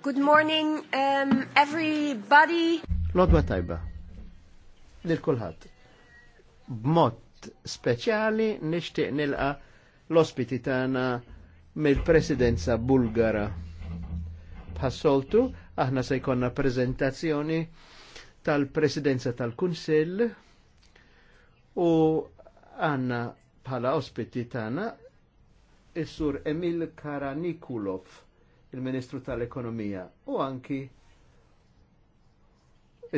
Good morning, um, everybody. Lodwa tajba. Lil kulħat B'mod speċjali nishtiq nilqa l-ospiti tana mill-Presidenza Bulgara. Bħassoltu aħna se jkonna prezentazzjoni tal-Presidenza tal-Kunsill u għanna bħala ospiti tana is-sur Emil Karanikulov il-Ministru tal-Ekonomija u anki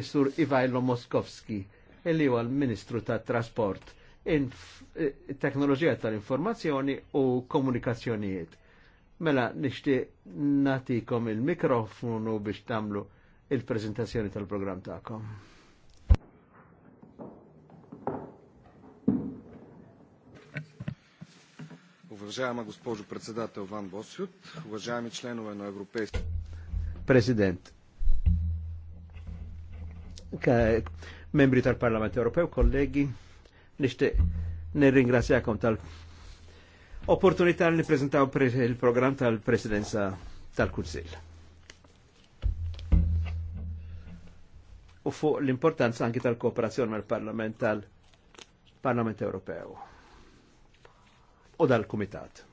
is-Sur Ivajlo Moskowski illi huwa l-Ministru tat-Trasport, teknoloġija tal-informazzjoni u komunikazzjonijiet. Mela, nixti natikom il-mikrofonu biex tamlu il-prezentazzjoni tal programm ta'kom. Уважаема госпожо председател Ван Босют, уважаеми членове на Европейския Президент. membri tal-Parlament Ewropew, kollegi, nishtiq nirringrazzjakom tal-opportunità li nippreżentaw il-programm tal-Presidenza tal-Kunsill. U fuq l-importanza anki tal-kooperazzjoni mal-Parlament tal-Parlament Ewropew u dal-Kumitat.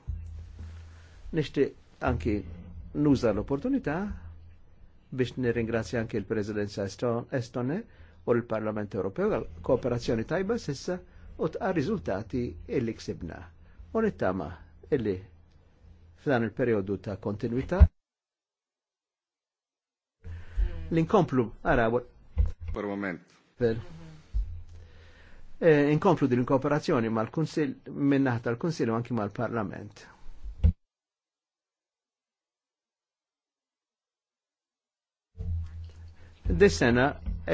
Nishti anki nuża l-opportunità biex nirringrazzja anki l-Presidenza Estone u l-Parlament Ewropew għal kooperazzjoni tajba sissa u tqa' riżultati illi ksibna. U nittama illi f'dan il-perjodu ta' kontinuità l-inkomplu għaraw. Per moment. Ver. Eh, inkomplu din kooperazzjoni mal-Kunsil minnaħ tal-Kunsil u anki mal-Parlament. Dis sena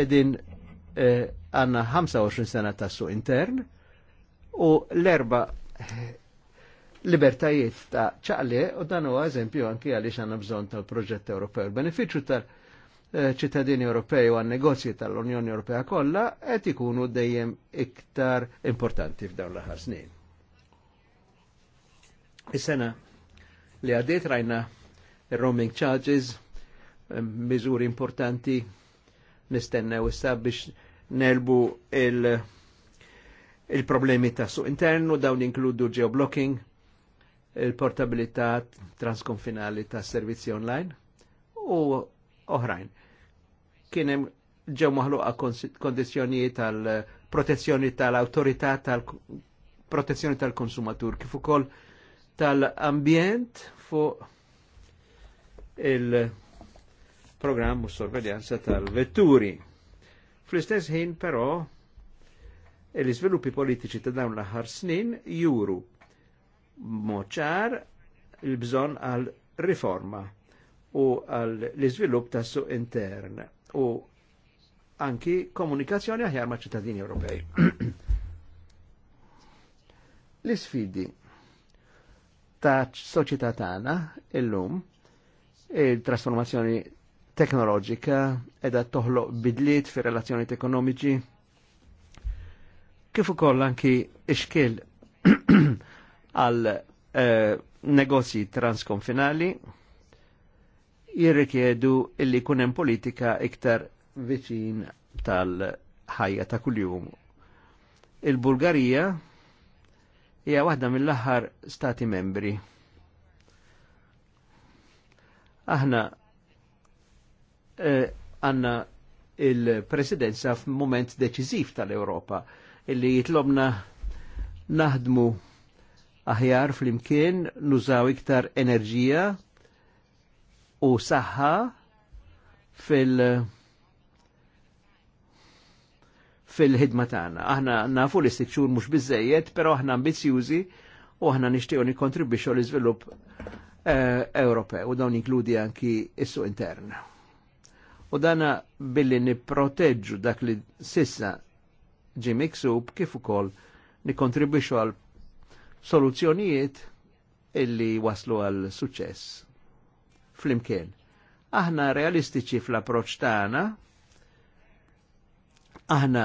edin eh, għanna 25 sena tassu intern u l-erba eh, libertajiet ta' ċaqli u dan huwa eżempju anki għaliex għanna bżon tal-, proġett ewropew Beneficju benefiċċju tal proġett ċittadini Ewropej u għan-negozji tal-Unjoni Ewropea kollha qed ikunu dejjem iktar importanti f'dawn l-aħħar snin. Is-sena li għaddiet rajna roaming charges, miżuri importanti nistennew issa biex nelbu il- il-problemi ta' suq internu, dawn inkludu geoblocking, il-portabilità transkonfinali ta' servizzi online u oħrajn kienem ġew maħluqa kondizjoni tal-protezzjoni eh, tal-autorità tal-protezzjoni tal-konsumatur kif ukoll tal-ambjent fuq il-programm u sorveljanza tal-vetturi. Fl-istess ħin però l-iżviluppi politiċi ta' dawn l-aħħar snin juru moċar il-bżon għal riforma u għal l-iżvilupp tas suq intern u anki komunikazzjoni aħjar ma' ċittadini Ewropej. L-isfidi ta' soċjetà tagħna illum il-trasformazzjoni teknoloġika edha toħloq bidliet fi relazzjoni ekonomiċi kif ukoll anki ixkil għal eh, negozji transkonfinali jirrikjedu illi kunem politika iktar viċin tal-ħajja ta' kuljum. Il-Bulgarija hija waħda mill-aħħar stati membri. Aħna eh, għanna eh, il-presidenza f'moment deċiżiv tal ewropa illi jitlobna naħdmu aħjar fl-imkien, nużaw iktar enerġija u saħħa fil- fil-ħidma tagħna. Aħna nafu li sitt xhur mhux biżejjed, però aħna ambizzjużi u aħna nixtieq nikkontribwixxu l iżvilupp eh, Ewropew u dawn inkludi anki issu intern. U dana billi nipproteġġu dak li sissa ġi miksub kif ukoll nikkontribwixxu għal soluzzjonijiet illi waslu għal suċċess flimkien. Aħna realistiċi fl-approċ tagħna, aħna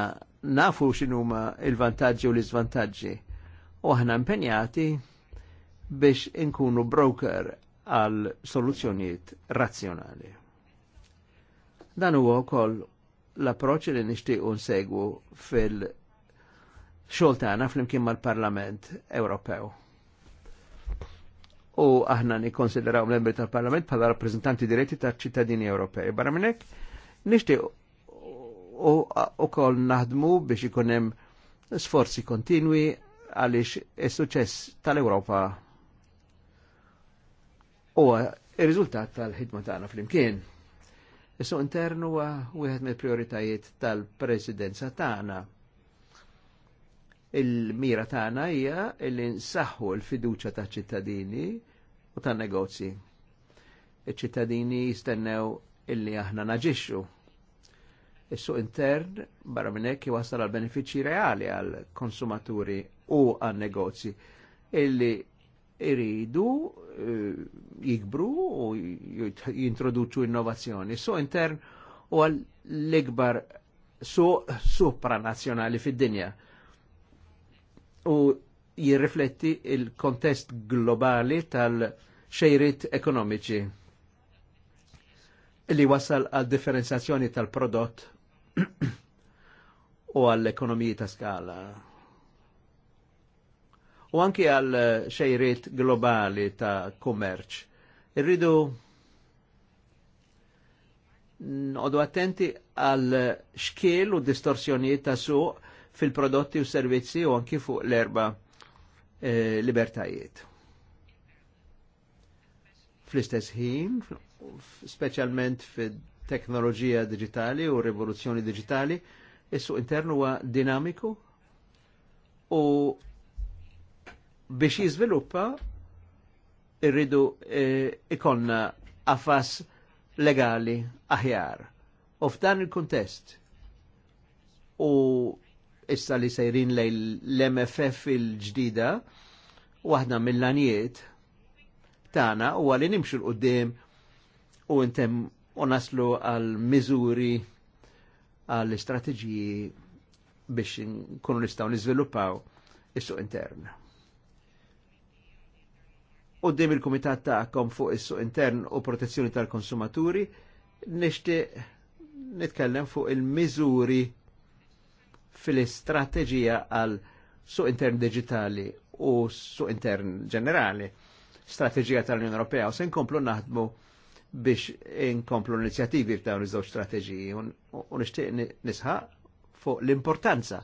nafu x'inhuma il-vantaġġi u l-iżvantaġġi u aħna impenjati biex inkunu broker għal soluzzjonijiet razzjonali. Dan huwa wkoll l-approċċ li nixtiequ nsegwu fil-xogħol tagħna flimkien mal-Parlament Ewropew u aħna nikkonsideraw membri tal-Parlament bħala rappreżentanti diretti tal-ċittadini Ewropej. Barra minn hekk nixtieq ukoll naħdmu biex ikun hemm sforzi kontinwi għaliex is-suċess tal-Ewropa huwa ir-riżultat tal-ħidma tagħna flimkien. Issu so internu huwa wieħed mill-prioritajiet tal-presidenza tagħna il-mira tagħna hija li nsaħħu l-fiduċja taċ ċittadini u tan negozji. Iċ-ċittadini jistennew illi aħna naġixxu. Is-suq intern barra minn hekk iwassal għal benefiċċji reali għal konsumaturi u għal negozji illi iridu eh, jikbru u jintroduċu innovazzjoni. Suq intern u għal l-ikbar suq supranazzjonali fid-dinja. U jirrifletti il-kontest globali tal- xejrit ekonomiċi li wasal għal differenzjazzjoni tal-prodott u għall ekonomiji ta' skala. U anki għal xejrit globali ta' kummerċ. Irridu noqdu attenti għal xkiel u distorsjonijiet ta' suq fil-prodotti u servizzi u anki fuq l-erba e, libertajiet. Fl-istess ħin, specialment fil-teknoloġija digitali u rivoluzzjoni digitali, is-suq internu huwa dinamiku u biex jiżviluppa irridu e, ikonna affas legali aħjar. U f'dan il-kontest u issa li sejrin lejn l-MFF il-ġdida, waħda mill-lanijiet tana u li nimxu l qudiem u intem u naslu għal miżuri għal istrateġiji biex nkunu nistgħu niżviluppaw is-suq intern. U dim il-Kumitat ta'kom fuq is-suq intern u protezzjoni tal-konsumaturi nixtieq nitkellem fuq il-miżuri fil-istrateġija għal suq intern digitali u suq intern ġenerali. Strategija tal-Unjoni Ewropea u se nkomplu naħdmu biex inkomplu l-inizjativi f'dawn iż-żewġ strateġiji u nixtieq nisħaq fuq l-importanza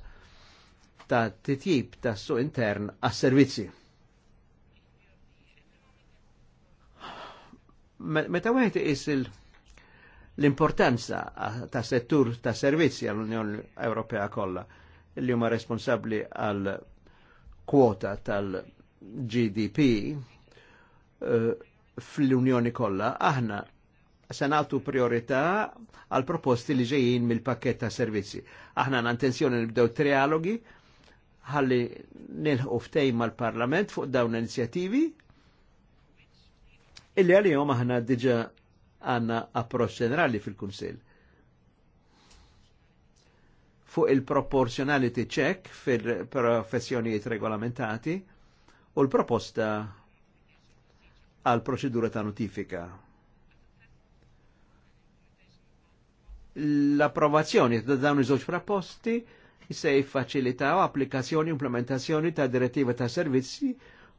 ta' titjib ta' suq intern għas servizzi Meta wieħed is l-importanza ta' settur ta' servizzi għall-Unjoni Ewropea kollha li huma responsabbli għal kwota tal-GDP Eh, fl-Unjoni kollha, aħna se nagħtu priorità għal proposti li ġejjin mill-pakket ta' servizzi. Aħna għandna intenzjoni nibdew trialogi ħalli nilħu ftejn mal-Parlament fuq dawn l-inizjattivi illi għalihom aħna diġa għanna approċċ ġenerali fil-Kunsill. Fuq il-proporzjonality check fil-professjonijiet regolamentati u l-proposta għal proċedura ta' notifika. L-approvazzjoni ta' dawn iż-żewġ proposti se jiffaċilitaw applikazzjoni implementazzjoni ta' direttiva ta' servizzi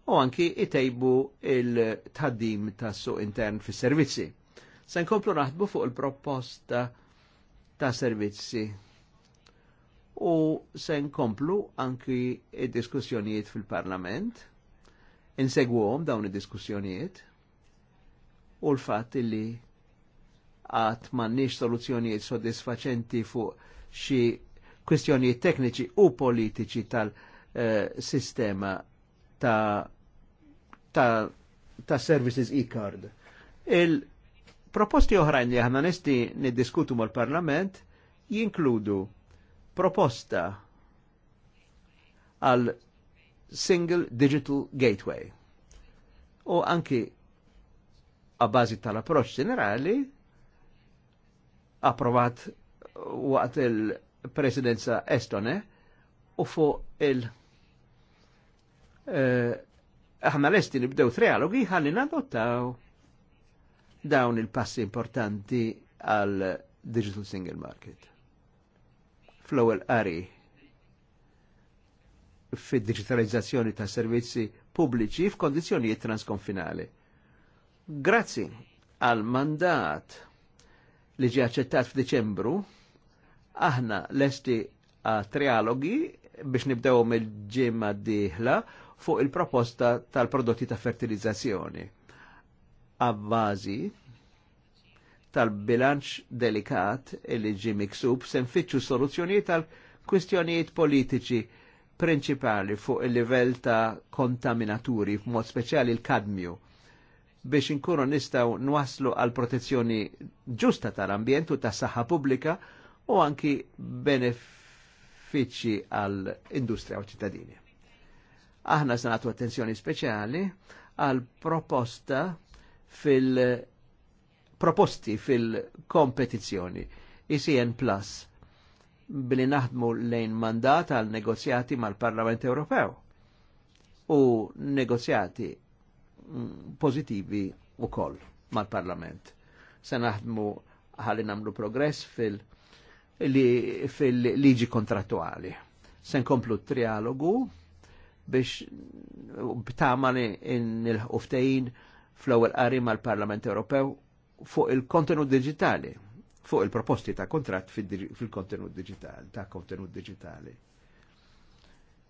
u anki jtejbu il tadim ta' suq intern fis servizzi Se nkomplu naħdbu fuq il-proposta ta' servizzi u se nkomplu anki id-diskussjonijiet fil-parlament insegwom dawn id-diskussjonijiet u l-fatt li għat mannix soluzzjonijiet soddisfaċenti fuq xi kwistjonijiet tekniċi u politiċi tal-sistema eh, ta', ta, ta services e-card. Il-proposti oħrajn li aħna nesti niddiskutu mal-Parlament jinkludu proposta għal Single Digital Gateway. U anki għabbażi tal-approċ ġenerali approvat waqt il-presidenza Estone u fu il- eh, aħna lesti nibdew trialogi ħalli nadottaw dawn il-passi importanti għal Digital Single Market. Flow il-qari fid-digitalizzazzjoni ta' servizzi pubbliċi f'kondizzjonijiet transkonfinali. Grazzi għal mandat li ġi aċċettat f'Diċembru, aħna lesti trialogi biex nibdew mill-ġimma diħla fuq il-proposta tal-prodotti ta' fertilizzazzjoni. Abbażi tal-bilanċ delikat li ġi sen fitxu soluzzjonijiet tal-kwistjonijiet politiċi prinċipali fuq il-livell ta' kontaminaturi, f'mod speċjali l-kadmju, biex inkunu nistaw nwaslu għal protezzjoni ġusta tal-ambjent u tas-saħħa pubblika u anki benefiċċji għall industrija u ċittadini. Aħna se nagħtu attenzjoni speċjali għal proposta fil proposti fil-kompetizzjoni ICN Plus billi naħdmu lejn mandat għal negozjati mal-Parlament Ewropew u negozjati mm, pozitivi u koll mal-Parlament. Se naħdmu għalli namlu progress fil- fil-liġi kontrattuali. Se nkomplu trialogu biex b'tamali il ħuftejn fl-ewwel qari mal-Parlament Ewropew fuq il-kontenut digitali fuq il-proposti ta' kontrat fil-kontenut digitali, ta' kontenut digitali.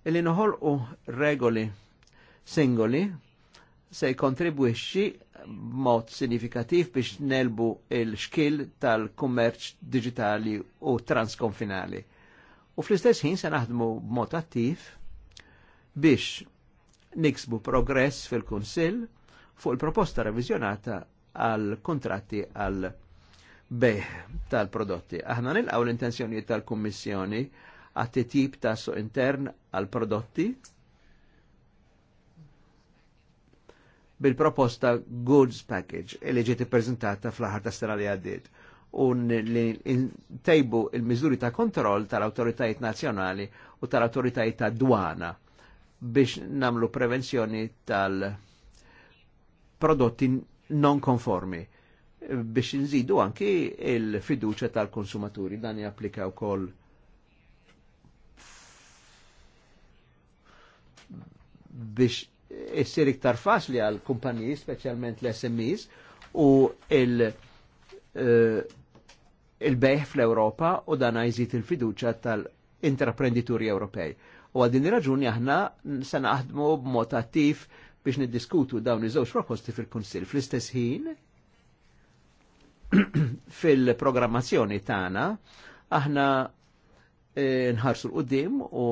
Illi noħol u regoli singoli se jkontribwixxi mod sinifikattiv biex nelbu il-xkil tal-kummerċ digitali u transkonfinali. U fl-istess ħin se naħdmu mod attiv biex niksbu progress fil-Kunsill fuq il-proposta revizjonata għal kontratti għal beħ tal-prodotti. Aħna nilqaw l-intenzjonijiet tal-Kummissjoni għat tip ta' su intern għal prodotti bil-proposta Goods Package li ġieti prezentata fl-aħħar ta' sena li għaddiet u li tejbu il-miżuri ta' kontroll tal-autoritajiet nazzjonali u tal-autoritajiet ta' dwana biex namlu prevenzjoni tal-prodotti non konformi biex nżidu anki il-fiduċa tal-konsumaturi dan japplika wkoll biex jessir iktar faċli għal kumpaniji, speċjalment l-SMEs, u il- eh, il-bejħ fl-Europa u dan jżid il-fiduċa tal-intraprenditori Ewropej. U għadin raġuni aħna se naħdmu b'mod attiv biex niddiskutu dawn iż-żewġ proposti fil-Kunsill. Fl-istess ħin, fil-programmazzjoni tagħna aħna eh, nħarsu l qudiem u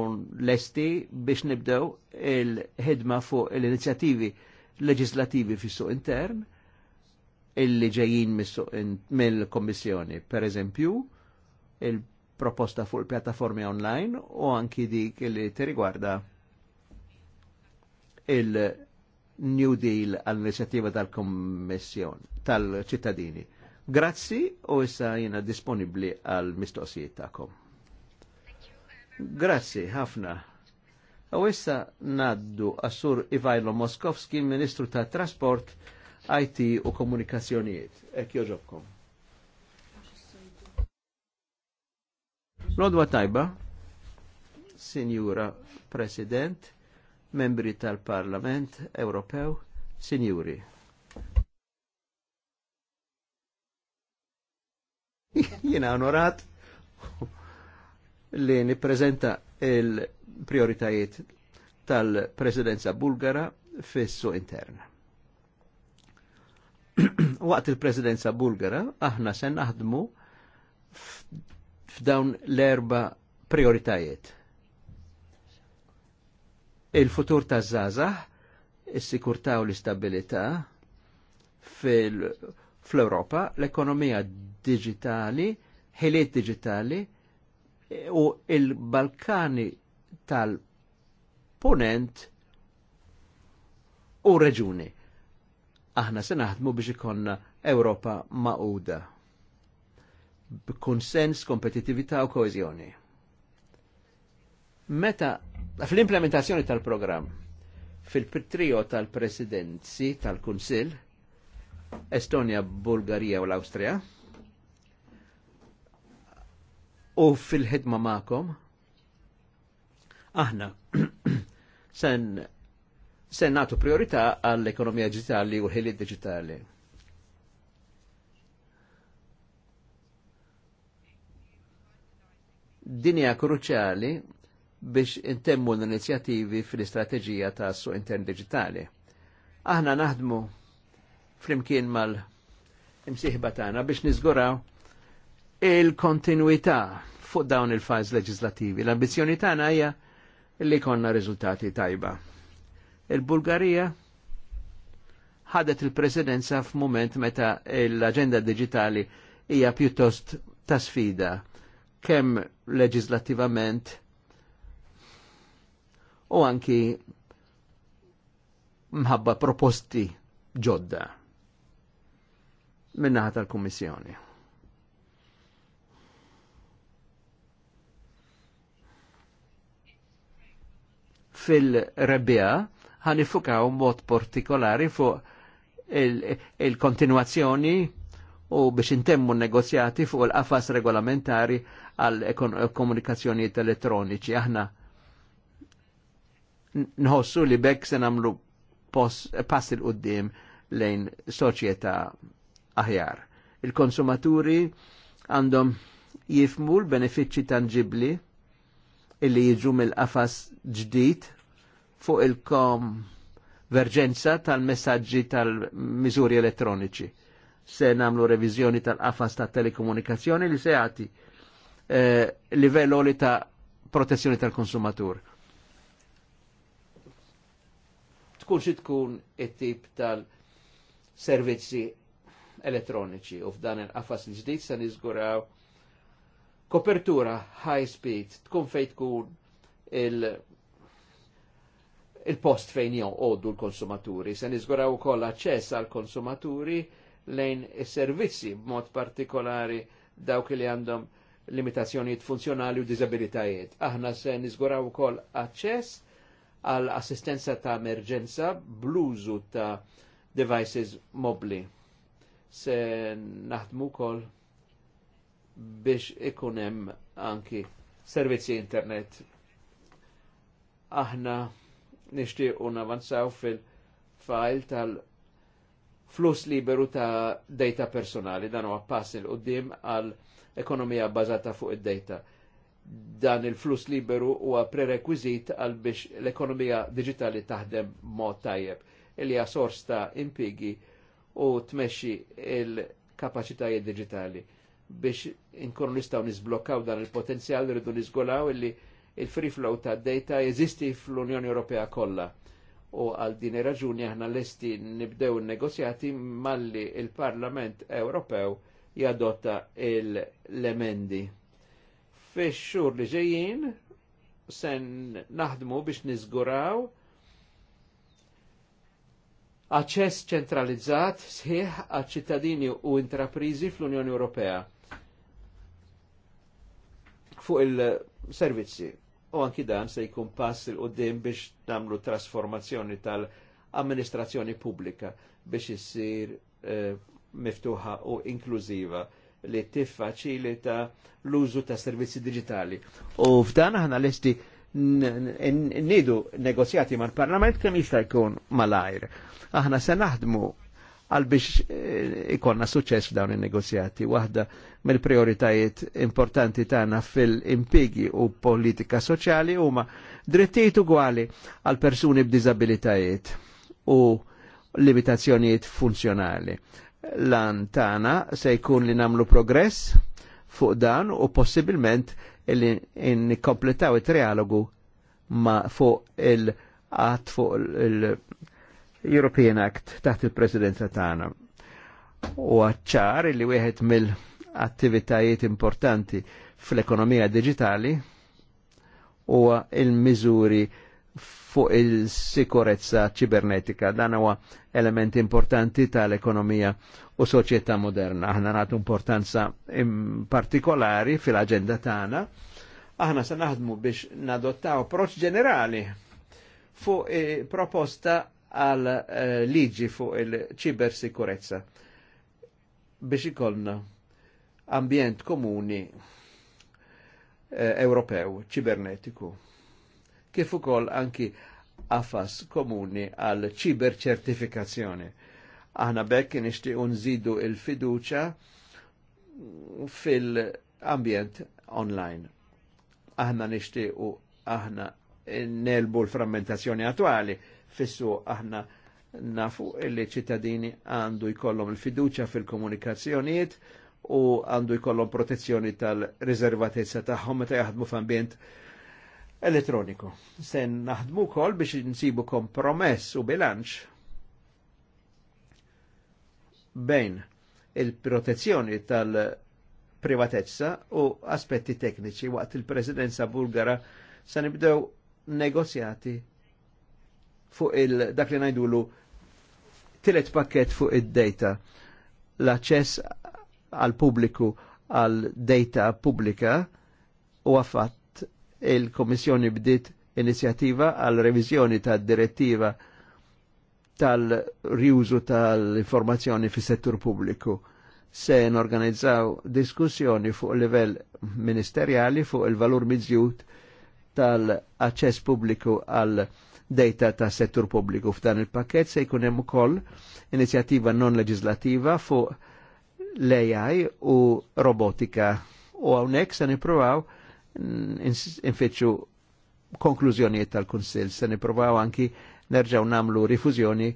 l-esti biex nibdew il-ħidma fuq l-inizjativi leġislativi fis suq intern illi ġejjin mill-Kommissjoni. Per eżempju, il-proposta fuq il-pjattaformi online u anki dik li tirigwarda il-New Deal għall-inizjattiva tal-Kommissjoni, tal-ċittadini. Grazzi u issa jina disponibli għal mistoqsijiet ta'kom. Grazzi, ħafna. U issa naddu Assur Ivajlo Moskowski, Ministru ta' Trasport, IT u Komunikazzjonijiet. Ek joġobkom. Lodwa tajba, Sinjura President, membri tal-Parlament Ewropew, Sinjuri. Jina onorat li nipprezenta il-prioritajiet tal-presidenza bulgara fissu intern. Waqt il-presidenza bulgara, aħna se naħdmu f'dawn l-erba prioritajiet. Il-futur ta' zazah, il-sikurta u l-istabilita, fil- Fl-Europa l-ekonomija digitali, ħiliet digitali u il-Balkani tal-ponent u reġuni. Aħna se naħdmu biex ikonna Ewropa maquda b'konsens, kompetitività u koezjoni. Meta fl-implementazzjoni tal-programm fil-trio tal-presidenzi tal-Kunsill Estonia, Bulgarija u l-Austria. U fil-ħidma ma'kom, aħna sen sen natu priorità għall-ekonomija digitali u l-ħiliet digitali. Dinja kruċjali biex intemmu l-inizjativi fil-istrateġija ta' su intern digitali. Aħna naħdmu flimkien mal-imsieħba tagħna biex niżguraw il-kontinuità fuq dawn il-fajz leġislativi. L-ambizjoni tagħna hija li konna riżultati tajba. Il-Bulgarija ħadet il-presidenza f'mument meta l-agenda digitali hija pjuttost ta' sfida kemm leġislattivament u anki mħabba proposti ġodda minnaħa tal-Kummissjoni. Fil-rebbija ħanifukaw mod partikolari fuq il-kontinuazzjoni il u biex intemmu negozjati fuq il-qafas regolamentari għal komunikazzjonijiet elettroniċi. Aħna nħossu li bekk se namlu pass il-qoddim lejn soċjetà aħjar. Il-konsumaturi għandhom jifmu l-benefiċċji tangibli illi jiġu mill-qafas ġdid fuq il verġenza tal-messagġi tal-miżuri elettroniċi. Se namlu reviżjoni tal-qafas ta' telekomunikazzjoni li se jagħti eh, livell li ta' protezzjoni tal-konsumatur. Tkun xi tkun it-tip tal-servizzi elettroniċi u f'dan il-qafas l-ġdid se niżguraw kopertura high speed tkun fejn tkun il- il-post fejn joqogħdu l-konsumaturi. Se niżguraw ukoll aċċess għal konsumaturi lejn is-servizzi b'mod partikolari dawk li għandhom limitazzjonijiet funzjonali u diżabilitajiet. Aħna se niżguraw ukoll aċċess għal assistenza ta' emerġenza bluzu ta' devices mobli se naħdmu kol biex ikunem anki servizzi internet. Aħna nishtiq un avanzaw fil-fajl tal-flus liberu ta' data personali, dan huwa pass il qoddim għal ekonomija bazata fuq id-data. Dan il-flus liberu huwa prerequisit għal biex l-ekonomija digitali taħdem mod tajjeb, il-ja sors ta' impigi u tmexxi il-kapaċitajiet digitali biex inkunu nistgħu nisblokkaw dan il-potenzjal rridu niżgolaw illi il-free flow ta' data jeżisti fl-Unjoni Ewropea kollha. U għal din raġuni aħna lesti nibdew negozjati malli il-Parlament Ewropew jadotta l-emendi. Fix xhur li ġejjin sen naħdmu biex niżguraw aċċess ċentralizzat sħiħ għal ċittadini u intraprizi fl-Unjoni Ewropea fuq il-servizzi. U anki dan se jkun pass il qoddim biex namlu trasformazzjoni tal-amministrazzjoni pubblika biex issir eh, miftuħa u inklużiva li tiffaċilita l-użu ta' servizzi digitali. U f'dan aħna l esti nidu negozjati mal-Parlament kemm jista' jkun mal-ajr. Aħna se naħdmu għal biex eh, ikonna suċess f'dawn il-negozjati. Waħda mill-prioritajiet importanti tagħna fil-impigi u politika soċjali huma drittijiet ugwali għal persuni b'diżabilitajiet u limitazzjonijiet funzjonali. Lan tagħna se jkun li namlu progress fuq dan u possibilment il nikkompletaw it-trialogu ma fuq il-għat fuq il-European Act taħt il-presidenza tagħna. U għacċar li wieħed mill-attivitajiet importanti fl-ekonomija digitali u il-miżuri fuq il-sikurezza ċibernetika. Dan huwa element importanti tal-ekonomija digitali u soċjetà moderna. Aħna nagħtu importanza partikolari fil-aġenda tagħna. Aħna se naħdmu biex nadottaw approċċ ġenerali fuq e proposta għal e, liġi fuq il ċibersikurezza biex ikollna ambjent komuni e, Ewropew ċibernetiku. Kif ukoll anki affas komuni għal ċiber ċertifikazzjoni. Aħna bekk nixtiequ nżidu il-fiduċa fil-ambjent online. Aħna nixtiequ aħna nelbu l-frammentazzjoni attuali fissu aħna nafu illi ċittadini għandu jkollhom il-fiduċa fil-komunikazzjonijiet u għandu jkollhom protezzjoni tal-riservatezza tagħhom meta jaħdmu f'ambjent elettroniku. Se naħdmu kol biex nsibu kompromess u bilanċ bejn il-protezzjoni tal-privatezza u aspetti tekniċi waqt il-presidenza bulgara sa nibdew negozjati fuq il-dak li najdulu tilet pakket fuq id-data l access għal publiku għal data pubblika u għafat il-Komissjoni bdiet inizjattiva għal revizjoni ta' direttiva tal-riużu tal-informazzjoni fis settur pubbliku. Se n-organizzaw diskussjoni fuq livell ministerjali fuq il-valur miżjut tal access pubbliku għal data ta' settur pubbliku f'dan il-pakket se jkun hemm ukoll inizjattiva non leġislativa fuq l-AI u robotika. U hawnhekk se nippruvaw infittxu konklużjonijiet tal-Kunsill, se nippruvaw anki nerġaw namlu rifużjoni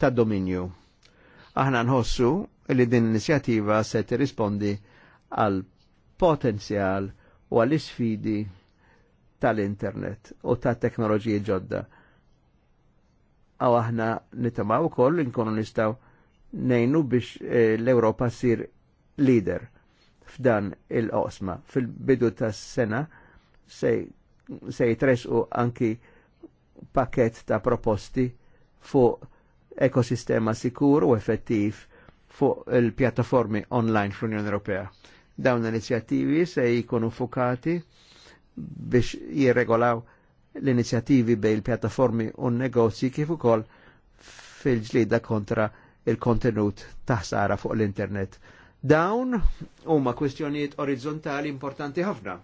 ta' dominju. Aħna nħossu li din l-inizjattiva se tirrispondi għal potenzjal u għal isfidi tal-internet u ta' teknoloġiji ġodda. Aw aħna nitamaw koll nkunu nistaw nejnu biex eh, l-Europa sir leader f'dan il-qosma. Fil-bidu tas sena se se jitresqu anki pakket ta' proposti fuq ekosistema sikur u effettiv fuq il-pjattaformi online fl-Unjoni Ewropea. Dawn l-inizjattivi se jkunu fukati biex jirregolaw l-inizjattivi bej il-pjattaformi u negozji kif ukoll fil-ġlida kontra il-kontenut taħsara fuq l-internet. Dawn huma kwistjonijiet orizzontali importanti ħafna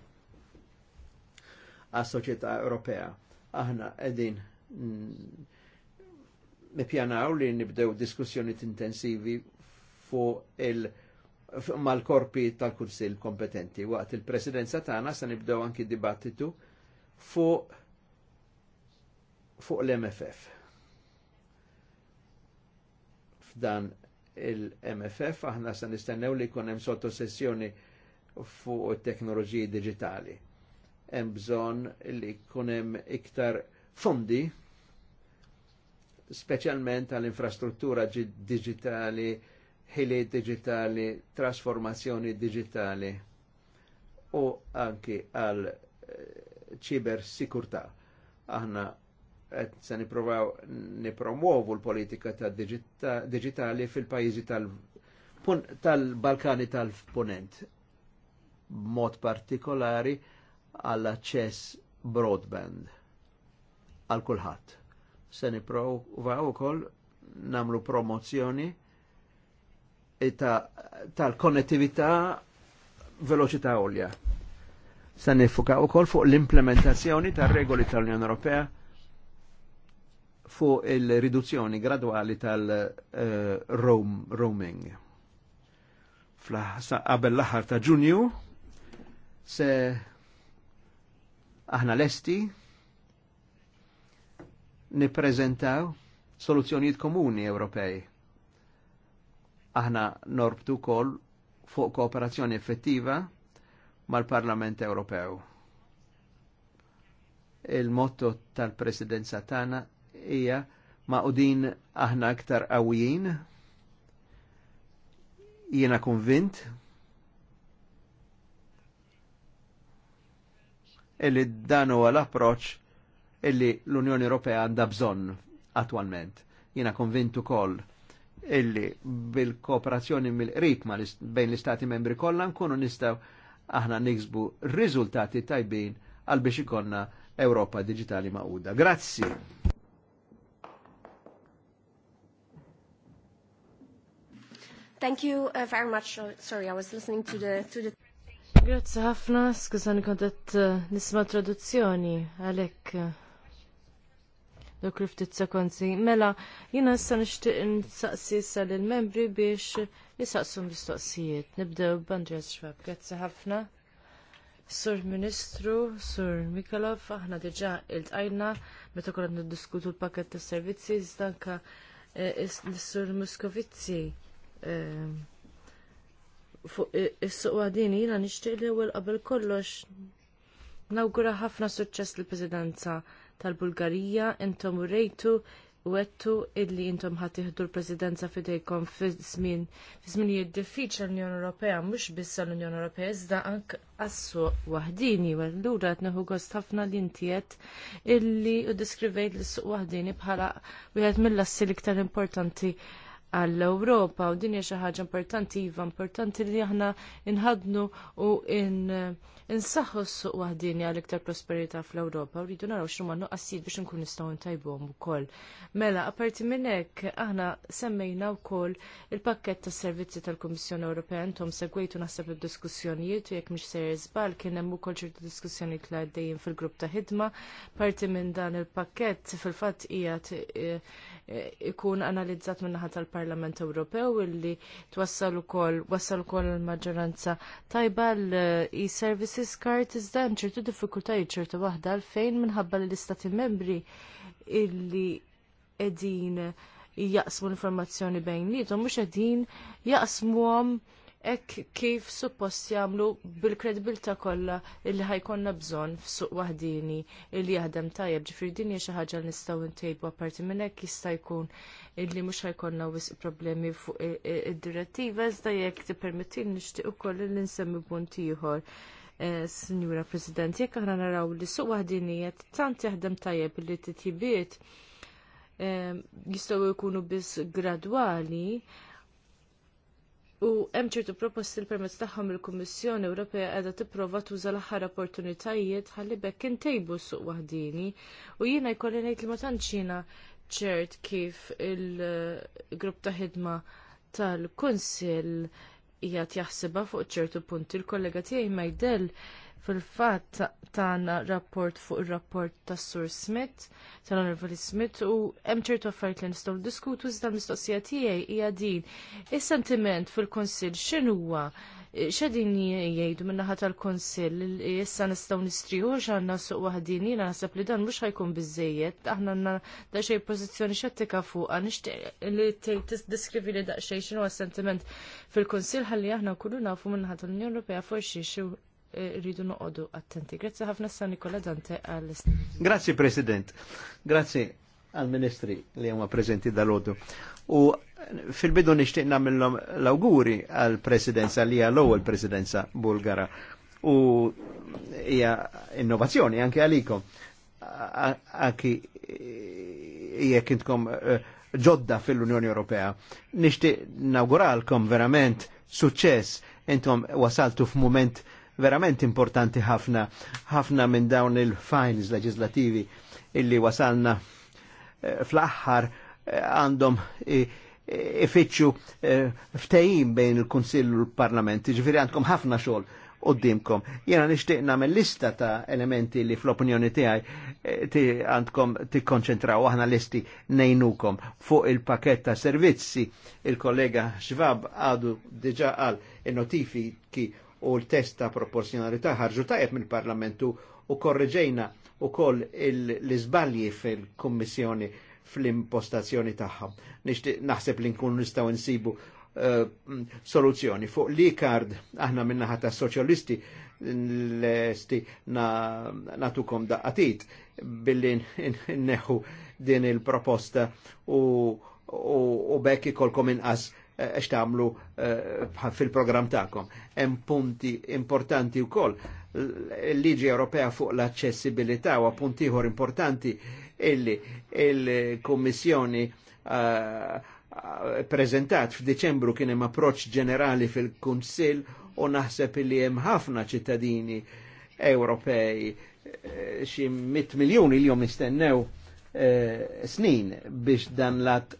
għas soċjetà Ewropea. Aħna qegħdin mm, nippjanaw li nibdew diskussjonijiet intensivi fuq il- mal-korpi tal-Kunsill kompetenti. Waqt il-presidenza tagħna se nibdew anki dibattitu fuq fuq l-MFF. F'dan il-MFF aħna se nistennew li jkun hemm sottosessjoni fuq it teknoloġiji digitali hemm bżonn li jkun hemm iktar fondi speċjalment għall infrastruttura digitali, ħili digitali, trasformazzjoni digitali u anki għal eh, ċiber sikurtà. Aħna qed se nippruvaw nipromuovu l-politika ta' digitali fil-pajjiżi tal-Balkani tal balkani tal ponent punent Mod partikolari, għall aċċess broadband għal kulħadd. Se nipprovaw ukoll namlu promozzjoni tal-konnettività veloċità olja. Se nifuka ukoll fuq l-implementazzjoni tar-regoli tal-Unjoni Ewropea fuq il-riduzzjoni gradwali tal-roaming. Eh, uh, Qabel l-aħħar ta' Ġunju se Aħna lesti nippreżentaw soluzzjonijiet komuni Ewropej. Aħna norbtu kol fuq kooperazzjoni effettiva mal-Parlament Ewropew. Il-motto tal-presidenza Tana hija ma' din aħna aktar qawwijin. Jiena konvint illi dan huwa l-approċ illi l-Unjoni Ewropea għandha bżonn attwalment. Jiena konvintu koll illi bil-kooperazzjoni mill-qrib bejn l-istati membri kollha nkunu nistgħu aħna niksbu riżultati tajbin għal biex ikonna Ewropa Digitali Maquda. Grazzi. Thank you uh, very much. Uh, sorry, I was listening to the to the Grazzi ħafna, skużani kontet eh, nisma traduzzjoni għalek eh, dok ftit sekonzi. Mela, jina issa nixtieq nsaqsi issa lill membri biex nisaqsu mistoqsijiet. Nibdew b'Andreas Schwab. Grazzi ħafna. Sur Ministru, Sur Mikalov, aħna diġà il tajna meta kollha niddiskutu l-pakket tas servizzi iżda anke eh, is-Sur Muskovizzi fuq is suqwa din jiena nixtieq li ewwel qabel kollox nawgura ħafna suċċess lill presidenza tal-Bulgarija intom rejtu u għettu illi intom ħatiħdu l-presidenza fidejkom fi żmien diffiċli l-Unjoni Ewropea mhux biss l-Unjoni Ewropea iżda anke għas-suq waħdini u allura qed neħu gost ħafna li intiet illi u diskrivejt l-suq waħdini bħala wieħed mill-assi l-iktar importanti għall-Ewropa u din hija xi ħaġa importanti iva importanti li aħna inħadnu u insaħħu s-suq waħdini għal iktar prosperità fl-Ewropa u rridu naraw x'huma nuqqassijiet biex nkun nistgħu ntajbuhom ukoll. Mela, apparti minn hekk aħna semmejna wkoll il-pakkett tas servizzi tal-Kummissjoni Ewropea intom segwejtu naħseb id-diskussjonijiet u jekk mhix sejjer żball kien hemm ukoll ċertu diskussjonijiet li għaddejjin fil-grupp ta' ħidma. Parti minn dan il-pakkett fil-fatt qiegħed eh, ikun analizzat min-naħa tal-Parlament Ewropew illi twassal ukoll wassal ukoll il-maġġoranza tajba l-e-services card iżda hemm ċertu diffikultajiet ċertu waħda fejn minħabba l-istati membri illi qegħdin jaqsmu l-informazzjoni bejn bejnietom mhux qegħdin jaqsmuhom hekk kif suppost jagħmlu bil-kredibilità kollha illi ħajkonna bżonn f'suq waħdini illi jaħdem tajjeb ġifieri din hija xi ħaġa li nistgħu ntejbu apparti minn hekk jista' jkun illi mhux ħajkonna wisq problemi fuq id-direttiva iżda jekk tippermettin nixtieq ukoll li nsemmi punt ieħor. Eh, Signora President, jekk aħna naraw li suq qed tant jaħdem tajjeb li titjibiet eh, jistgħu jkunu biss gradwali, U hemm ċertu proposti l permezz tagħhom il-Kummissjoni Ewropea qiegħda tipprova tuża l-aħħar opportunitajiet ħalli bekk intejbu suq waħdini u jiena jkolli ngħid li ma jiena ċert kif il-grupp ta' ħidma tal-Kunsill qiegħed jaħsibha fuq ċertu punti. Il-kollega tiegħi Majdel Fil-fatt tana rapport fuq ir-rapport tas Sur Smith, tal-Onorevoli Smith, u hemm ċertu affarijiet li nistgħu diskutu zda l-mistoqsija tiegħi hija din. Is-sentiment fil-Kunsill x'inhuwa? X'edin jgħidu min-naħa tal-Kunsill issa nistgħu nistriħu x'anna suq wahdin jiena naħseb li dan mhux ħajkun biżejjed, aħna għandna daqsxejn pożizzjoni xettika fuqha nixtieq li diskrivi li daqsxejn x'inhu sentiment fil-Kunsill ħalli aħna nkunu nafu minna tal-Unjoni Ewropea forsi xi Eh, rridu noqodu attenti. Grazie ħafna San Nikola Dante għal Grazie President. grazie għall ministri li huma preżenti dal-għodu. U fil-bidu nishtiq nagħmilhom l auguri għal presidenza li għal l-ewwel presidenza Bulgara. U hija innovazzjoni anke għalikom. Anki jekk kintkom eh, ġodda fil-Unjoni Ewropea. Nishtiq nawguralkom verament suċċess intom wasaltu f'mument moment verament importanti ħafna, ħafna minn dawn il-fines leġislativi illi wasalna eh, fl-aħħar eh, għandhom ifittxu eh, ftejim bejn il-Kunsill u l-Parlament, ġifiri għandkom ħafna xogħol qudiemkom. Jiena nixtieq nagħmel lista ta' elementi li fl-opinjoni tiegħi għandkom tikkonċentraw aħna listi nejnukom fuq il-pakett ta' servizzi. Il-kollega Xvab għadu diġa għal il-notifiki u l-test ta' proporzjonalità ħarġu tajjeb mill-Parlamentu u korreġejna u koll l-izbalji fil-Kommissjoni fl-impostazzjoni tagħha. Naħseb li nkun nistgħu nsibu eh, soluzzjoni. Fuq li kard aħna minnaħa ta' soċjalisti l-esti na, natukom daqqatit billi neħu din il-proposta u, u, u bekk ikolkom inqas għax tagħmlu eh, fil-programm tagħkom. Hemm punti importanti wkoll l-liġi Ewropea fuq l-aċċessibilità u punti ieħor importanti illi il-Kummissjoni eh, prezentat f'Deċembru kien hemm approċċ ġenerali fil-Kunsill u naħseb li hemm ħafna ċittadini Ewropej eh, xi mit miljuni li jom istennew snin biex dan lat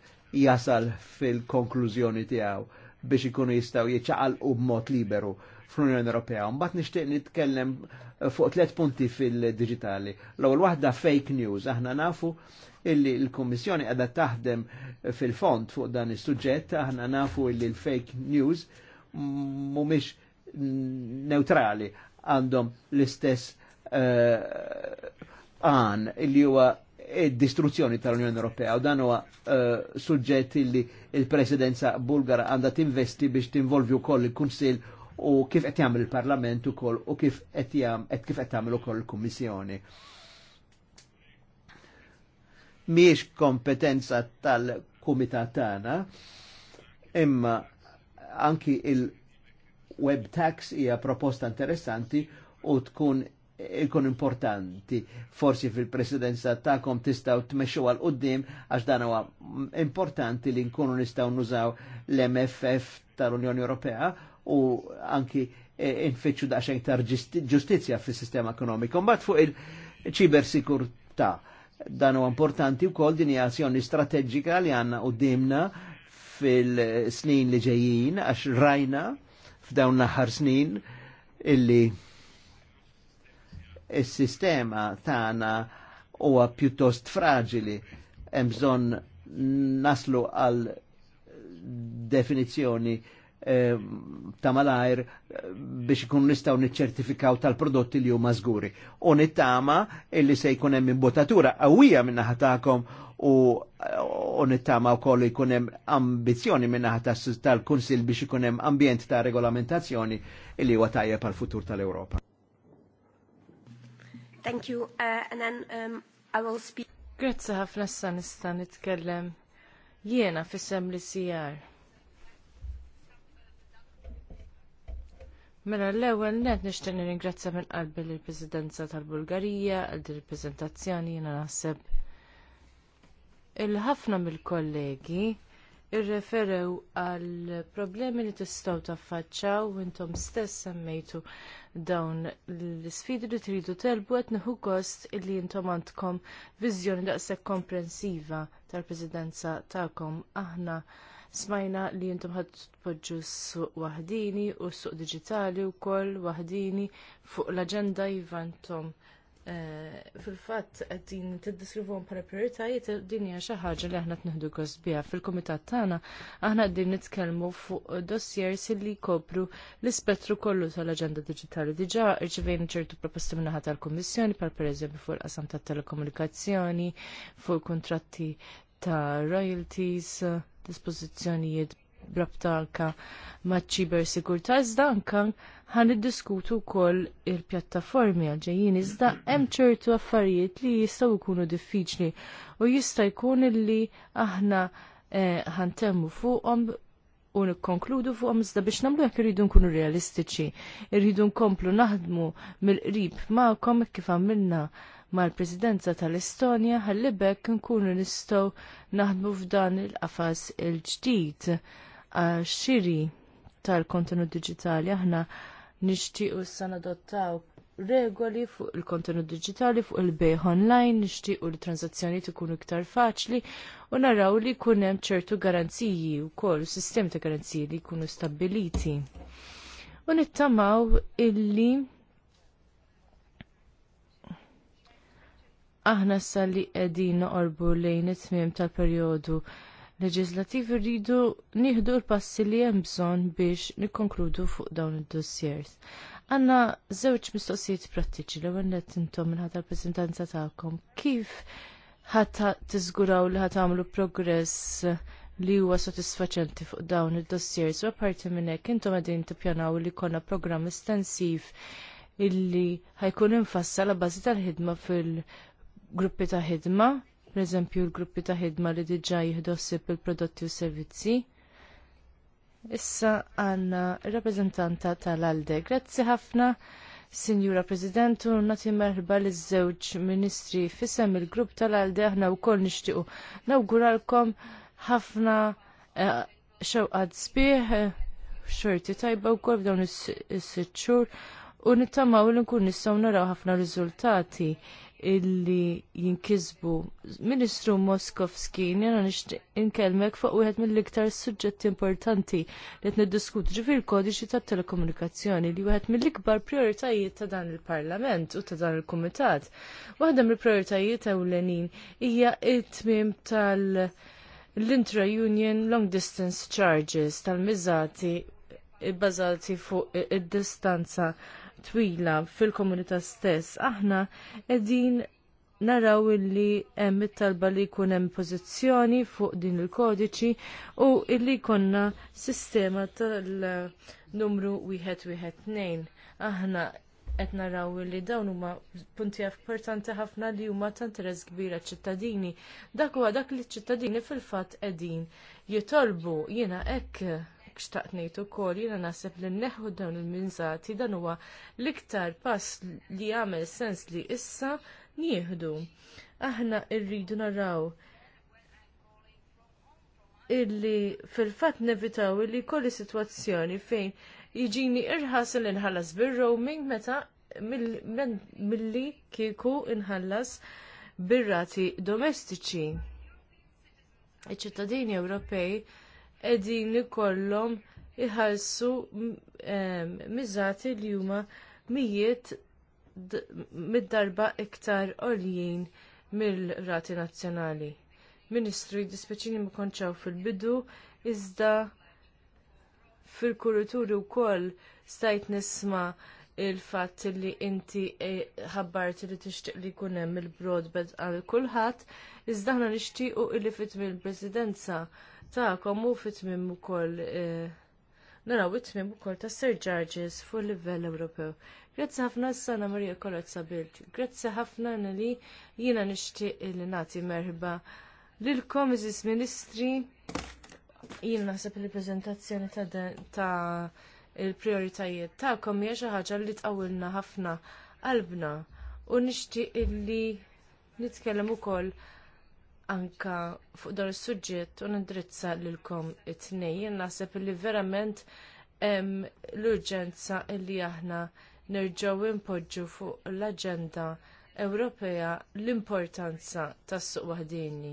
jasal fil-konklużjoni tiegħu biex ikunu jistaw jieċaqal u b'mod liberu fl-Unjoni Ewropea. Mbagħad nixtieq nitkellem fuq tliet punti fil-digitali. L-ewwel waħda fake news, aħna nafu illi l-Kummissjoni qiegħda taħdem fil-fond fuq dan is-suġġett, aħna nafu illi l-fake news mhumiex neutrali għandhom l-istess eh, għan illi huwa distruzzjoni tal-Unjoni Ewropea u dan huwa eh, suġġett li il-Presidenza Bulgara għandha tinvesti biex tinvolvi wkoll il-Kunsill u kif qed jagħmel il-Parlament ukoll u kif qed kif qed tagħmel ukoll il-Kummissjoni. Miex kompetenza tal-Kumitat tagħna, imma anki il-web tax hija proposta interessanti u tkun ikun importanti. Forsi fil-presidenza ta'kom tistaw tmexxu għal qoddim għax dan huwa importanti li nkunu nistaw nużaw l-MFF tal-Unjoni Ewropea u anki eh, infittxu daqsxejn tar ġustizja fis-sistema ekonomiku. Mbagħad fuq il-ċiber sikurtà dan huwa importanti wkoll din hija azzjoni strateġika li għandna qudiemna fil-snin li ġejjin għax rajna f'dawn naħar snin illi il sistema tana huwa pjuttost fragili hemm bżonn naslu għal definizzjoni eh, ta' malajr eh, biex ikun nistaw niċċertifikaw tal-prodotti li huma żguri. U nittama illi se jkun hemm imbotatura qawwija minn naħa tagħkom u nittama wkoll kollu jkun hemm ambizzjoni minn naħa tal-Kunsill biex ikun hemm ambjent ta' regolamentazzjoni illi huwa tajjeb għal futur tal-Ewropa. Thank you. Uh, and then um, I will speak. Grazzi ħafna issa nista' nitkellem jiena fisem li sijar. Mela l-ewwel net nixtieq nirringrazzja minn qalbi lill presidenza tal-Bulgarija għal din il-preżentazzjoni jiena naħseb il-ħafna mill-kollegi irreferew għal problemi li tistgħu taffaċċaw intom stess semmejtu dawn l isfidi li tridu telbu qed neħu gost illi intom għandkom viżjoni daqshekk komprensiva tal-Presidenza tagħkom. Aħna smajna li intom ħadd tpoġġu s-suq waħdini u s-suq diġitali wkoll waħdini fuq l-aġenda jivantom. Eh, fil-fatt qegħdin tiddiskrivhom bħala prijoritajiet din hija xi ħaġa li aħna tneħdu gost biha fil-kumitat tagħna aħna qegħdin nitkellmu fuq dossiers li jkopru l-ispettru kollu tal-aġenda Digitali diġa' irċivejna ċertu proposti minnaħa tal-Kummissjoni bħal pereżempju fuq il-qasam tat-telekomunikazzjoni, fuq kontratti ta' royalties, dispożizzjonijiet brabta anka maċ-ċiber sigurtà iżda anka ħan wkoll il-pjattaformi għalġejjin iżda hemm ċertu affarijiet li jistgħu jkunu diffiċli u jista' jkun illi aħna eh, ħan eh, fuqhom u nikkonkludu fuq iżda biex nagħmlu jekk irridu nkunu realistiċi. Irridu nkomplu naħdmu mill-qrib magħkom kif għamilna mal-Presidenza tal-Estonja ħallibek nkunu nistgħu naħdmu f'dan il-qafas il-ġdid. il qafas il ġdid xiri tal-kontenut digitali aħna nixtiequ issa nadottaw regoli fuq il-kontenut digitali fuq il-bej online, nixtiequ li transazzjoni ikunu iktar faċli u naraw li jkun hemm ċertu garanziji wkoll sistemi ta' garanziji li jkunu stabbiliti. U nittamaw illi aħna li qegħdin noqorbu lejn it-tmiem tal-perjodu leġislativi rridu nieħdu l-passi li hemm bżonn biex nikkonkludu fuq dawn id-dossiers. Għanna żewġ mistoqsijiet prattiċi li għan qed intom minħata l-preżentanza tagħkom. Kif ħadd tiżguraw li ħadd tagħmlu progress li huwa sodisfaċenti fuq dawn id-dossiers u apparti minn hekk intom qegħdin tippjanaw li jkollna programm estensiv illi ħajkun infassal la bażi tal-ħidma fil-gruppi ta' ħidma pereżempju l-gruppi ta' ħidma li diġà jihdossib il-prodotti u servizzi. Issa għandna rappreżentanta tal-Alde. Grazzi ħafna, Sinjura President, u nagħti merħba li żewġ ministri fissem il-grupp tal-Alde aħna wkoll nixtiequ. Nawguralkom ħafna eh, xewqad sbieħ eh, xorti tajba u kol f'dawn is-sitxur u nittamaw li nkun nistgħu naraw ħafna riżultati illi jinkisbu. Ministru Moskowski, njena nixt inkelmek fuq wieħed mill-iktar suġġetti importanti li għed niddiskutu ġifir kodiċi tat-telekomunikazzjoni li wieħed mill-ikbar prioritajiet ta' dan il-Parlament u ta' dan il-Kumitat. Waħda mill-prioritajiet ewlenin hija it-tmiem tal- l-intra-union long distance charges tal-mizzati bbażati fuq id-distanza twila fil-komunità stess, aħna qegħdin naraw illi hemm it-talba li jkun hemm pożizzjoni fuq din il-kodiċi u illi jkollna sistema tal-numru wieħed wieħed tnejn. Aħna qed naraw li dawn huma punti importanti ħafna li huma ta' interess kbira ċittadini. Dak huwa dak li ċittadini fil-fatt qegħdin jitolbu jiena hekk hekk xtaqt ngħid ukoll jiena naħseb li nneħħu dawn il-minżati dan huwa l-iktar pass li jagħmel sens li issa nieħdu. Aħna rridu naraw illi fil-fatt nevitaw illi kolli sitwazzjoni fejn jiġini irħas li nħallas bil-roaming meta milli kieku nħallas bir-rati domestiċi. Iċ-ċittadini Ewropej qegħdin kollom iħallsu ehm, miżati li huma mijiet mid-darba iktar għoljin mill-rati nazzjonali. Ministru jiddispeċini ma fil-bidu iżda fil-kurituri wkoll stajt nisma' il-fatt li inti e, ħabbart li tixtieq li jkun hemm il-broadband għal kulħadd, iżda aħna nixtiequ li fit mill-presidenza Ta' komu fit-tmim ukoll eh, naraw it-tmim ukoll ta' Sir fuq livell Ewropew. Grazzi ħafna s-sana Marija Kolozza Bilt. Grazzi ħafna li jiena nixtieq li nagħti merħba lilkom iżis ministri jiena naħseb il prezentazzjoni ta' il-prioritajiet tagħkom hija xi ħaġa li tqawilna ħafna qalbna u nixtieq illi nitkellem ukoll anka fuq dan is-suġġett u nindrizza lilkom it-tnejn naħseb li verament hemm l-urġenza li aħna nerġgħu impoġġu fuq l-aġenda Ewropea l-importanza tas-suq waħdini.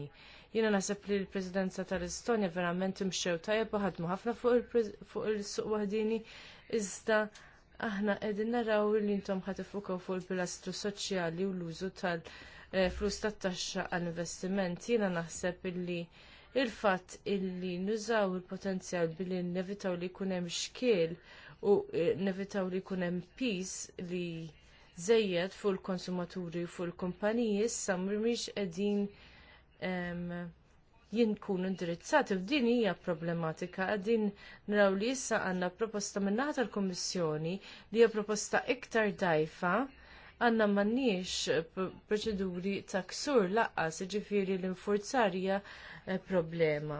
Jiena naħseb li l-Presidenza tal-Estonja verament imxew tajjeb u ħadmu ħafna fuq il-suq waħdini iżda aħna qegħdin naraw li intom ħatifukaw fuq il-pilastru soċjali u l-użu tal- Eh, flus taxxa għall-investiment. Jiena naħseb illi il-fatt illi nużaw il-potenzjal billi nevitaw li jkun hemm xkiel u eh, nevitaw li jkun hemm pis li żejjed fuq il-konsumaturi u fuq il-kumpaniji issa mhumiex qegħdin jinkunu indirizzati f'din hija problematika għadin naraw li issa għandna proposta minnaħa tal-Kummissjoni li hija proposta iktar dajfa għanna mannix proċeduri ta' ksur laqqas ġifiri l-infurzarja eh, problema.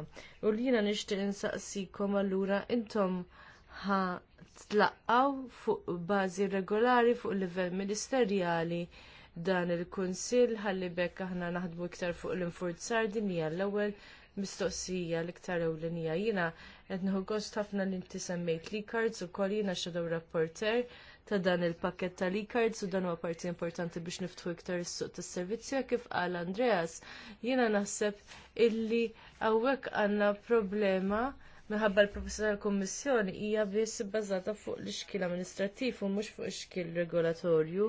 U li jina nishtiq insaqsikom allura intom ħa tlaqqaw fuq bażi regolari fuq livell ministerjali dan il kunsill ħalli bekk aħna naħdmu iktar fuq l-infurzar din hija l-ewwel mistoqsija l-iktar ewlenija. jiena. qed nħu gost ħafna li inti semmejt li kards ukoll jiena xadow rapporter ta' dan il-pakket tal-e-cards u dan huwa parti importanti biex niftħu iktar is-suq tas-servizzja kif qal Andreas. Jiena naħseb illi hawnhekk għandna problema minħabba l-proposta tal-Kummissjoni hija biss bbażata fuq l-ixkil amministrattiv u mhux fuq ixkil regolatorju.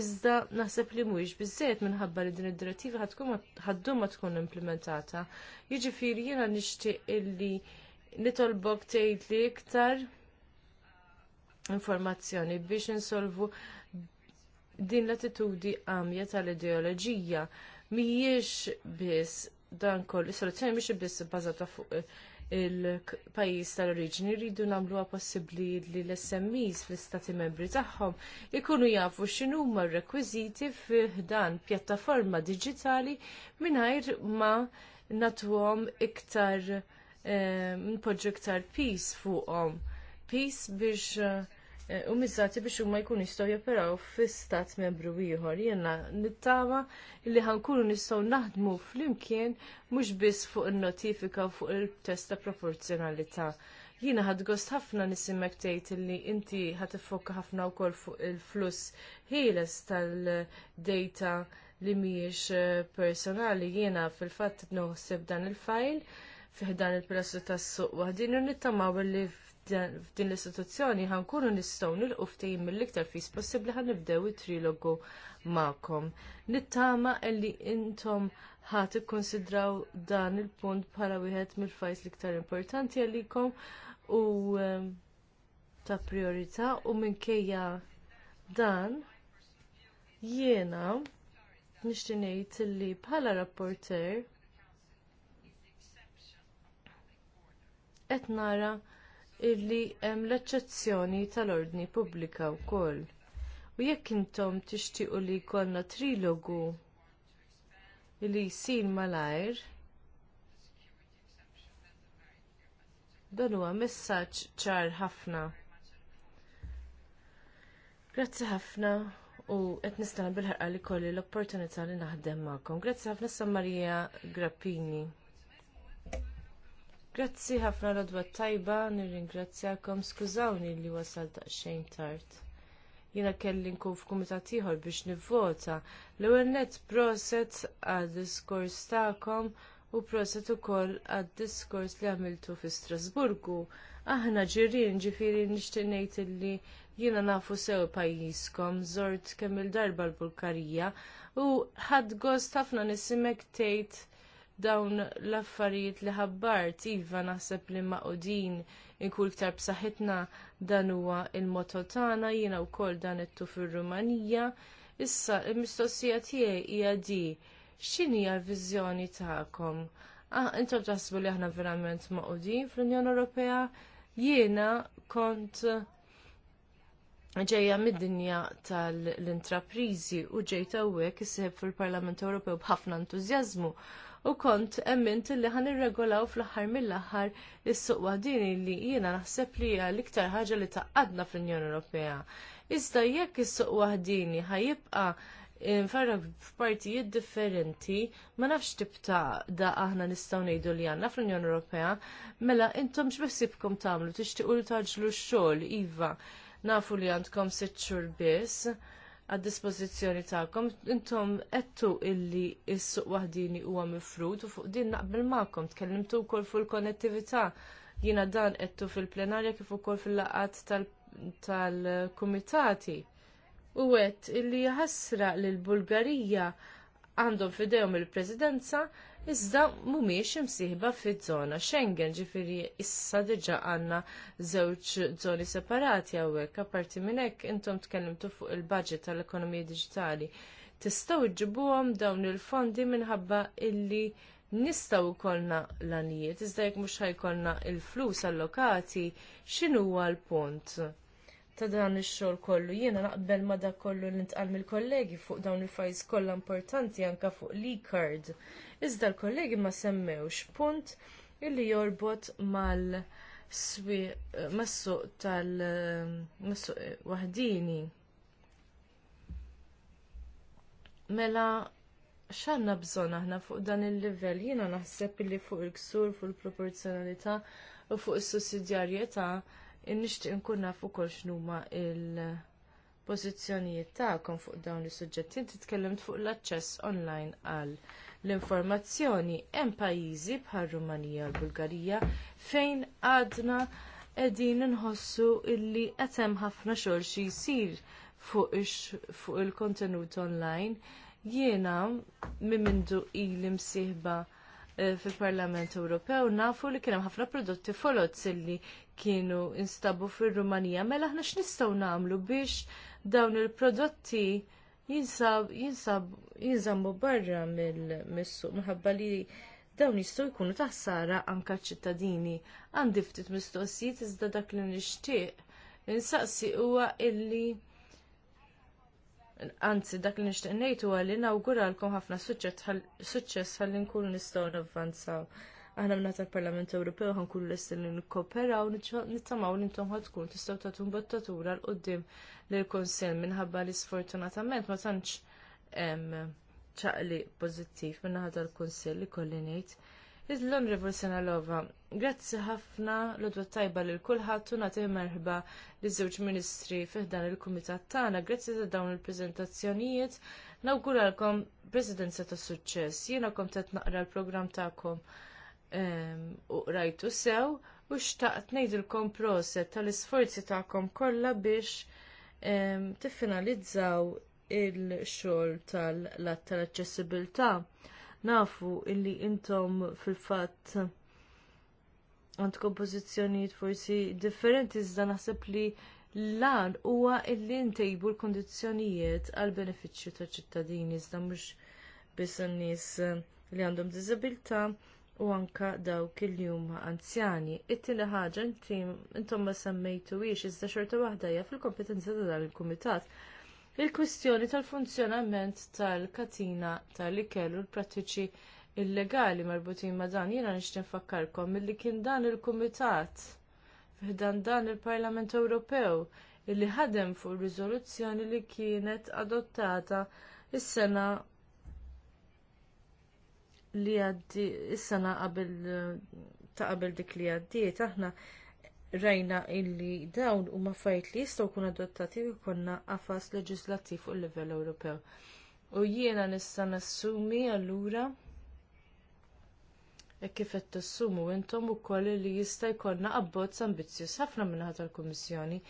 Iżda naħseb li mhuwiex biżżejjed minħabba li din id-direttiva ħaddum ma tkun implementata. Jiġifieri jiena nixtieq illi nitolbok tgħidli iktar informazzjoni biex insolvu din l-attitudi għamja tal-ideoloġija. Mhijiex biss dan kollu, soluzzjoni mhix biss bbażata fuq eh, il-pajjiż tal-oriġini rridu nagħmluha possibbli li l-SMEs fl-istati membri tagħhom ikunu jafu x'inhuma r-rekwiżiti fih dan pjattaforma diġitali mingħajr ma natuhom iktar eh, npoġġu iktar peace fuqhom. Peace biex eh, Eh, u mizzati biex huma jkunu jistgħu u f-istat membru ieħor. Jiena nittama li ħankunu nistgħu naħdmu flimkien mhux biss fuq in-notifika u fuq il-test ta' proporzjonalità. Jiena ħad gost ħafna nisimek tgħid li inti ħad tifokka ħafna wkoll fuq il-fluss ħieles tal-data li mhijiex eh, personali jiena fil t-nuħseb dan il-fajl fiħdan il-prezzu tas-suq waħdin u nittamaw li f'din l-istituzzjoni ħankunu nistgħu nilqu ftehim mill-iktar fis possibbli ħanibdew it-trilogu magħkom. Nittama li intom ħadd ikkonsidraw dan il-punt bħala wieħed mill-fajs l-iktar importanti għalikom u ehm, ta' priorità u minkejja dan jiena nixtieq ngħid li bħala rapporter qed nara illi hemm l-eċċezzjoni tal-ordni pubblika wkoll. U jekk intom tixtiequ li jkollna trilogu li jsir malajr, dan huwa messaġġ ċar ħafna. Grazzi ħafna u qed nistana bil-ħarqa li kolli l-opportunità li naħdem magħkom. Grazzi ħafna Marija Grappini. Grazzi ħafna l-odwa tajba, nirringrazzjakom, skużawni li wasal daqsxejn tard. Jiena kelli nkun f'kumitat ieħor biex nivvota. L-ewwel nett proset għad-diskors tagħkom u proset ukoll għad-diskors li għamiltu fi Strasburgu. Aħna ġirien ġifieri nixtieq ngħid illi jiena nafu sew pajjiżkom, żort kemm il-darba l-Bulgarija u ħadd gost ħafna nisimek tgħid dawn l-affarijiet li ħabbart iva naħseb li maqodin inkun iktar b'saħħitna dan huwa il-moto tagħna jiena wkoll dan ittu fir-Rumanija. Issa l-mistoqsija tiegħi hija di x'inhi l-viżjoni tagħkom? Ah, intom taħsbu li aħna verament maqudin fl-Unjoni Ewropea jiena kont ġejja mid-dinja tal-intraprizi u ġejt hawnhekk isseħeb fil-Parlament Ewropew b'ħafna entużjażmu u kont emmint li ħan irregolaw fl-aħħar mill-aħħar is-suqwa dini li jiena naħseb li hija l-iktar ħaġa li taqadna fl-Unjoni Ewropea. Iżda jekk is-suq waħdini ħajibqa' nfarrak f'partijiet differenti, ma nafx tibta da aħna nistgħu ngħidu li għandna fl-Unjoni Ewropea, mela intom x'bessibkom tagħmlu tixtiequ li taġlu x-xogħol iva. Nafu li għandkom sitt xhur biss, għad dispożizzjoni tagħkom. Intom għettu illi s-suq waħdini huwa mifrud u fuq din naqbel magħkom tkellimtu wkoll fuq il-konnettività. Jiena dan għettu fil-plenarja kif ukoll fil-laqat tal-kumitati. U għett illi ħasra l-Bulgarija għandhom fidejhom il-Presidenza iżda mhumiex imsieħba fiż-żona Schengen ġifieri issa diġà għandna żewġ żoni separati hawnhekk apparti minn hekk intom tkellimtu fuq il-budget tal-ekonomija diġitali. Tistgħu ġibuhom dawn il-fondi minħabba illi nistaw jkollna l-anijiet, iżda jekk mhux ħajkollna l flus allokati, x'inhuwa l-punt? ta' dan ix-xogħol kollu. Jiena naqbel ma' dak kollu li ntqal mill-kollegi fuq dawn il-fajs kollha importanti anke fuq l-e-card. Iżda l-kollegi ma semmewx punt illi jorbot mal swi massuq tal massuq waħdini. Mela x'għandna bżonn aħna fuq dan il-livell jiena naħseb illi fuq il-ksur fuq il-proporzjonalità u fuq is-sussidjarjetà il nixtieq nkun naf ukoll x'numa il-pożizzjonijiet tagħkom fuq dawn is-suġġetti. Inti tkellimt fuq l-aċċess online għal l-informazzjoni hemm pajjiżi bħal Rumanija u Bulgarija fejn għadna qegħdin inħossu illi qed hemm ħafna xogħol xi jsir fuq il-kontenut online. Jiena minn mindu ili msieħba Eh, fil-Parlament Ewropew nafu li kien hemm ħafna prodotti folots illi kienu instabu fir-Rumanija. Mela ħna x'nistgħu nagħmlu biex dawn il-prodotti jinsab jinsab jinżammu barra mill-suq minħabba li dawn jistgħu jkunu taħsara anke ċittadini. Għandi ftit mistoqsijiet iżda dak li nixtieq. Insaqsi huwa illi Anzi, dak li nixtieq ngħid huwa li nawguralkom ħafna suċċess ħalli nkunu nistgħu navvanzaw. Aħna minn l parlament Ewropew ħankunu lesti li nikkooperaw nittamaw li intom ħadkun tistgħu tagħtu bottatura l quddiem lill kunsill minħabba li sfortunatament ma tantx ċaqli pożittiv min-naħa tal-kunsill li kolli ngħid. Izlon onrevol Lova, grazzi ħafna l udwa tajba l-kulħat u nagħti merħba li żewġ ministri fiħdan il-kumitat tagħna, grazzi ta' dawn il-preżentazzjonijiet. Nawguralkom presidenza ta' suċċess. Jiena kom naqra l-programm tagħkom ehm, u rajtu sew u xtaqt ngħidilkom proset tal-isforzi tagħkom kollha biex ehm, tiffinalizzaw il-xogħol tal-att tal-aċċessibilità nafu illi intom fil-fatt għandkom pożizzjonijiet forsi differenti iżda naħseb li l-għan huwa illi ntejbu l kundizzjonijiet għal benefiċċju taċ ċittadini iżda mhux biss nies eh, li għandhom diżabilità u anke dawk li huma anzjani. It-tieni ħaġa intom ma semmejtuwiex iżda xorta waħda hija fil-kompetenza ta' dan il-kumitat il-kwistjoni tal-funzjonament tal-katina tal-ikel u l-prattiċi illegali marbutin ma' dan jiena nixtieq nfakkarkom milli kien dan il-kumitat f'dan dan il-Parlament Ewropew illi ħadem fuq riżoluzzjoni li kienet adottata is-sena li għaddi is-sena qabel ta' qabel dik li għaddiet aħna rajna illi dawn huma affarijiet li jistgħu jkunu adottati u jkollna qafas leġislattiv fuq il-livell Ewropew. U jiena nista' nassumi allura e kif qed tassumu intom ukoll li jista' jkollna abbozz ambizzjuż ħafna minn ħadd tal-Kummissjoni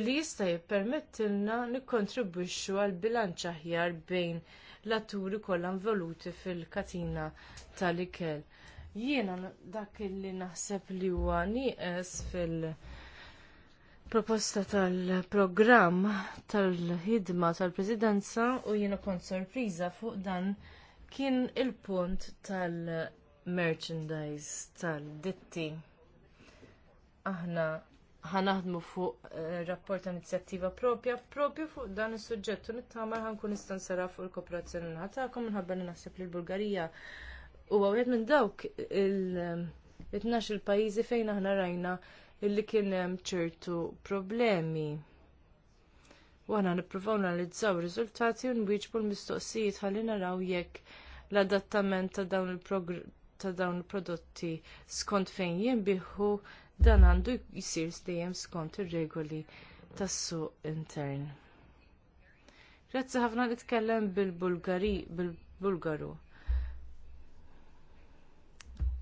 li jista' jippermettilna nikkontribwixxu għal bilanċ aħjar bejn l-atturi kollha involuti fil-katina tal-ikel. Jiena dak li naħseb li huwa nieqes fil- proposta tal-programm tal-ħidma tal-Presidenza u jiena kont sorpriża fuq dan kien il-punt tal-merchandise tal-ditti. Aħna ħanaħdmu fuq eh, rapport ta' inizjattiva propja, propju fuq dan is-suġġett u nittama ħankun nistansara fuq il-kooperazzjoni nħatakom minħabba li naħseb li l-Bulgarija U għawet minn dawk il-12 il-pajizi fejn aħna rajna illi kien hemm ċertu problemi. U għana nippruvaw analizzaw riżultati u nwieġbu l-mistoqsijiet ħalli naraw jekk l-adattament ta' dawn il-prodotti skont fejn jinbiħu dan għandu jisir stejjem skont ir-regoli tas-suq intern. Grazzi ħafna li tkellem bil-Bulgari, bil-Bulgaru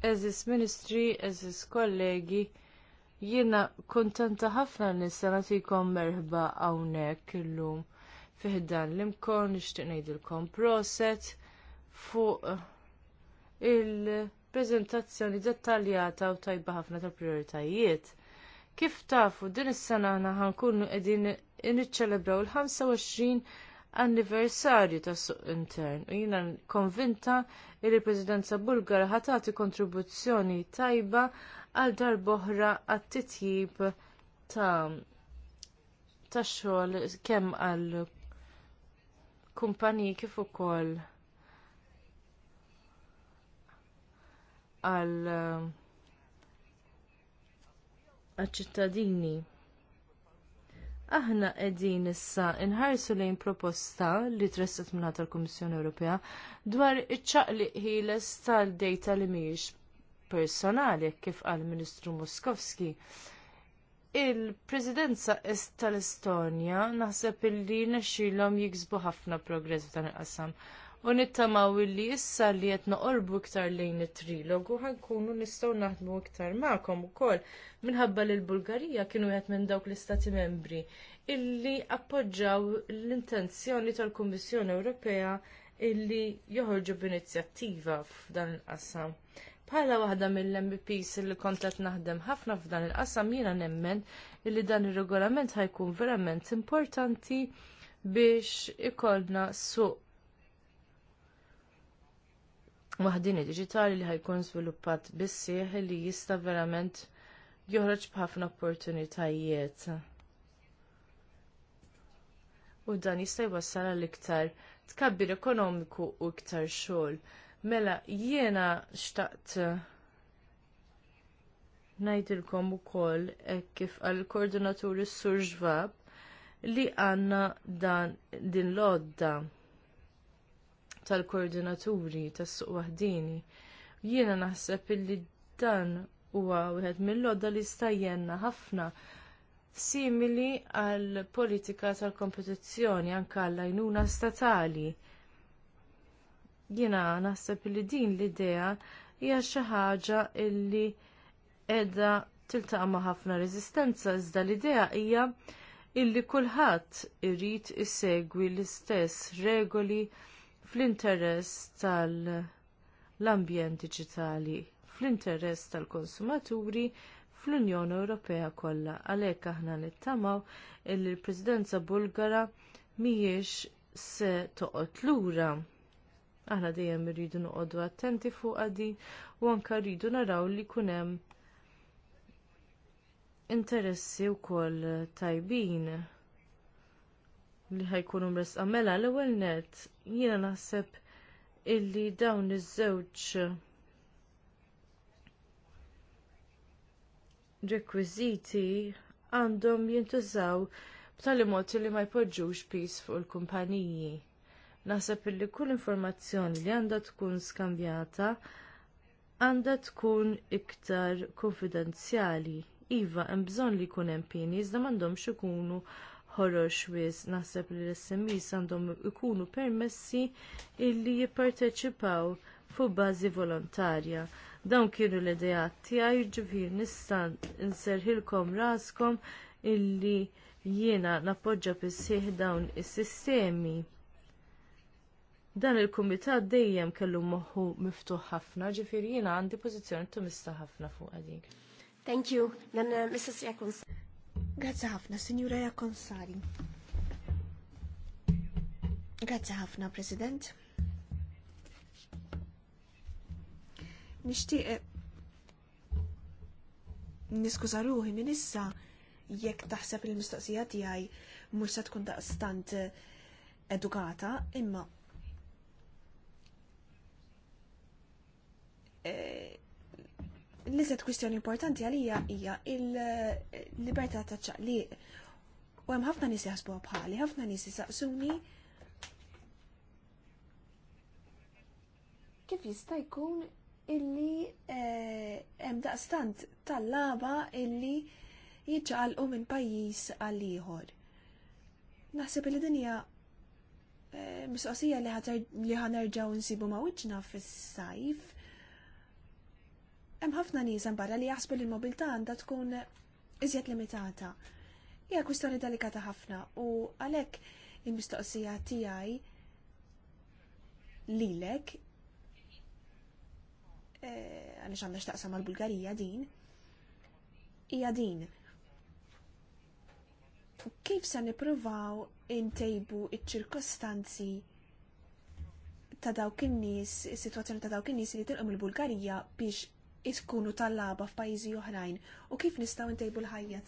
eżis ministri, eżis kollegi, jiena kuntenta ħafna li tikom merħba hawnhekk illum fih dan l-imkon nixtieq ngħidilkom proset fuq il-preżentazzjoni dettaljata u tajba ħafna tal-prioritajiet. Kif tafu din is-sena aħna ħankunu qegħdin niċċelebraw il-25 anniversarju tas suq intern u jiena konvinta li l-Presidenza Bulgara ħatati kontribuzzjoni tajba għal darboħra għat-titjib ta' xogħol kemm għal kumpaniji kif ukoll għal eh, ċittadini aħna qegħdin issa inħarsu lejn proposta li tresset minna tal-Kummissjoni Ewropea dwar iċ-ċaqli tal-dejta li mhijiex personali kif għal Ministru Moskowski. Il-Presidenza tal-Estonja naħseb illi nexxilhom jiksbu ħafna progress f'dan il-qasam u nittamaw li issa li qed noqorbu iktar lejn it-trilogu ħankunu nistgħu naħdmu iktar magħkom ukoll minħabba li l-Bulgarija kienu wieħed minn dawk l-istati membri illi appoġġaw l-intenzjoni tal-Kummissjoni Ewropea illi joħorġu b'inizjattiva f'dan il-qasam. Bħala waħda mill-MPs li kont qed naħdem ħafna f'dan il-qasam jiena nemmen li dan ir-regolament ħajkun verament importanti biex ikollna suq waħdini diġitali li ħajkun sviluppat bissieħ li jista verament joħroġ bħafna opportunitajiet. U dan jista' jwassal għal iktar tkabbir ekonomiku u iktar xogħol. Mela jiena xtaqt ngħidilkom ukoll hekk kif għall koordinaturi Sur Ġvab li għandna dan din l-odda tal-koordinaturi tas-suq waħdini. Jiena naħseb illi dan huwa wieħed mill-lodda li stajjenna ħafna simili għall politika tal-kompetizzjoni anke għall għajnuna statali. Jiena naħseb illi din l-idea hija xi ħaġa li qiegħda tiltaqa' ma' ħafna reżistenza iżda l-idea hija illi kulħadd irid isegwi l-istess regoli fl-interess tal-ambjent diġitali, fl-interess tal-konsumaturi, fl-Unjoni Ewropea kollha. Għalhekk aħna nittamaw li l-Presidenza Bulgara mhijiex se toqgħod lura. Aħna dejjem irridu noqogħdu attenti fuq din u anke rridu naraw li jkun hemm interessi wkoll tajbin li ħajkunu mresqa għamela l-ewwel net jiena naħseb illi dawn iż-żewġ rekwiżiti għandhom jintużaw b'tali mod li ma jpoġġux pis fuq il-kumpaniji. Naħseb illi kull informazzjoni li għandha tkun skambjata għandha tkun iktar konfidenzjali. Iva, hemm bżonn li jkun hemm pieni, iżda m'għandhomx ikunu ħorror xwiz naħseb li l-SMIs għandhom ikunu permessi illi jipparteċipaw fuq bażi volontarja. Dawn kienu l-idejat tiegħi ġifier nista' nserħilkom raskom illi jiena nappoġġa bissieħ dawn is-sistemi. Dan il-kumitat dejjem kellu moħħu miftuħ ħafna, ġifieri jiena għandi pożizzjoni tumista ħafna fuq għadik. Thank you. Then uh, Mrs. Jakons. Grazzi ħafna, Sinjura Jakonsari. Grazzi ħafna, President. Nixtieq eh, niskuża ruħi minn issa jekk taħseb li l-mistoqsija tiegħi mhux se tkun daqstant eh, edukata, imma eh, l-iżet kwistjoni importanti għalija hija il-libertà ta' ċaqliq. U hemm ħafna nies jaħsbu bħali, ħafna nies jisaqsuni kif jista' jkun illi eh, hemm daqstant tal-laba illi jiċċaqalqu minn pajjiż għal ieħor. Naħseb li dinja eh, mistoqsija li ħanerġaw nsibu ma' wiċċna fis-sajf Hemm ħafna nies barra li jaħsbu li l-mobilità għandha tkun iżjed limitata. Hija kwistjoni delikata ħafna u għalhekk il-mistoqsija tiegħi lilek eh, għaliex għandha x'taqsam mal-Bulgarija din hija din. Kif se nippruvaw intejbu iċ-ċirkostanzi ta' dawk in-nies, is-sitwazzjoni ta' dawk in-nies li tilqom il-Bulgarija biex tkunu tal-laba f'pajjiżi oħrajn u kif nistgħu ntejbu l-ħajja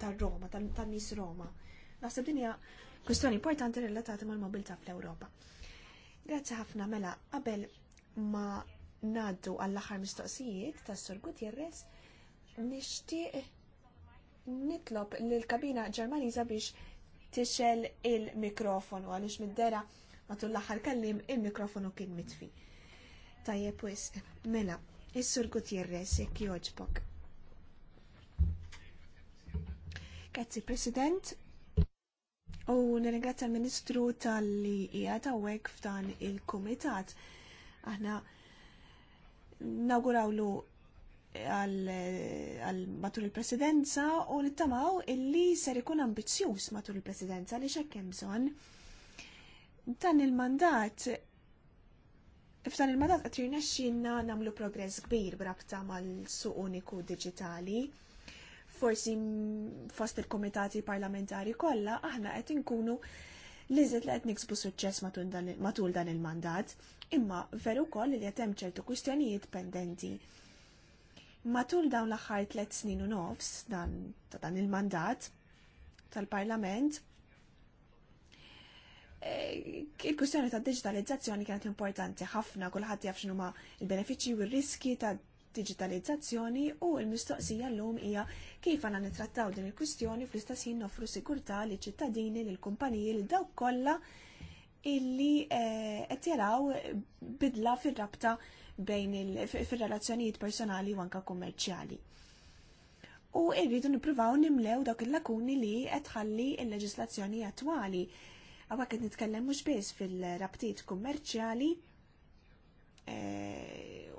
tal-Roma, tal-nies Roma. Naħseb din hija kwistjoni importanti relatati mal-mobilità fl-Ewropa. Grazzi ħafna mela qabel ma ngħaddu għall-aħħar mistoqsijiet tas-Sur Gutierrez nixtieq nitlob lill-kabina Ġermaniża biex tixel il-mikrofonu għaliex mid-dera matul l-aħħar kellim il-mikrofonu kien mitfi. Tajjeb wis, mela, Is-Sur Gutierrez, jekk joġbok. Grazzi, President. U nirringrazzja l-Ministru tal-li qiegħed hawnhekk f'dan il-Kumitat. Aħna nawgurawlu għal matul il-presidenza u nittamaw illi ser ikun ambizzjuż matul il-presidenza li xekk hemm bżonn. Dan il-mandat F'dan il-mandat qed jirnexxinna nagħmlu progress kbir b'rabta mal-suq uniku diġitali. Forsi fost il-komitati parlamentari kollha aħna qed inkunu li li qed niksbu suċċess matul dan il-mandat, imma veru koll li qed hemm ċertu kwistjonijiet pendenti. Matul dawn l-aħħar tliet snin u nofs dan ta' dan il-mandat tal-Parlament, Eh, il-kwistjoni ta' digitalizzazzjoni kienet importanti ħafna kulħadd jaf ma' l-benefiċċji u r-riski ta' digitalizzazzjoni u l-mistoqsija llum hija kif għandna nittrattaw din il-kwistjoni fl-istess ħin noffru sigurtà liċ ċittadini lil kumpaniji li dawk kollha illi eh, qed jaraw bidla fir-rabta bejn fir-relazzjonijiet personali u anke kummerċjali. U irridu nippruvaw nimlew dawk il-lakuni li qed ħalli l leġislazzjoni attwali Għawak qed nitkellem mhux biss fil-rabtiet kummerċjali eh,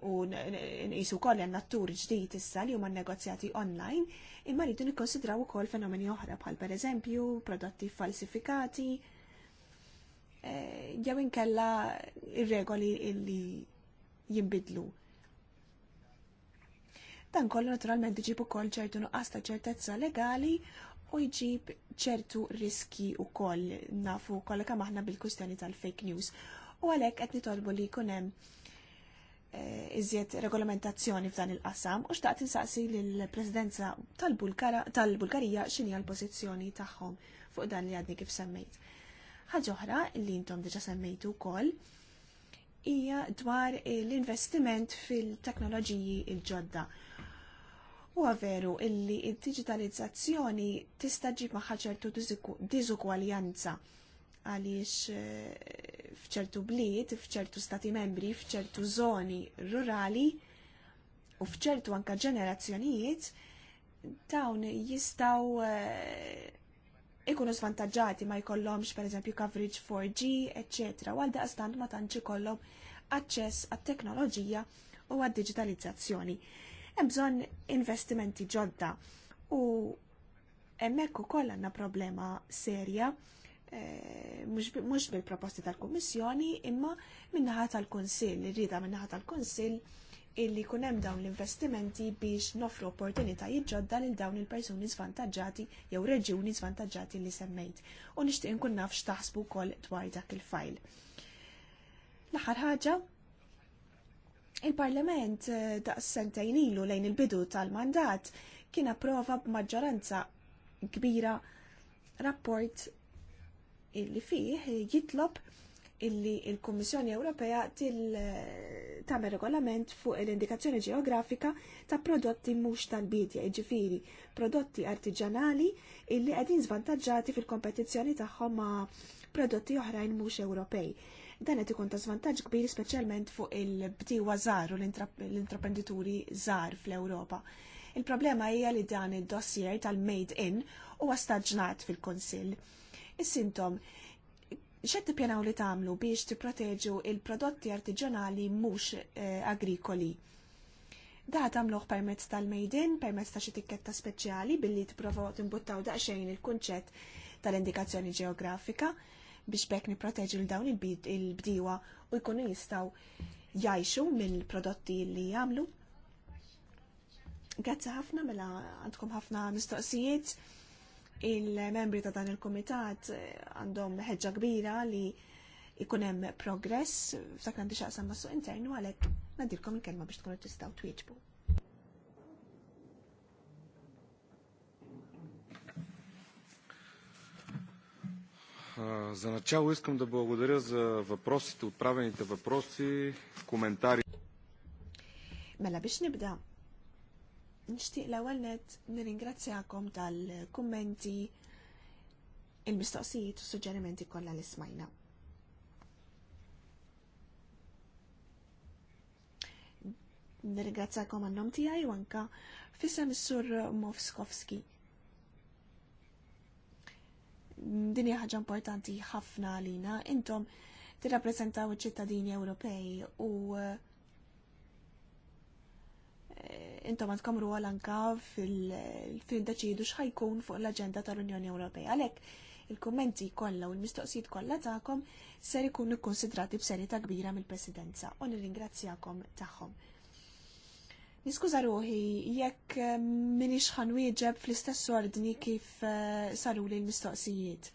u koll wkoll hemm nattur ġdid issa li huma negozjati online, imma rridu nikkonsidraw ukoll fenomeni oħra bħal pereżempju prodotti falsifikati, eh, jew inkella ir-regoli li jinbidlu. Dan kollu naturalment iġib ukoll ċertu nuqqas ta' ċertezza legali u jġib ċertu riski u koll nafu koll kam aħna bil-kustjoni tal-fake news. U għalek qed nitolbu li kunem eh, iżjed regolamentazzjoni f'dan il-qasam u xtaqt insaqsi lill-Presidenza tal-Bulgarija x'inhi l-pożizzjoni tagħhom fuq dan li għadni kif semmejt. Ħaġa oħra li intom diġa semmejtu wkoll hija dwar l-investiment fil-teknoloġiji il-ġodda. l il ġodda U veru illi il-digitalizzazzjoni tista' ġib maħħa ċertu diżugwaljanza għaliex eh, fċertu bliet, fċertu stati membri, fċertu zoni rurali u fċertu anka ġenerazzjonijiet dawn jistaw eh, ikunu svantagġati ma jkollhomx per eżempju coverage 4G, etc. Għal daqstant ma tantx ikollhom aċċess għat-teknoloġija u għad-digitalizzazzjoni hemm bżonn investimenti ġodda u hemmhekk ukoll għandna problema serja eh, mhux bil-proposti tal-Kummissjoni imma min-naħa tal-Kunsill, irrida min-naħa tal-Kunsill illi jkun hemm dawn l-investimenti biex nofru opportunitajiet ġodda lil dawn il-persuni zvantaġġati jew reġjuni żvantaġġati li semmejt. U nixtieq inkun naf x'taħsbu wkoll dwar dak il-fajl. L-aħħar ħaġa Il-Parlament eh, daqs sentejn ilu lejn il-bidu tal-mandat kien approva b'maġġoranza kbira rapport illi fih jitlob illi il-Kommissjoni Ewropea eh, tagħmel regolament fuq l-indikazzjoni ġeografika ta' prodotti mhux tal-bidja, jiġifieri prodotti artiġanali illi qegħdin żvantaġġati fil-kompetizzjoni tagħhom ma' prodotti oħrajn mhux Ewropej. Dan qed ikun ta' żvantaġġ kbir speċjalment fuq il-bdiewa żgħar u l-intraprendituri żgħar fl-Ewropa. Il-problema hija li dan id-dossier tal-Made in huwa staġnat fil-Kunsill. Is-sintom xed tippjanaw li tagħmlu biex tipproteġu il-prodotti artiġjonali mhux eh, agrikoli da tagħmluh permezz tal made in, permezz ta' xi tikketta speċjali billi tipprovaw timbuttaw daqsxejn il-kunċett tal-indikazzjoni ġeografika biex bekk niproteġu l dawn il-bdiewa u jkunu jistaw jajxu mill-prodotti li jagħmlu. Grazzi ħafna mela għandkom ħafna mistoqsijiet. Il-membri ta' dan il-komitat eh, għandhom ħeġġa kbira li ikun hemm progress f'dak għandi xaqsam ma' suq internu għalhekk nadilkom il-kelma biex tkunu tistgħu twieġbu. За начало искам да благодаря за въпросите, отправените въпроси, коментари. Мела Mela biex nibda, nishtiq l-ewwel net nirringrazzjakom tal-kummenti, il-mistoqsijiet u suġġerimenti kollha li smajna. Nirringrazzjakom għannom tiegħi u anka fissem is-sur Mowskowski din hija ħaġa importanti ħafna għalina. Intom tirrappreżentaw iċ-ċittadini Ewropej u eh, intom għandkom ruol anka fil-deċidu x'ħajkun fuq l-aġenda tal-Unjoni Ewropea. Għalhekk il-kummenti kollha u l-mistoqsijiet kollha tagħkom ser ikunu kkonsidrati b'serjetà kbira mill-Presidenza u nirringrazzjakom tagħhom. Niskuża ruħi, jekk eh, minix wieġeb fl-istess ordni kif eh, saru li l-mistoqsijiet.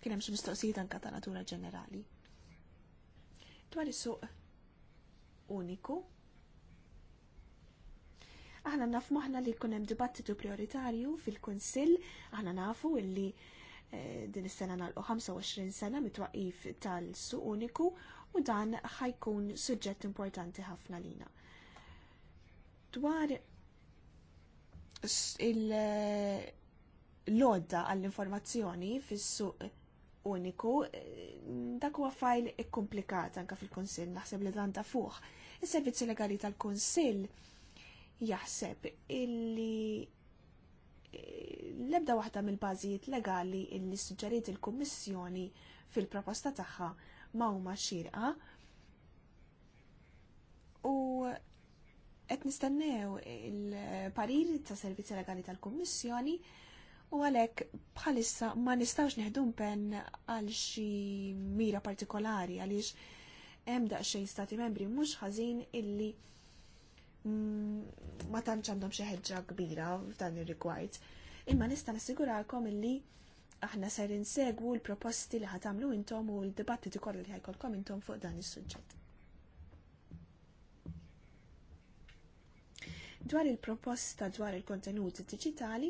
Kien hemm xi mistoqsijiet anka ta' natura ġenerali. Dwar is-suq uniku. Aħna naf maħna li jkun hemm dibattitu prioritarju fil-Kunsill, aħna nafu li eh, din is-sena nagħlqu 25 sena mitwaqif tal-suq uniku u dan ħajkun suġġett importanti ħafna lina Dwar il-lodda għall-informazzjoni fis-suq uniku, dak huwa fajl ikkomplikat anka fil-Kunsill, naħseb li dan ta' fuq. Is-servizzi legali tal-Kunsill jaħseb illi eh, l-ebda waħda mill-bażijiet legali illi suġġeriet il-Kummissjoni fil-proposta tagħha ma huma xirqa u qed nistennew il parir ta' servizzi legali tal-Kummissjoni u għalhekk bħalissa ma nistgħux neħdum pen għal xi mira partikolari għaliex hemm daqsxejn stati membri mhux ħażin illi mm, ma tantx għandhom xi ħeġġa kbira f'dan ir-rigward. Imma nista' nassigurakom illi aħna ser insegwu l-proposti li ħatamlu intom u l-dibattiti kollha li ħajkolkom intom fuq dan is-suġġett. Dwar il-proposta dwar il-kontenuti digitali,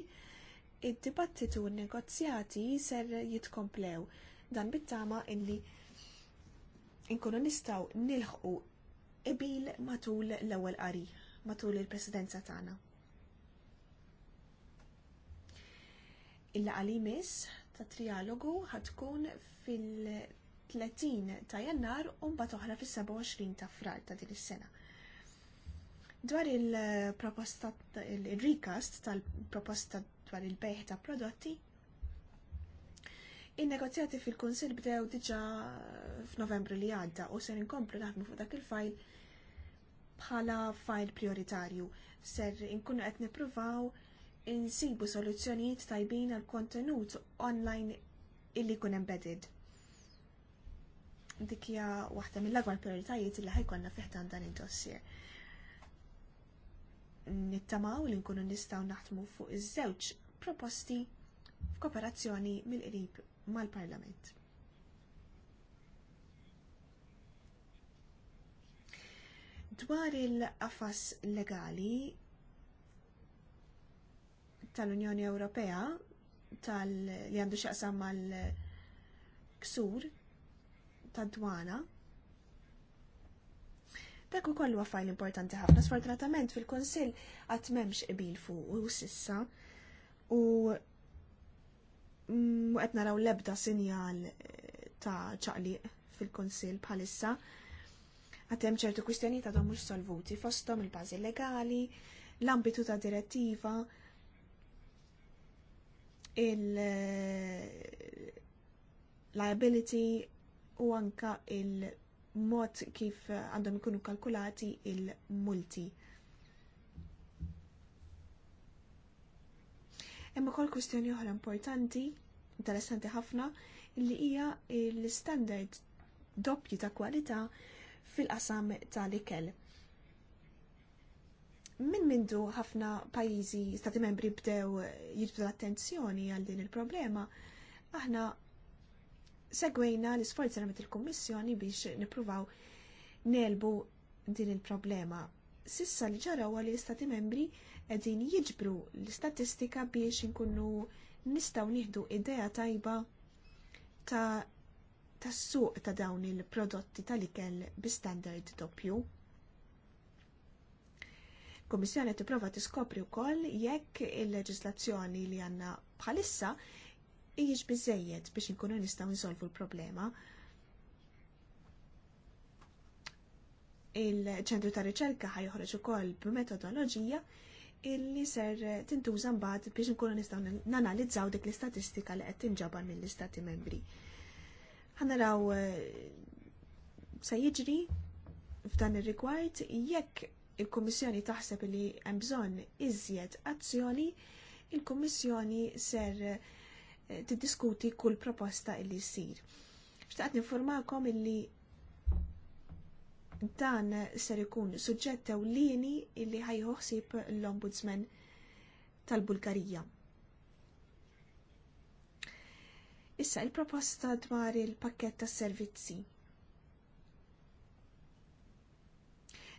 id-dibattitu u negozjati ser jitkomplew dan bit-tama illi inkunu nistaw nilħqu ibil matul l-ewwel qari, matul il-presidenza tagħna. Il-laqali miss ta' trialogu ħatkun fil-30 ta' jannar u mbagħad oħra fis-27 ta' frar ta' din is-sena. Dwar il-proposta, il-recast tal-proposta dwar il-bejħ ta' prodotti, Il-negozjati fil-Konsil bdew diġa f'Novembru li għadda u ser inkomplu naħdmu fuq dak il-fajl bħala fajl prioritarju. Ser inkunu qed nippruvaw insibu soluzzjonijiet tajbin għal kontenut online illi jkun embedded. Dik hija waħda mill agwar prioritajiet illi ħajkonna fiħtan dan id-dossier nittamaw li nkunu nistgħu naħdmu fuq iż-żewġ proposti f'kooperazzjoni mill-qrib mal-Parlament. Dwar il-qafas legali tal-Unjoni Ewropea tal li għandu xaqsam mal-ksur tad-dwana, Dak ukoll kollu għafajl importanti ħafna sfortunatament fil-Kunsill qatt m'hemmx qbil fuq sissa u mm, qed naraw l-ebda sinjal eh, ta' ċaqli fil-Kunsill bħalissa. Għatem ċertu kustjoni ta' mhux solvuti fosthom il-bażi legali, l-ambitu ta' direttiva, il-liability eh, u anka il- mod kif għandhom ikunu kalkulati il-multi. Imma kol kwistjoni oħra importanti, interessanti ħafna, li hija l-standard doppju ta' kwalità fil-qasam tal-ikel. Min mindu ħafna pajjiżi stati membri bdew jibdu l-attenzjoni għal din il-problema, aħna segwejna l-isforzi għamet il-Kommissjoni biex nipruvaw nelbu din il-problema. Sissa li ġaraw li l-Istati membri edin jiġbru l-istatistika biex nkunu nistaw nieħdu idea tajba ta' tas-suq ta' dawn il-prodotti tal-ikel bi standard doppju. Kommissjoni tipprova tiskopri wkoll jekk il-leġislazzjoni li għandna bħalissa hijiex biżejjed biex inkunu nistgħu nsolvu l-problema. Il-ċentru ta' riċerka ħajħorġ ukoll b'metodoloġija illi ser tintuża mbagħad biex inkunu nistgħu nanalizzaw dik l-istatistika li qed tinġabar mill-istati membri. Ħanaraw eh, se jiġri f'dan ir-rigward jekk il-Kummissjoni taħseb li hemm bżonn iżjed azzjoni, il-Kummissjoni ser tiddiskuti kull proposta illi jsir. Xtaqt informakom illi dan ser ikun suġġett ewlieni illi ħsieb l-Ombudsman tal-Bulgarija. Issa il-proposta dwar il-pakket tas servizzi.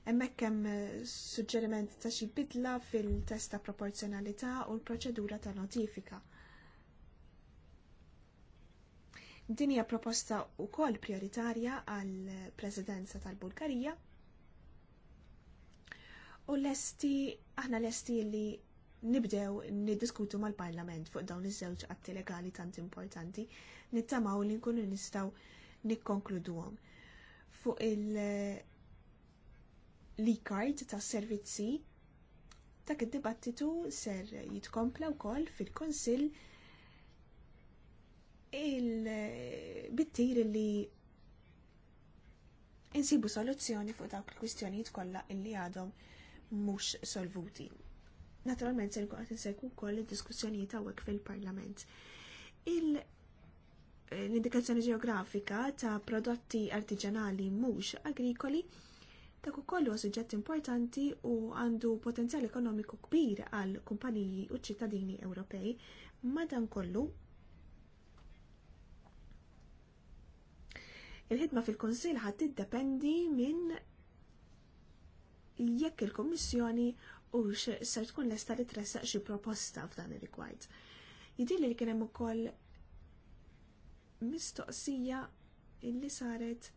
Hemmhekk hemm suġġeriment ta' xi bidla fil-testa proporzjonalità u l-proċedura ta' notifika. Din hija proposta wkoll prioritarja għall presidenza tal-Bulgarija. U lesti aħna lesti li nibdew niddiskutu mal-Parlament fuq dawn iż-żewġ atti legali tant importanti nittamaw li nkunu nistgħu nikkonkluduhom. Fuq il eh, l card tas servizzi dak id-dibattitu ser jitkompla wkoll fil-Konsill il-bittir li insibu soluzzjoni fuq dawk il-kwistjonijiet kollha illi għadhom mhux solvuti. Naturalment se nkun qed insegwu wkoll id-diskussjonijiet hawnhekk fil-Parlament. Eh, l-indikazzjoni ġeografika ta' prodotti artiġanali mhux agrikoli dak ukoll huwa suġġett importanti u għandu potenzjal ekonomiku kbir għal kumpaniji u ċittadini Ewropej. Madankollu, Il-ħidma fil konsil ħad tiddependi minn jekk il-Kommissjoni u se tkun lesta li tressaq xi proposta f'dan ir-rigward. Jidhir li kien hemm ukoll mistoqsija illi saret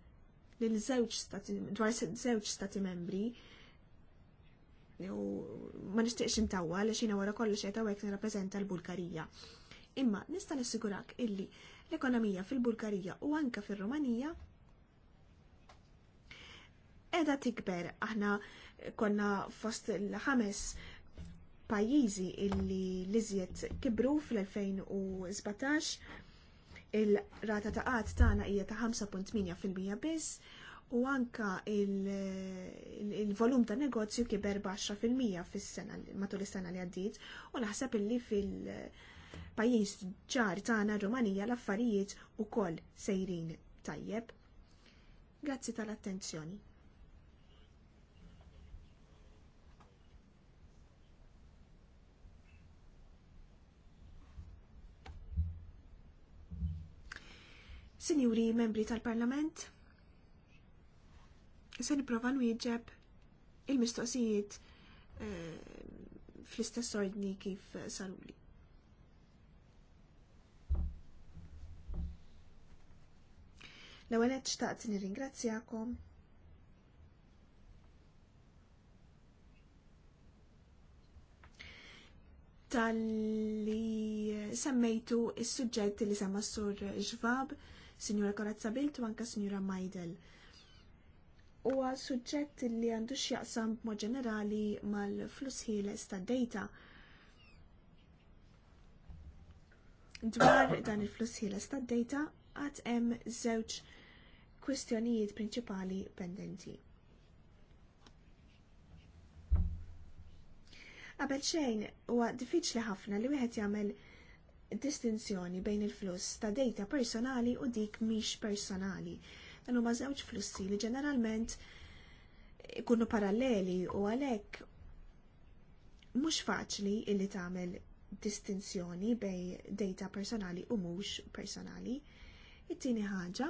lil żewġ stati dwar żewġ stati membri u ma nixtieqx intawwa li xina wara kollox qed hawnhekk nirrappreżenta l-Bulgarija. Imma nista' nissigurak illi L-ekonomija fil-Bulgarija u anka fil-Rumanija edha tikber. Aħna konna fost l-ħames pajjiżi illi liżjed kibru fl-2017 il-rata ta' qatt tagħna hija ta' 5.8% fil-1 biss u anka il-volum ta' negozju kiber b'10% fis-sena matul is-sena li għaddiet u naħseb illi fil- pajjiż ġar tagħna Rumanija l-affarijiet ukoll sejrin tajjeb. Grazzi tal-attenzjoni. Sinjuri membri tal-Parlament, se nipprova nwieġeb il-mistoqsijiet eh, fl-istess ordni kif saruli. L-ewwel qed xtaqt nirringrazzjakom tal-li semmejtu il-sujġett li semma s-sur ġvab, Signora Korazza Bilt u anka Signora Majdel. Huwa suġġett li għandu x'jaqsam b'mod ġenerali mal-flus ħieles tad-dejta. Dwar dan il-flus ħieles tad-dejta għad hemm żewġ kwistjonijiet prinċipali pendenti. Qabel xejn huwa diffiċli ħafna li wieħed jagħmel distinzjoni bejn il-fluss ta' data personali u dik mhix personali. Dan huma żewġ flussi li ġeneralment ikunu paralleli u għalhekk mhux faċli illi tagħmel distinzjoni bejn data personali u mhux personali. It-tieni ħaġa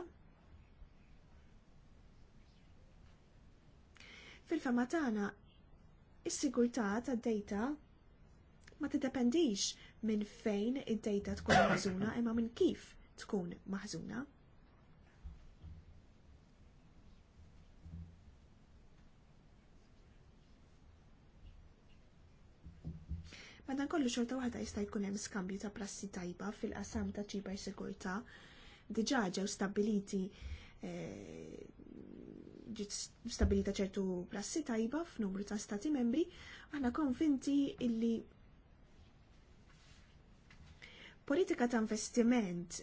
Fil-fema tagħna, is-sigurtà tad dejta ma tiddependix minn fejn id dejta tkun maħżuna imma minn kif tkun maħżuna. Madan kollu xorta waħda jista' jkun hemm skambju ta' prassi tajba fil-qasam ta' ċiber sigurtà diġà ġew stabbiliti eh, ġiet stabilita ċertu plassi tajba f'numru ta' stati membri, għanna konvinti illi politika ta' investiment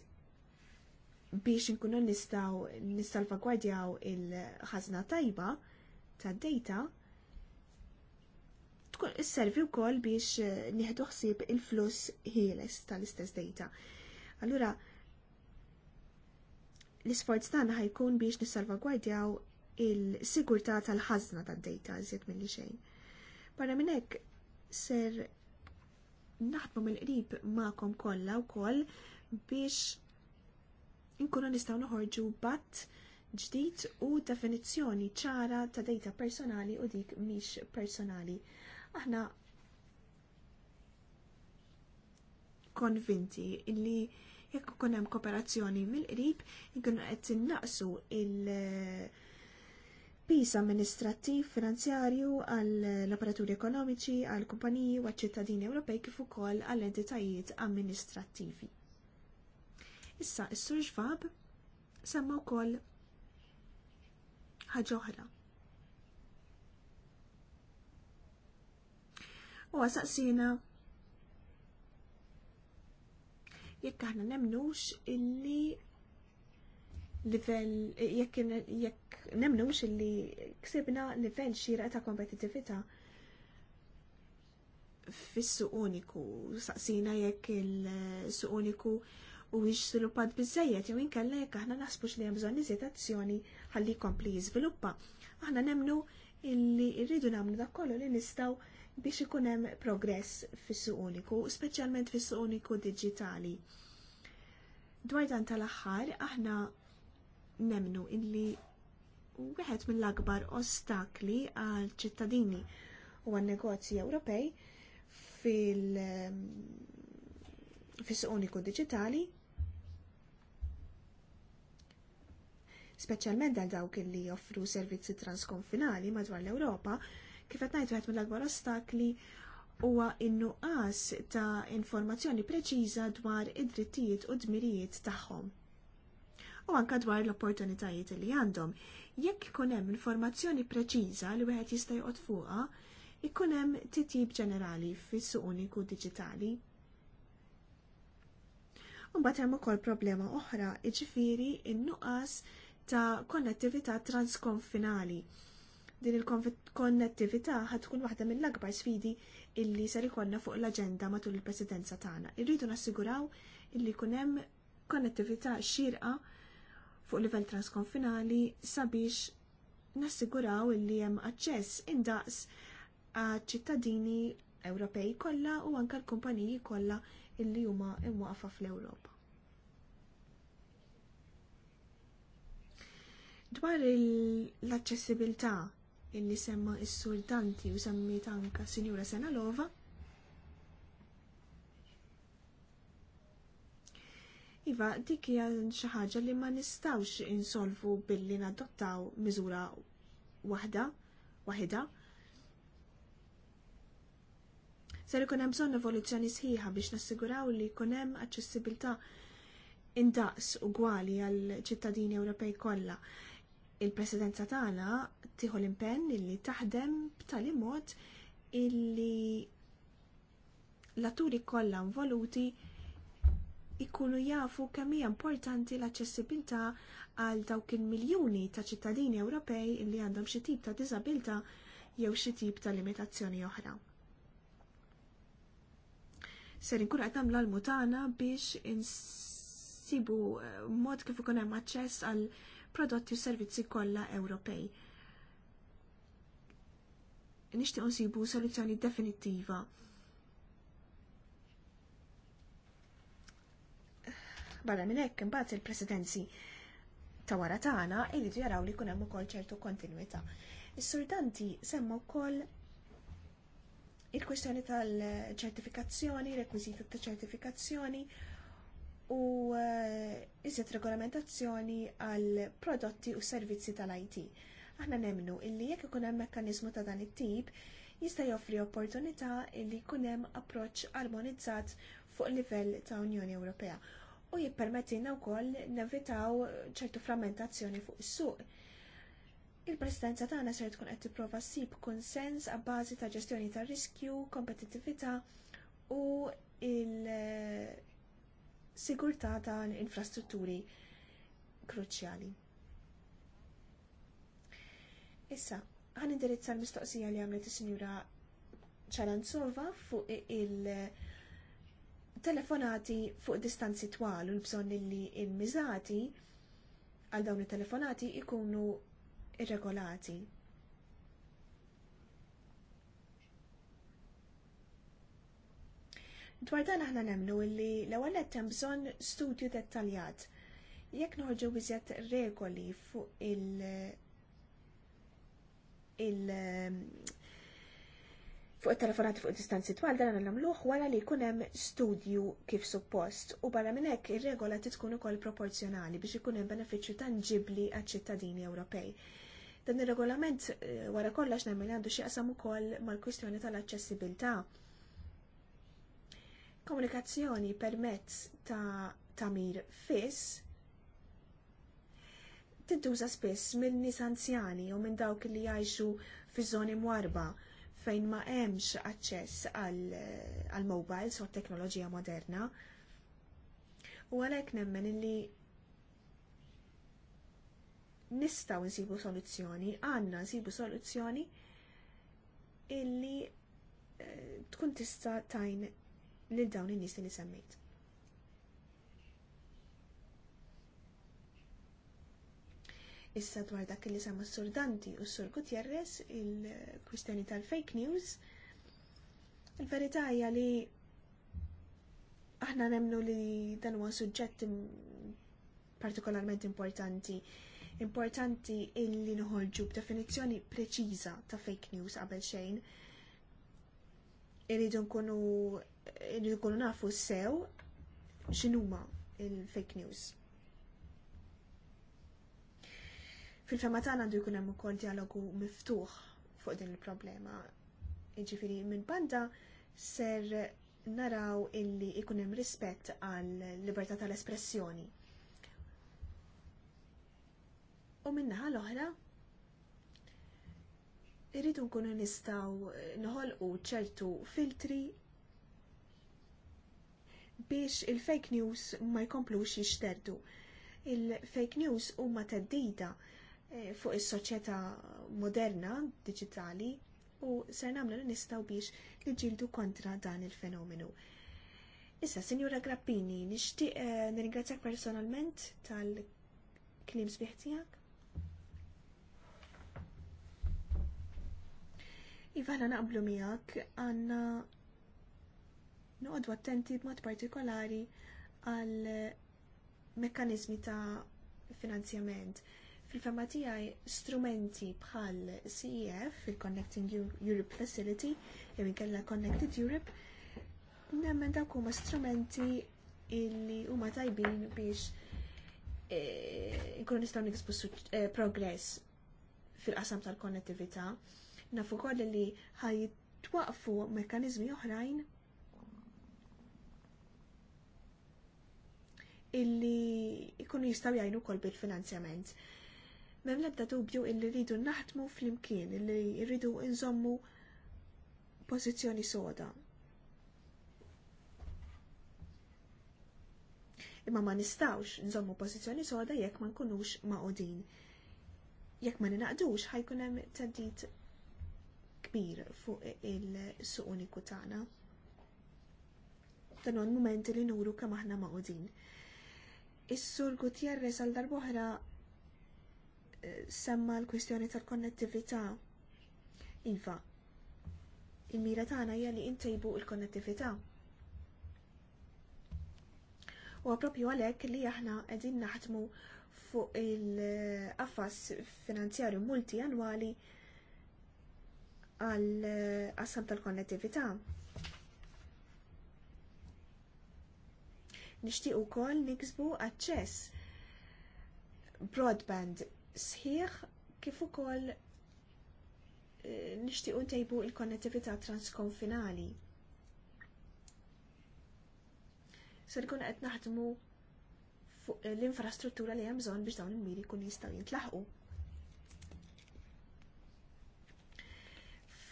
biex nkunu nistaw nistalvagwardjaw il-ħazna tajba ta' data tkun isservi wkoll biex eh, nieħdu ħsieb il-fluss ħieles tal-istess data. Allura l-isforz tagħna ħajkun biex nissalvagwardjaw il-sigurtà tal-ħazna tad-data iżjed milli xejn. Barra minn hekk ser naħdmu mill-qrib magħkom kollha wkoll biex inkunu nistgħu noħorġu batt ġdid u definizzjoni ċara ta' data personali u dik mhix personali. Aħna konvinti illi jekk ikun hemm kooperazzjoni mill-qrib, ikunu qed innaqsu il- Pisa amministrattiv finanzjarju għall operaturi ekonomiċi, għal kumpaniji u għal-ċittadini Ewropej kif ukoll għall entitajiet amministrattivi. Issa, is-Sur Schwab semma wkoll ħaġa oħra. U għasaqsina jekk aħna nemnux illi livell jekk jekk nemnux li ksibna livell xira ta' kompetitività fis-suq uniku, saqsina jekk il-suq uniku u wix sviluppad bizzejiet jew inkella jekk aħna naħsbux li hemm bżonn iżjed azzjoni ħalli jkompli jiżviluppa. Aħna nemnu illi rridu nagħmlu dak kollu li nistgħu biex ikun hemm progress fis-suq uniku, speċjalment fis-suq uniku diġitali. Dwar dan tal-aħħar aħna nemnu illi wieħed mill-akbar ostakli għal ċittadini u għan negozji Ewropej fil ehm, fis uniku digitali speċjalment għal dawk li joffru servizzi transkonfinali madwar l-Ewropa, kif qed ngħid wieħed mill-akbar ostakli huwa in-nuqqas ta' informazzjoni preċiża dwar id-drittijiet u d-dmirijiet tagħhom u anka dwar l-opportunitajiet li għandhom. Jekk ikun hemm informazzjoni preċiża li wieħed jista' joqgħod fuqha, ikun hemm titjib ġenerali fis-suq uniku diġitali. Mbagħad hemm ukoll problema oħra, jiġifieri in-nuqqas ta' konnettività transkonfinali din il-konnettività ħad tkun waħda mill-akbar sfidi illi ser ikollna fuq l-aġenda matul il-presidenza tagħna. Irridu nassiguraw illi jkun hemm konnettività xirqa fuq livell transkonfinali sabiex nassiguraw li hemm aċċess indaqs ċittadini Ewropej kollha u anke l-kumpaniji kollha illi huma imwaqfa fl-Ewropa. Dwar l-aċċessibilità illi semma s-sur Danti u semmit anka Sinjura Senalova, Iva, dik hija xi ħaġa li ma nistgħux insolvu billi nadottaw miżura waħda, waħda. Ser ikun hemm bżonn evoluzzjoni sħiħa biex nassiguraw li jkun hemm aċċessibilità indaqs ugwali għal ċittadini Ewropej kollha. Il-presidenza tagħna tieħu l-impenn illi taħdem b'tali mod illi l-atturi kollha involuti ikunu jafu kemm hija importanti l-aċċessibilità għal dawk il-miljuni ta' ċittadini Ewropej li għandhom xi tip ta' diżabilità jew xi tip ta' limitazzjoni oħra. Ser inkun qed nagħmlu l-mutana biex insibu eh, mod kif ikun hemm aċċess għal prodotti u servizzi kollha Ewropej. Nixtieq nsibu soluzzjoni definittiva Barra minn hekk imbagħad il-presidenzi ta' wara tagħna jridu jaraw li jkun hemm ukoll ċertu kontinwità. Is-Sur semma wkoll il-kwestjoni tal-ċertifikazzjoni, rekwiżiti ta' ċertifikazzjoni u eh, iżjed regolamentazzjoni għal prodotti u servizzi tal-IT. Aħna nemnu illi jekk ikun hemm mekkaniżmu ta' dan it-tip, jista' joffri opportunità li jkun hemm approċċ armonizzat fuq livell ta' Unjoni Ewropea u jippermettilna wkoll nevitaw ċertu frammentazzjoni fuq is-suq. Il-presidenza tagħna ser tkun qed tipprova ssib konsens għabbażi ta' ġestjoni tar riskju, kompetittività u il-sigurtà tal infrastrutturi kruċjali. Issa, ħan indirizza l-mistoqsija li għamlet is-Sinjura Ċaranzova fuq il- telefonati fuq distanzi twal u l-bżonn li l-miżati għal dawn it-telefonati ikunu irregolati. Dwar dan aħna nemnu illi l-ewwel hemm bżonn studju dettaljat. Jekk noħorġu biżjed regoli fuq il- il fuq il-telefonat fuq distanzi twal dan nagħmluh wara li jkun hemm studju kif suppost u barra minn hekk ir-regola tkun ukoll proporzjonali biex ikun hemm benefiċċju tanġibbli għaċ-ċittadini Ewropej. Dan ir-regolament eh, wara kollox nagħmel għandu xi qasam ukoll mal-kwistjoni tal-aċċessibilità. Komunikazzjoni permezz ta' tamir fiss tintuża spiss minn nies anzjani u minn dawk li jgħixu fi żoni mwarba fejn ma hemmx aċċess għal mobiles u teknoloġija moderna. U għalhekk nemmen illi nistgħu nsibu soluzzjoni, għandna nsibu soluzzjoni illi eh, tkun tista' tajn lil dawn in-nies li semmejt. Issa dwar dak li sama s-sur Danti u s-sur Gutierrez il-kwistjoni tal-fake news. Il-verità hija li aħna nemnu li dan huwa suġġett partikolarment importanti. Importanti illi nħolġu b'definizzjoni preċiża ta' fake news qabel xejn. Irridu nkunu irridu nkunu nafu sew x'inhuma il-fake news. Fil-fema tagħna għandu jkun hemm ukoll dialogu miftuħ fuq din il-problema. Jiġifieri minn banda ser naraw illi jkun hemm rispett għal libertà tal-espressjoni. U min l-oħra irridu nkunu nistgħu noħolqu ċertu filtri biex il-fake news ma jkomplux jixterdu. Il-fake news huma teddida Eh, fuq is-soċjetà moderna, diġitali, u ser nagħmlu li nistgħu biex niġġieldu kontra dan il-fenomenu. Issa, Sinjura Grappini, nixtieq eh, nirringrazzjak personalment tal-kliem sbieħ tiegħek. Iva ħana naqblu miegħek għandna noqogħdu attenti b'mod partikolari għal mekkaniżmi ta' finanzjament fil-fema tiegħi strumenti bħal CEF, il-Connecting Europe Facility, jew inkella Connected Europe, nemmen dawk huma strumenti illi huma tajbin biex nkunu e, nistgħu nikbu e, progress fil-qasam tal-konnettività. Nafu koll li ħaj mekkaniżmi oħrajn illi jkunu jistgħu jgħinu wkoll bil-finanzjament. Mem lebda dubju illi rridu naħdmu fl-imkien, illi rridu nżommu pożizzjoni soda. Imma ma nistawx nżommu pożizzjoni soda jekk ma nkunux ma' Jekk ma ninaqdux ħajkun hemm teddit kbir fuq il-suq uniku tagħna. Dan l-moment li nuru kemm aħna ma'qudin. Is-sur Gutierrez għal darbohra semma l-kwistjoni tal-konnettività. Iva, il-mira tagħna hija li ntejbu l konnettività U proprju għalhekk li aħna qegħdin naħdmu fuq il-qafas finanzjarju multi annwali għal qassam tal-konnettività. Nixtieq ukoll niksbu aċċess broadband sħiħ kif ukoll eh, nixtiequ ntejbu l konnettività transkonfinali. Se nkun qed naħdmu fuq l-infrastruttura li hemm bżonn biex dawn il-miri jkunu jistgħu jintlaħqu.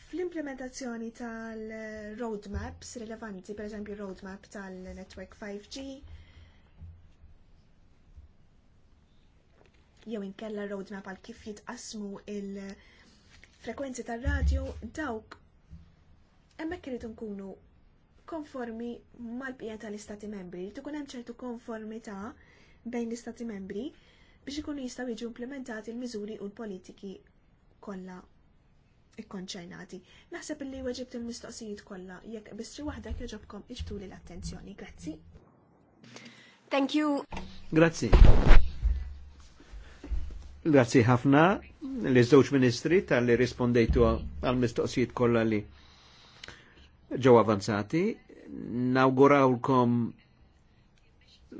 Fl-implementazzjoni tal-roadmaps rilevanti, pereżempju roadmap tal-network 5G, jew inkella roadmap għal kif jitqasmu il-frekwenzi tar-radju dawk hemmhekk irid nkunu konformi mal-bqija tal-istati membri, li tukun hemm ċertu konformità bejn l-istati membri biex ikunu jistgħu jiġu implementati l-miżuri u l-politiki kollha ikkonċernati. Naħseb illi weġibt il-mistoqsijiet kollha jekk biss xi waħda jogħġobkom iġtuli l-attenzjoni. Grazzi. Thank you. Grazzi. Grazzi ħafna li żewġ ministri tal-li rispondejtu għal-mistoqsijiet kollha li ġew avanzati. Nawgurawlkom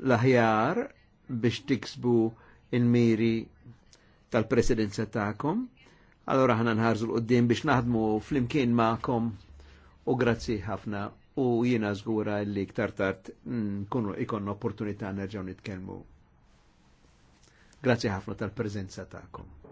l-aħjar biex tiksbu il-miri tal-presidenza ta'kom. Allora ħana nħarżu l-qoddim biex naħdmu fl-imkien ma'kom u grazzi ħafna u jina zgura li ktar tard ikon opportunità nerġaw nitkellmu Grazie ħafna tal-prezenza ta'kom.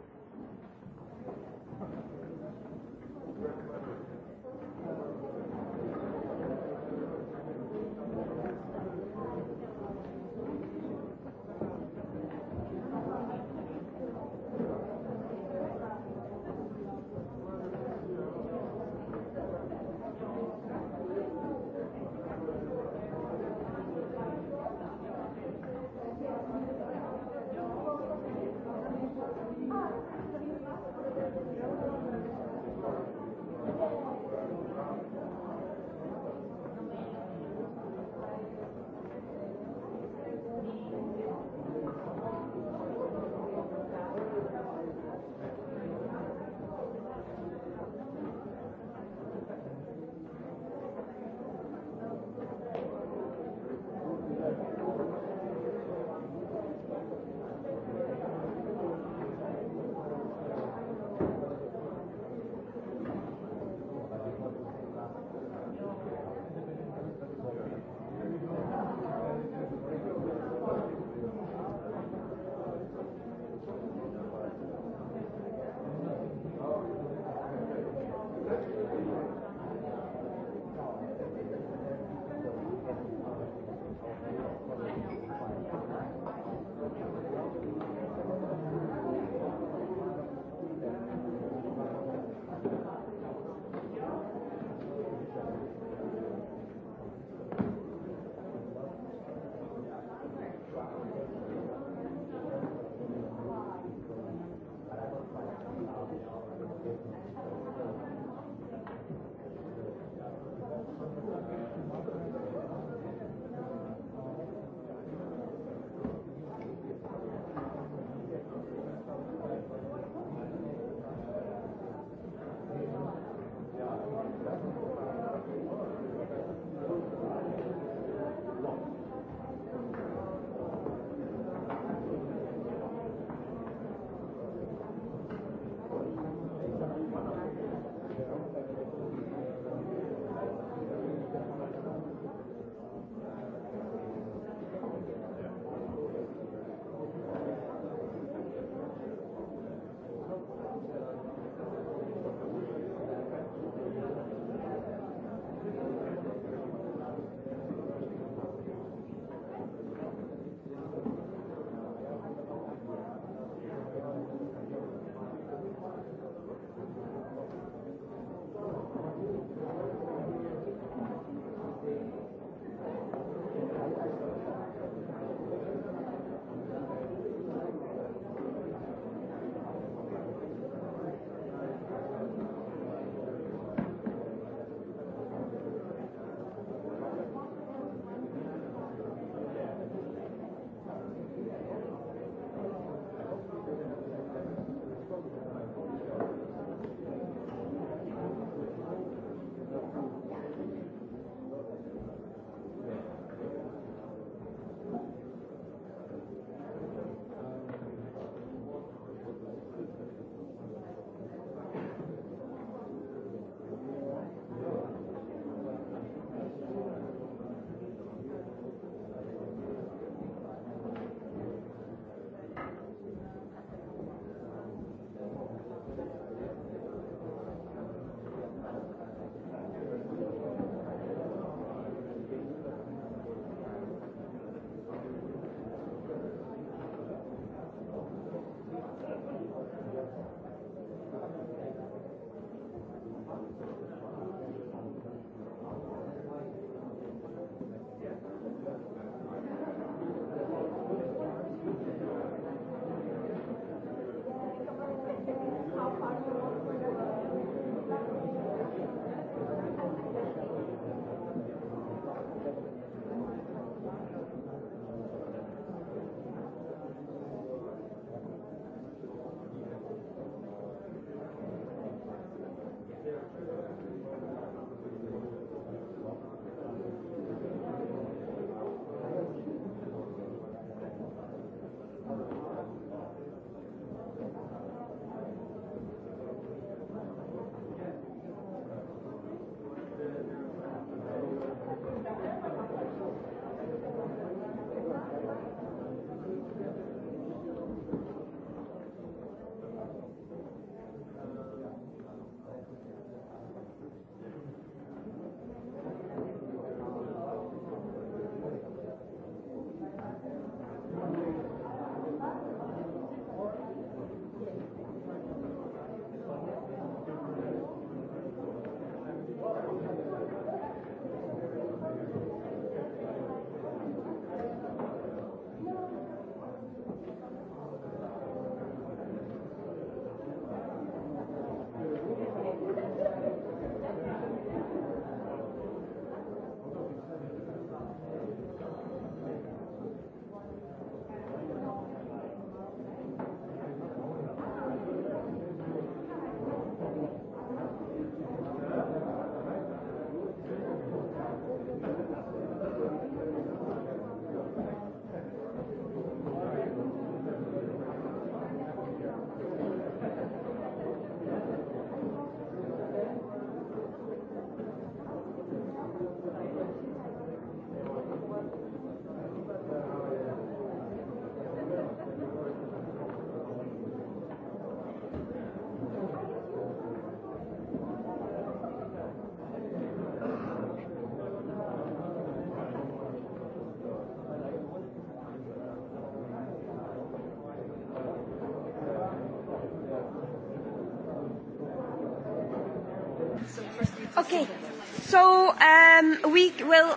Um, we will...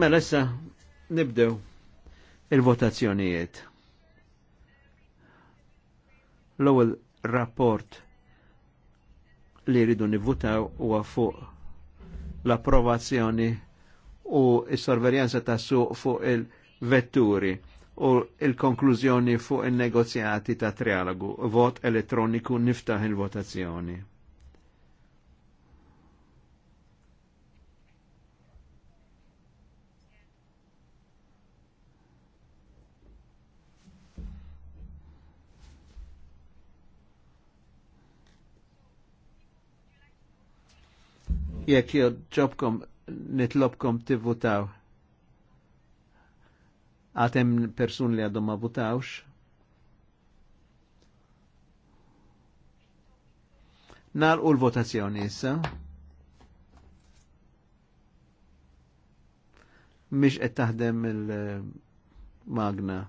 Melissa, nibdew il-votazzjonijiet. L-ewwel rapport li rridu nivvutaw huwa fuq l-approvazzjoni u s-sorverjanza ta' suq fuq il-vetturi u il-konklużjoni fuq il-negozjati ta' trialogu. Vot elettroniku niftaħ il-votazzjoni. jekk joġobkom nitlobkom tivvutaw. Għatem person li għadhom ma votawx. Nalqu l-votazzjoni issa. Mhix qed taħdem il-magna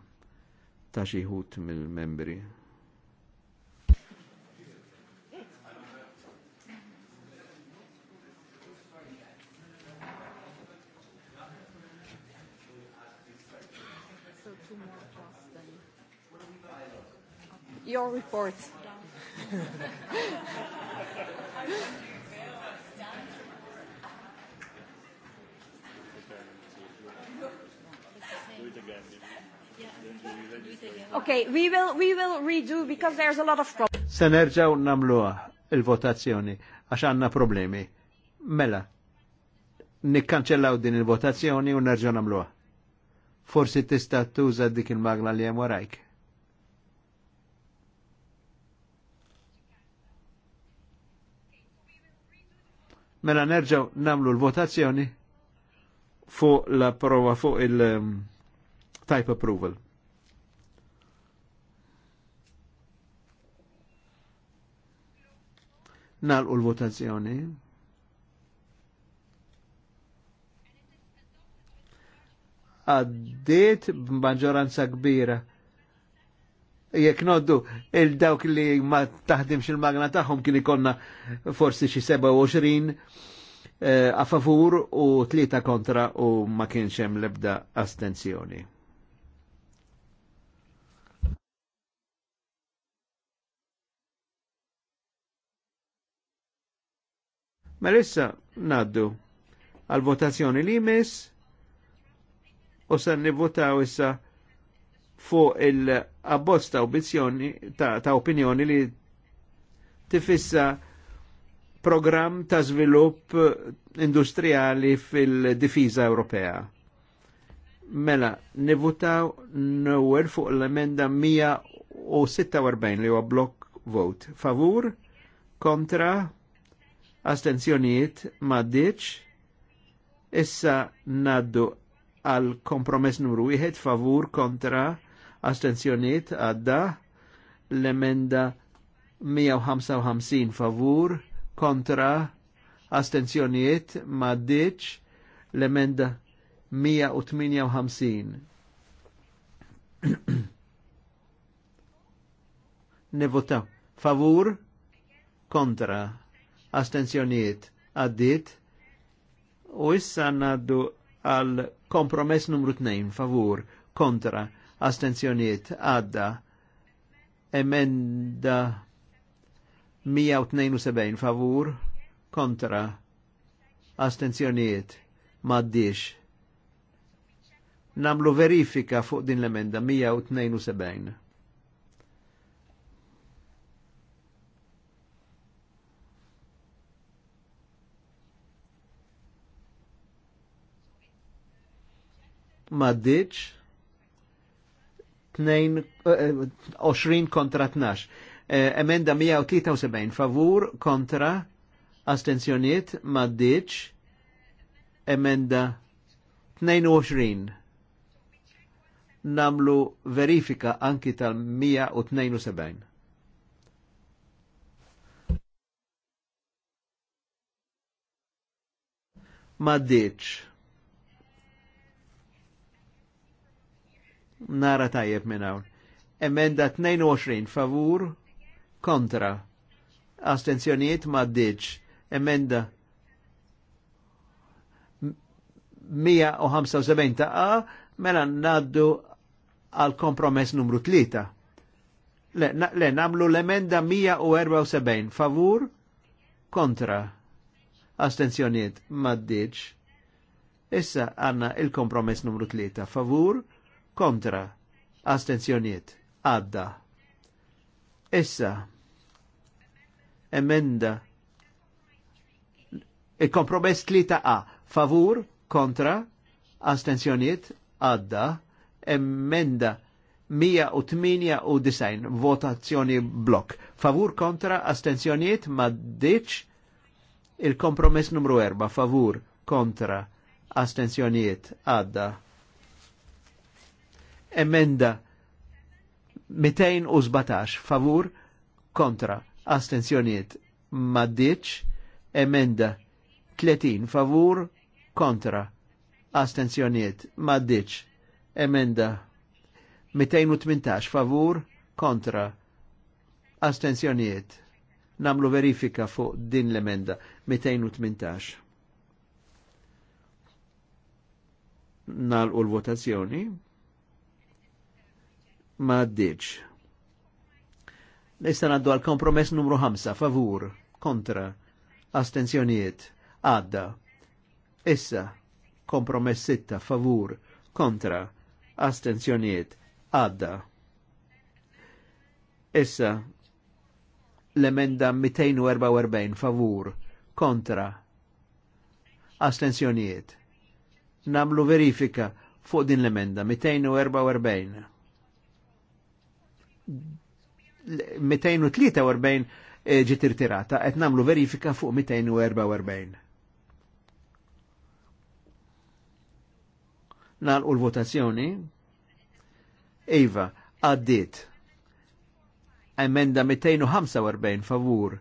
ta' xi mill-membri. your report. okay, we will, we will redo because there's a lot of problems. Se nerġaw namluha il-votazzjoni għax għanna problemi. Mela, nikkanċellaw din il-votazzjoni u nerġaw namluha. Forsi tista' tuża dik il-magna li hemm warajk. Mela nerġaw namlu l-votazzjoni fuq la prova fuq il-type um, approval. Nalqu l-votazzjoni. Għaddit b'maġġoranza kbira jekk noddu il-dawk li ma taħdimx il-magna tagħhom kien ikonna forsi xi 27 eh, a favur u tlieta kontra u ma kienx hemm l-ebda astenzjoni. Melissa naddu għal votazzjoni li jmiss u s-sanni nivvotaw issa fuq il-abbozz ta' ta', ta opinjoni li tifissa program ta' svilupp industriali fil-difiża Ewropea. Mela, nivutaw nowel fuq l-emenda 146 li huwa block vote. Favur, kontra, astenzjoniet, maddiċ, issa naddu għal kompromess numru 1 favur kontra astenzjoniet għadda l-emenda 155 favur kontra astenzjoniet maddiċ l-emenda 158. Nevotaw favur kontra astenzjoniet għaddit u issa naddu għal kompromess numru 2 favur kontra astenzjoniet għadda emenda 172 favur kontra astenzjoniet maddiex namlu verifika fuq din l-emenda 172 maddiċ 20 eh, eh, kontra 12. Eh, emenda 173 favur kontra astenzjoniet ma maddiċ. Emenda 22. Namlu verifika anki tal-172. Maddiċ. nara tajjeb minn hawn. Emenda 22 favur kontra. Astenzjoniet ma ddiġ. Emenda 175 ta' A mela naddu għal kompromess numru 3. Le, na, le namlu l-emenda 174 favur kontra. Astenzjoniet maddiċ. Issa għanna il-kompromess numru 3 favur kontra, astenzjoniet, għadda. Issa, emenda, il-kompromess tlita A, favur, kontra, astenzjoniet, għadda, emenda 198 votazzjoni blok. Favur kontra astenzjoniet ma ditx il-kompromess numru 4. Favur kontra astenzjoniet għadda. Emenda 217 favur kontra astenzjoniet maddiċ. Emenda 30 favur kontra astenzjoniet maddiċ. Emenda 218 favur kontra astenzjoniet namlu verifika fuq din l-emenda 218. Nalqu l-votazzjoni ma għaddiċ. Issa għaddu għal kompromess numru 5, favur, kontra, astenzjonijiet, għadda. Issa, kompromess 6, favur, kontra, astenzjonijiet, għadda. Issa, l-emenda 244, favur, kontra, astenzjonijiet. Namlu verifika fuq din l-emenda 244. 243 ġiet irtirata, qed nagħmlu verifika fuq 244. Nalqu l-votazzjoni. Iva, għaddit. Emenda 245 favur.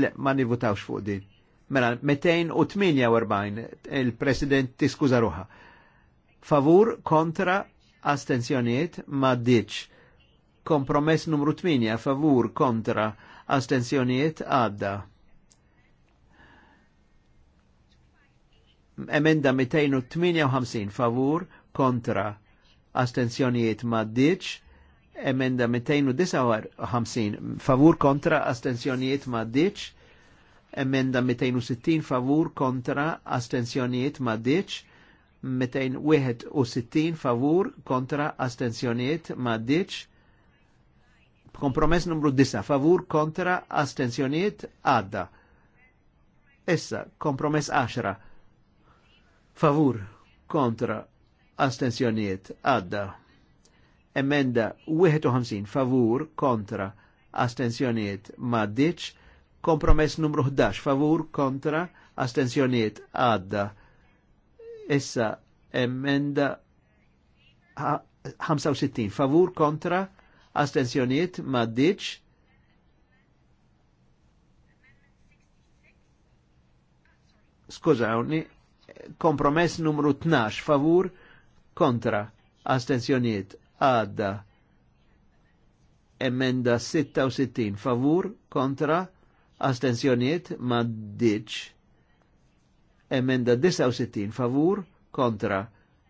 Le, ma nivutawx fuq din. Mela, 248 il-President tiskuża ruħa. Favur kontra astenzjoniet ma ditx. Kompromess numru 8 favur kontra astenzjoniet għadda. Emenda 258 favur kontra astenzjoniet ma ditx. Emenda 259 favur kontra astenzjoniet ma ditx. Emenda 260 favur kontra astenzjoniet ma ditx 261 favur kontra astenzjoniet ma ditx kompromess numru 9 favur kontra astenzjoniet għadda issa kompromess 10 favur kontra astenzjoniet għadda emenda 51 favur kontra astenzjoniet ma ditx kompromess numru 11 favur kontra astenzjoniet għadda Issa, emenda 65, favur kontra, astensjoniet ma ditx, skużawni, kompromess numru 12, favur kontra, astensjoniet għadda emenda 66, favur kontra, astensjoniet ma ditx. Emenda 69 favur kontra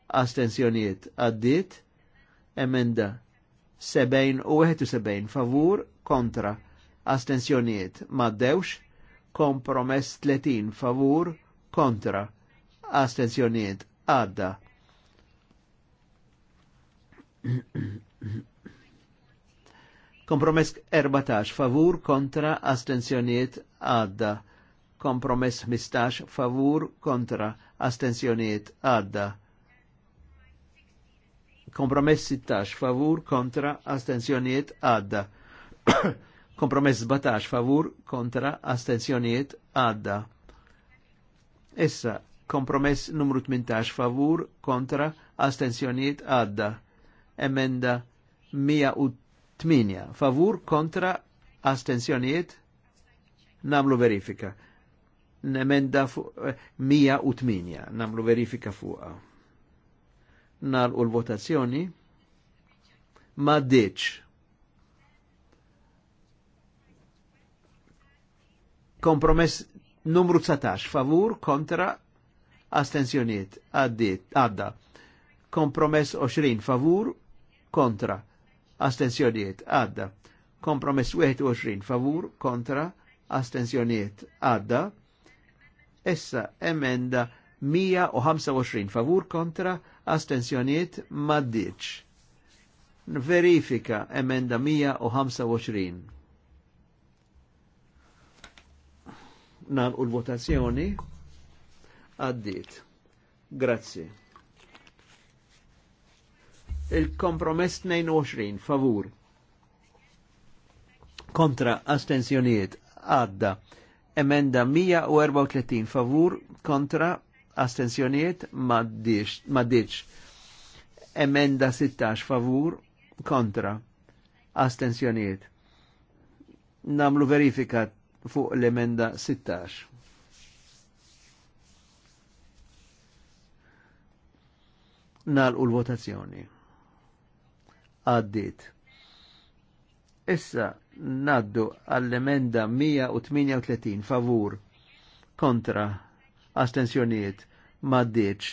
astensjonijiet għaddit. Emenda 70 u 71 favur kontra astensjonijiet maddewx. Kompromess 30 favur kontra astensjonijiet għadda. Kompromess 14 favur kontra astensjoniet għadda. Kompromess 15 favur kontra astenzjoniet għadda. Kompromess 16 favur kontra astenzjoniet għadda. Kompromess 17 favur kontra astenzjoniet għadda. Essa, kompromess numru 18 favur kontra astenzjoniet għadda. Emenda 108 favur kontra astensjoniet namlu verifika nemenda fuq 108, eh, namlu verifika fuqa. Nal u l-votazzjoni ma deċ. Kompromess numru 19, favur kontra astensjoniet, għadda. Kompromess 20, favur kontra astensjoniet, għadda. Kompromess 21, favur kontra astensjoniet, għadda Issa emenda 125 favur kontra astensjoniet maddiċ. Verifika emenda 125. u l-votazzjoni għaddit. Grazzi. Il-kompromess 22 favur kontra astensjoniet għadda Emenda 134 favur kontra ma diċ. Emenda 16 favur kontra astensjonijiet. Namlu verifika fuq l-emenda 16. nalqu l-votazzjoni. Għaddit. Issa naddu għall-emenda 138 favur kontra astensjoniet maddiċ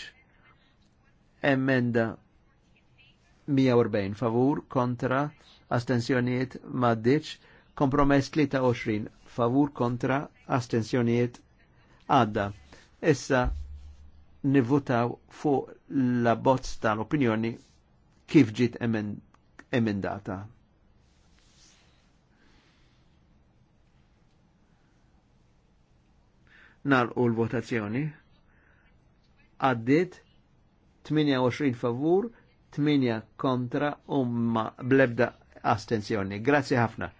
emenda 140 favur kontra astensjoniet maddiċ kompromess 23 favur kontra astensjoniet għadda. Issa nivvutaw fuq la bozz tal-opinjoni kif ġiet emendata. nalqu l-votazzjoni. Għaddit 28 favur, 8 kontra u um blebda astenzjoni. Grazie ħafna.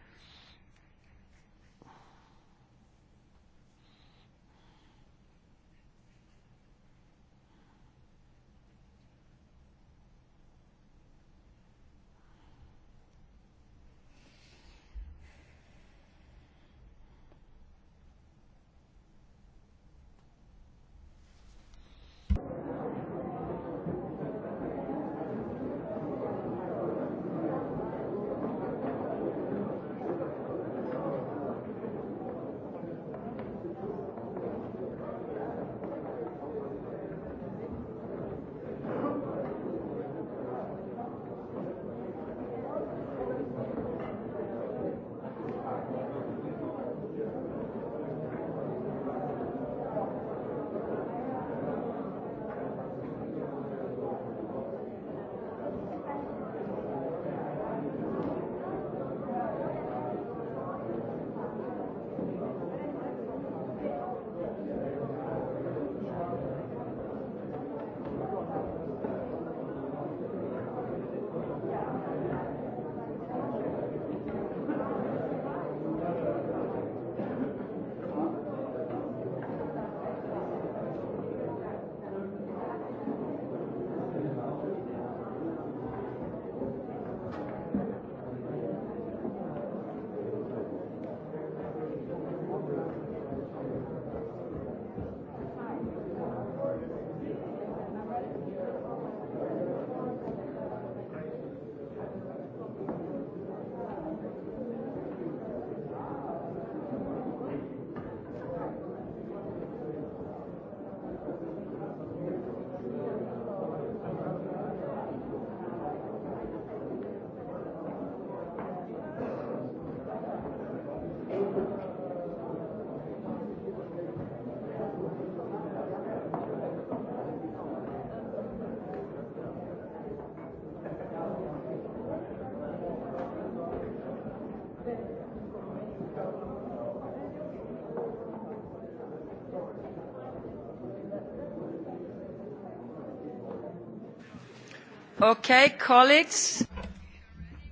Okay, colleagues.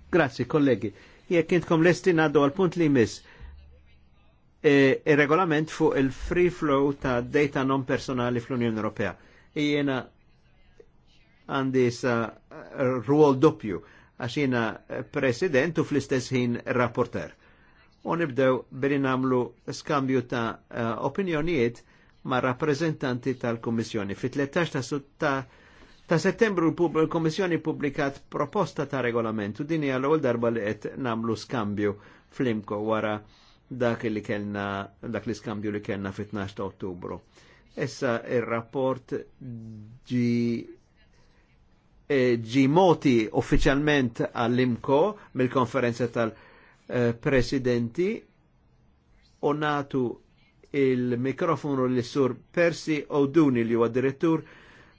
Grazzi, kollegi. Jekk intkom lesti naddu għal punt li jmiss. Il-regolament e, e fuq il-free flow ta' data non personali fl-Unjoni Ewropea. Jiena għandi sa eh, ruol doppju għax jiena president u fl-istess ħin rapporter. U nibdew billi namlu skambju ta' uh, opinjonijiet ma' rappresentanti tal-Kommissjoni. Fit-13 ta' Ta' settembru l-Komissjoni publikat proposta ta' regolamentu din hija l-ewwel darba li qed nagħmlu skambju flimko wara dak li kellna dak li skambju li kellna fit-12 ta' Ottubru. Issa ir-rapport ġi eh, ġi moti uffiċjalment għall-imko mill-konferenza tal-presidenti u natu il-mikrofonu l-sur Persi Oduni li huwa direttur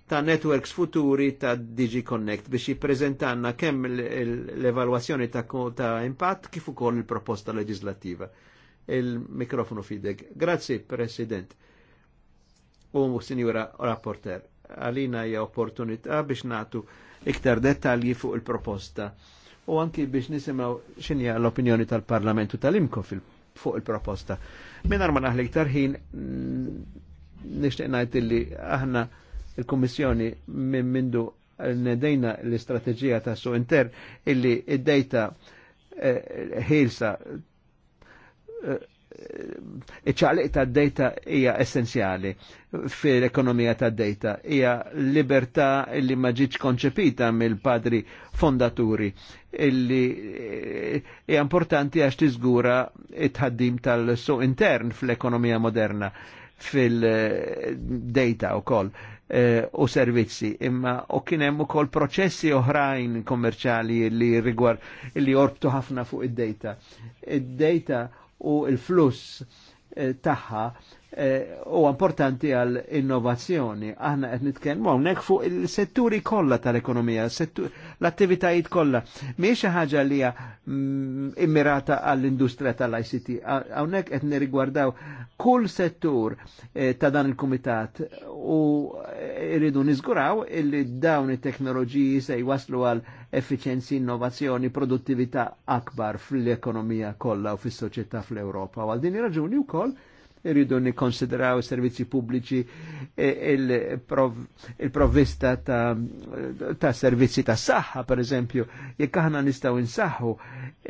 ta' networks futuri ta' DigiConnect biex jiprezentanna kemm l-evalwazzjoni ta', ta impatt kif ukoll il-proposta leġislativa. Il-mikrofonu fidek. Grazzi, President. U Sinjura Rapporter, għalina hija opportunità biex natu iktar dettalji fuq il-proposta u anki biex nisimaw xinja l-opinjoni tal-Parlamentu tal-Imko fuq il-proposta. Minn ma naħli iktar ħin nishtiq ngħid illi aħna il-Kummissjoni minn mindu nedejna l-istrateġija ta' su inter illi id-dejta eh, ħilsa eh, iċċaqliq ta' data hija essenzjali fil-ekonomija ta' data hija libertà li ma ġietx konċepita mill-padri fondaturi illi eh, hija importanti għax tiżgura it-ħaddim tal-suq intern fl-ekonomija moderna fil-data u koll Eh, u servizzi. Imma u kien hemm ukoll proċessi oħrajn kommerċali li rigward li orbtu ħafna fuq id-data. Id-data u il fluss eh, taħħa Eh, u importanti għal innovazzjoni. Aħna qed nitkellmu hawnhekk fuq il-setturi kollha tal-ekonomija, l-attivitajiet kollha. Mhijiex xi ħaġa li hija mm, immirata għall-industrija tal-ICT. Hawnhekk qed nirrigwardaw kull settur eh, ta' dan il-kumitat u eh, rridu niżguraw illi dawn it-teknoloġiji se jwaslu għal effiċenzi, innovazzjoni, produttività akbar fl-ekonomija kollha u fis-soċjetà fl-Ewropa. Għal din ir-raġuni wkoll irridu nikkonsideraw servizzi pubbliċi e il-provvista ta', ta servizzi ta' saħħa, per eżempju, jekk aħna nistgħu insaħħu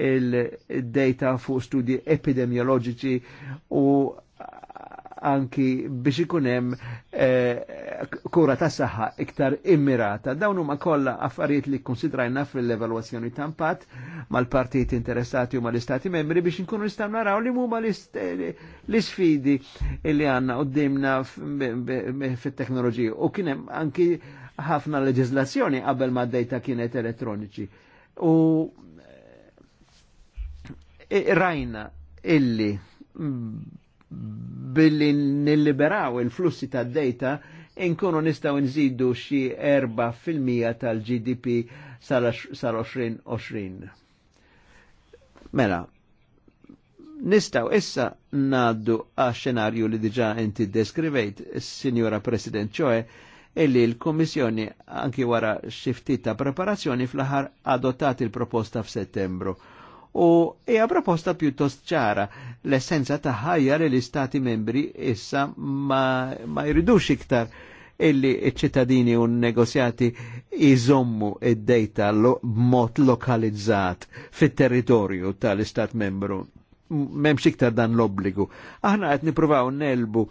il-data fuq studji epidemioloġiċi u anki biex ikun hemm eh, kura ta' saħħa iktar immirata. Dawn huma kollha affarijiet li konsidrajna fil-evalwazzjoni ta' mal-partijiet interessati u mal-istati membri biex inkunu nistaw naraw li mu l-isfidi li għandna qudiemna fit-teknoloġija u kien hemm anki ħafna leġislazzjoni qabel ma' dejta kienet elettroniċi. U eh, rajna illi billi nilliberaw il-flussi ta' data inkunu nistaw nżidu xi 4% tal-GDP sal-2020. Mela, nistaw issa naddu għax xenarju li diġa inti deskrivejt, Signora President, Choe, illi l-Komissjoni anki wara xiftit ta' preparazzjoni fl-ħar adottat il-proposta f'Settembru. settembru u hija proposta pjuttost ċara. L-essenza taħħajja li l-istati membri issa ma, ma jridux iktar illi ċittadini u negozjati jizommu id-dejta mod lokalizzat fit-territorju tal-istat membru memx iktar dan l-obbligu. Aħna qed nippruvaw nelbu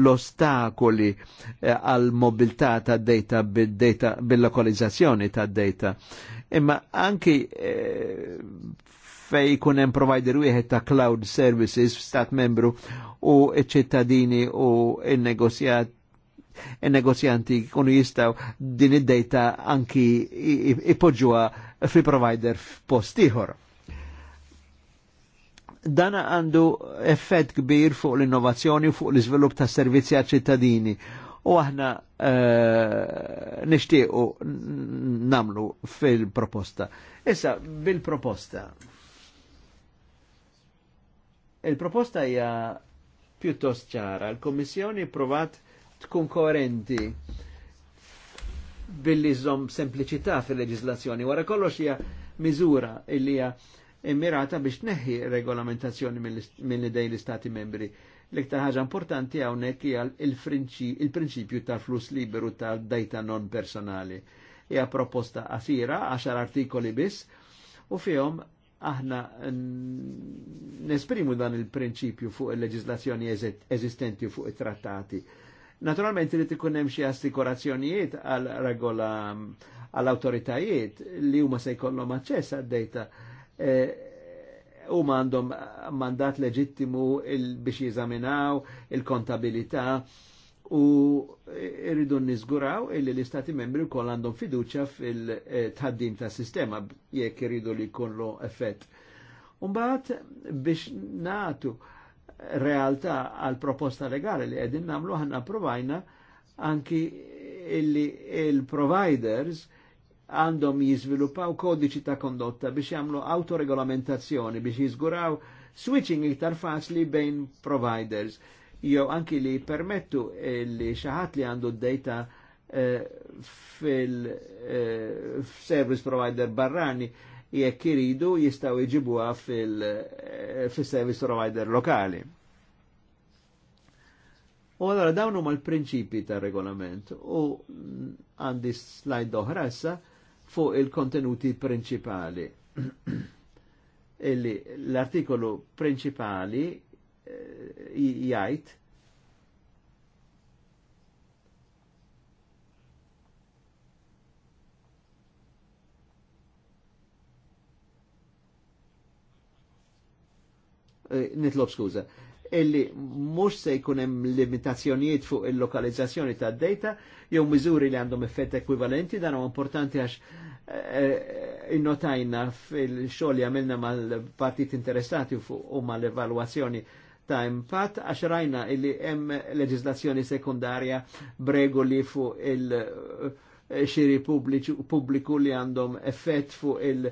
l-ostakoli eh, għal mobilità ta' data bil-lokalizzazzjoni ta' data. Imma anki eh, fej kun hemm provider wieħed ta' cloud services f'stat membru u ċ-ċittadini u n-negozjat il-negozjanti kunu jistaw din id data anki ipoġuwa fi provider f'post ieħor. Dan għandu effett kbir fuq l-innovazzjoni u fuq l izvilup ta' servizzi għal ċittadini u aħna uh, nishtiqu namlu fil-proposta. Issa, bil-proposta, Il-proposta hija pjuttost ċara. L-Kommissjoni provat tkun koerenti billi żom sempliċità fil-leġislazzjoni. Wara kollox hija miżura illi hija immirata biex neħi regolamentazzjoni mill-idej l-Istati membri. L-iktar ħaġa importanti hawnhekk hija il-prinċipju tal-flus liberu tal data non personali. Hija proposta qasira, 10 artikoli biss, u fihom aħna nesprimu dan il-prinċipju fuq il-leġislazzjoni eżistenti fuq it-trattati. Naturalment li tikun hemm xi assikurazzjonijiet għal regola għal autoritajiet li huma se jkollhom aċċess għad-dejta e, huma għandhom mandat leġittimu biex jeżaminaw il-kontabilità il kontabilità u irridu nizguraw illi l-istati membri wkoll għandhom fiduċa fil-tħaddim ta' sistema jekk irridu li jkollu effett. Umbaħt biex natu realtà għal proposta legali li għedin namlu ħanna provajna anki illi il-providers għandhom jizvilupaw kodiċi ta' kondotta biex jamlu autoregolamentazzjoni biex jizguraw switching iktar faċli bejn providers jew anki li permettu li xaħat li għandu d-data eh, fil-service eh, provider barrani jekk iridu jistaw iġibuha fil-service eh, provider lokali. U għallora dawnu huma l-prinċipi ta' regolament u għandi slajd doħrassa fuq il-kontenuti prinċipali. l-artikolu prinċipali jgħid eh, nitlob skuza. illi mux se jkun hemm limitazzjonijiet fuq il-lokalizzazzjoni tad-data jew miżuri li għandhom effett ekwivalenti dan huwa importanti għax eh, innotajna fil-xogħol li għamilna mal-partit interessati u mal-evalwazzjoni ta' impatt għax rajna illi hemm leġislazzjoni sekundarja li fuq il-xiri eh, pubbliku li għandhom effett fuq il-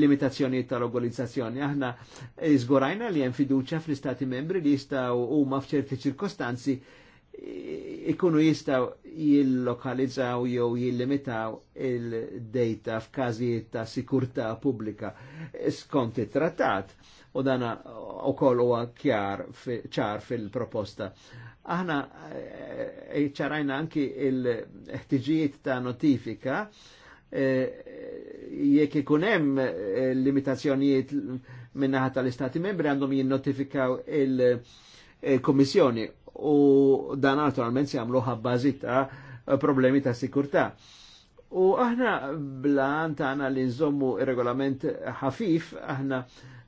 limitazzjoni tal-organizzazzjoni. Aħna izgorajna li hemm fiduċa fl-istati membri li jistgħu huma f'ċerti ċirkostanzi ikunu jistaw jillokalizzaw jew jillimitaw il-data f'każijiet ta' sikurtà pubblika skont it-trattat u dana u koll huwa ċar fil-proposta. Aħna eh, eh, ċarajna anki il-ħtiġijiet ta' notifika eh, jekk ikun hemm limitazzjonijiet minnaħa tal-Istati membri għandhom jinnotifikaw il-Kommissjoni u dan naturalment se jagħmlu ħabbażi problemi ta' sikurtà. U aħna blan tagħna li nżommu regolament ħafif, aħna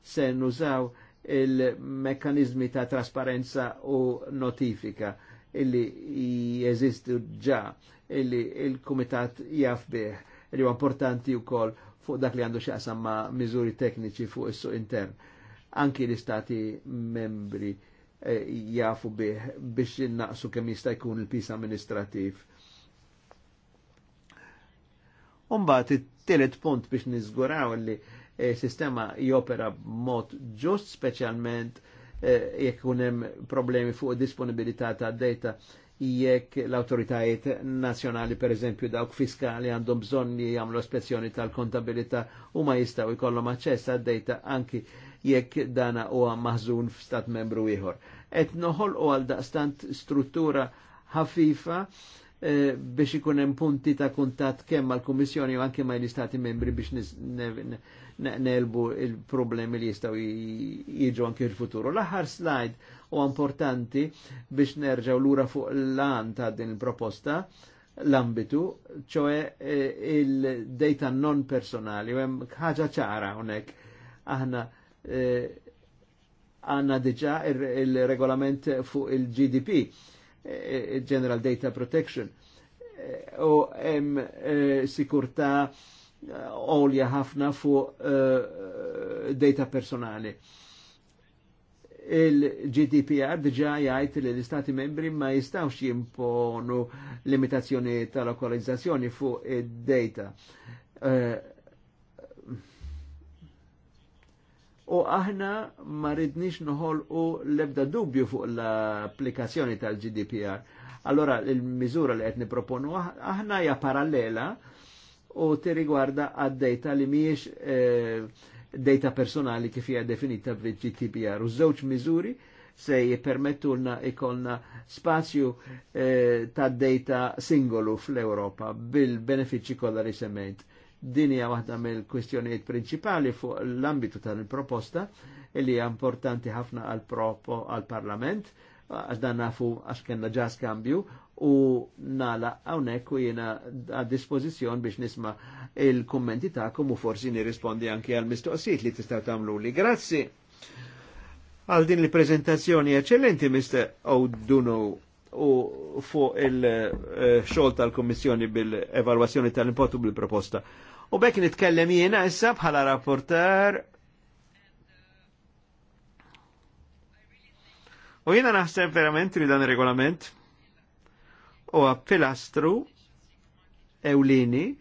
se nużaw il mekanizmi ta' trasparenza u notifika illi jeżistu ġa illi il-Kumitat jaf bih li huwa importanti wkoll fuq dak li għandu xaqsam ma' miżuri tekniċi fuq is-suq intern. Anki l-istati membri eh, jafu bih biex innaqsu kemm jista' jkun il-pis amministrativ. Umbagħad it-tielet punt biex niżguraw li sistema jopera mod ġust, specialment eh, jekk hemm problemi fuq disponibilità ta' data jekk l-autoritajiet nazjonali, per eżempju, dawk fiskali għandhom bżonn li jagħmlu spezzjoni tal-kontabilità u ma jistgħu jkollhom aċċess għad-data anki jekk dana huwa maħżun f'stat membru ieħor. Qed u għal daqstant struttura ħafifa eh, biex ikun hemm punti ta' kuntatt kemm mal-Kummissjoni u anke mal istati membri biex nelbu il-problemi li jistaw jiġu anki l futuru L-aħħar slide u importanti biex nerġaw lura fuq l-an ta' din il-proposta l-ambitu, ċoħe e, il-data non-personali, u hemm ħaġa ċara unek. Aħna e, għanna diġa il-regolament fuq il-GDP, e, General Data Protection, u hemm sikurta' għolja ħafna fuq uh, data personali. Il-GDPR dġa jgħid li l-Istati membri ma jistawx jimponu limitazzjoni tal-lokalizzazzjoni fuq id-data. Uh, u aħna ma ridnix nħol u lebda dubju fuq l-applikazzjoni tal-GDPR. Allora, il-mizura li għetni proponu aħna ja parallela u tirrigwarda għad-data li miex eh, data personali kif hija definita fil-GDPR. U żewġ miżuri se jipermettulna ikolna spazju eh, ta' data singolu fl-Europa bil-benefiċi kollha li semmejt. Din hija waħda mill-kwistjonijiet prinċipali fuq l-ambitu tal-proposta li hija importanti ħafna għal-Parlament għax dan nafu għax kena ġa kambju u nala għawnek u jena għad dispozizjon biex nisma il-kommenti ta'kom u forsi nirrispondi anki għal mistoqsijiet li tistaw tamlu li. Grazzi għal din il-prezentazzjoni eccellenti Mr. O'Duno u fuq il-xol tal-Kommissjoni bil-evalwazzjoni tal-impotu bil-proposta. U bekk nitkellem jiena issa bħala rapporter U jiena naħseb verament li dan il-regolament u pilastru ewlini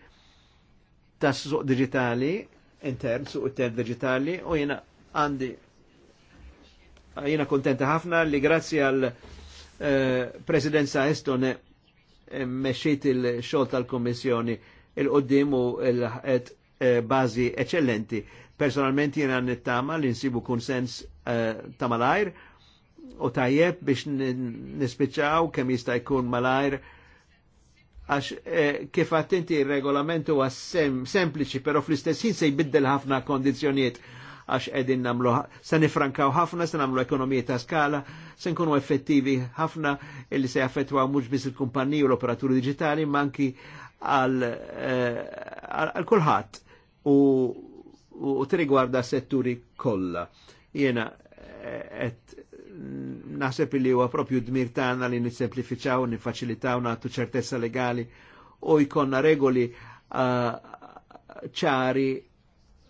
tas suq digitali, intern, suq intern digitali, u jena għandi jena kontenta ħafna li grazzi għal eh, presidenza Estone eh, meċċit il-xol tal-Kommissjoni il-qoddim u il-ħed eh, bazi eccellenti. Personalment jena nittama li nsibu konsens tamalajr u tajjeb biex nispiċaw kemm jista' jkun malajr għax eh, kif attenti il-regolament huwa sempliċi, però fl-istess se jbiddel ħafna kondizzjonijiet għax edin namlu, se nifrankaw ħafna, se namlu ekonomijiet ta' skala, se nkunu effettivi ħafna illi se jaffettwaw mhux biss il-kumpaniji u l-operaturi digitali, ma anki għal eh, kulħadd u, t-rigwarda setturi kollha. Jena eh, naħseb li huwa propju dmir tagħna li nissemplifiċaw, nifaċilitaw nagħtu ċertezza legali u jkollna regoli uh, ċari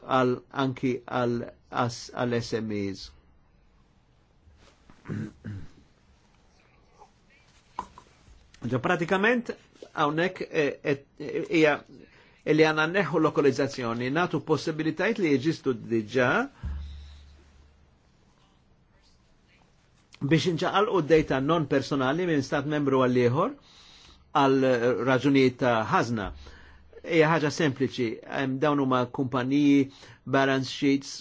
uh, anki għal SMEs. Ġo pratikament hawnhekk hija e, e, e, li għandna neħu lokalizzazzjoni, natu possibilitajiet li jeġistu diġà biex inċaqal u d-dejta non personali minn stat membru għall-ieħor għal raġunijiet ta' ħazna. Hija ħaġa sempliċi, dawn huma kumpaniji, balance sheets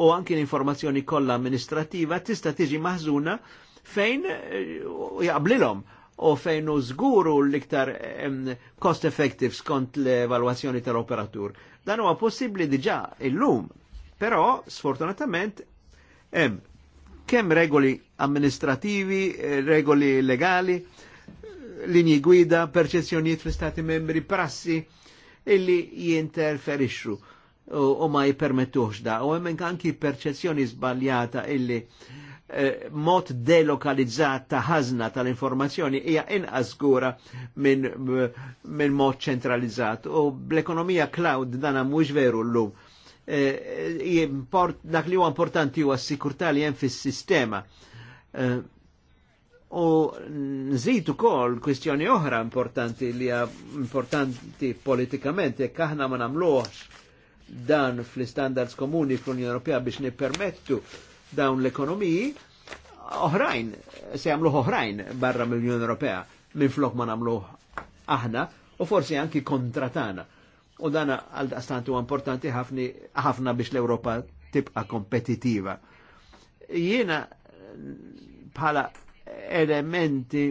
u anki l-informazzjoni kollha amministrativa tista' tiġi maħżuna fejn eh, jaqblilhom u fejn u l-iktar cost effective skont l-evalwazzjoni tal-operatur. Dan huwa possibbli diġà illum, però sfortunatament Hemm kemm regoli amministrativi, eh, regoli legali, linji guida, perċezzjonijiet fl-Stati membri, prassi illi jinterferixxu u ma jipermettux da. U hemm anki perċezzjoni sbaljata illi eh, mod delokalizzat ta' ħażna tal-informazzjoni hija inqas gura minn min mod ċentralizzat. U bl-ekonomija cloud dan mhux veru llum Eh, eh, dak li huwa importanti huwa s-sikurtà li hemm fis-sistema. Eh, u nżid ukoll kwistjoni oħra importanti li hija importanti politikament jekk aħna ma nagħmluhx dan fl-istandards komuni fl-Unjoni Ewropea biex nippermettu dawn l-ekonomiji oħrajn, se jagħmluh oħrajn barra mill-Unjoni Ewropea minn flok ma nagħmluh aħna u forsi anki kontratana. U dan għal daqstant huwa importanti ħafna biex l-Ewropa tibqa' kompetitiva. Jiena bħala elementi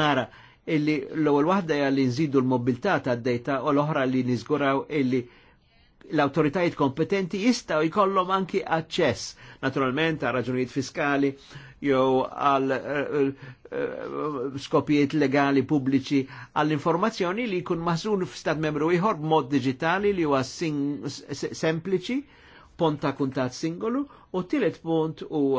nara illi l-ewwel waħda hija li nżidu l-mobilità tad-dejta u l-oħra li niżguraw illi l-autoritajiet kompetenti jistaw jkollhom anki aċċess, naturalment għal raġunijiet fiskali jew għal eh, eh, eh, skopijiet legali pubbliċi għall informazzjoni li jkun maħżun f'stat membru ieħor b'mod digitali li huwa sempliċi, punt ta' kuntat singolu u tielet punt u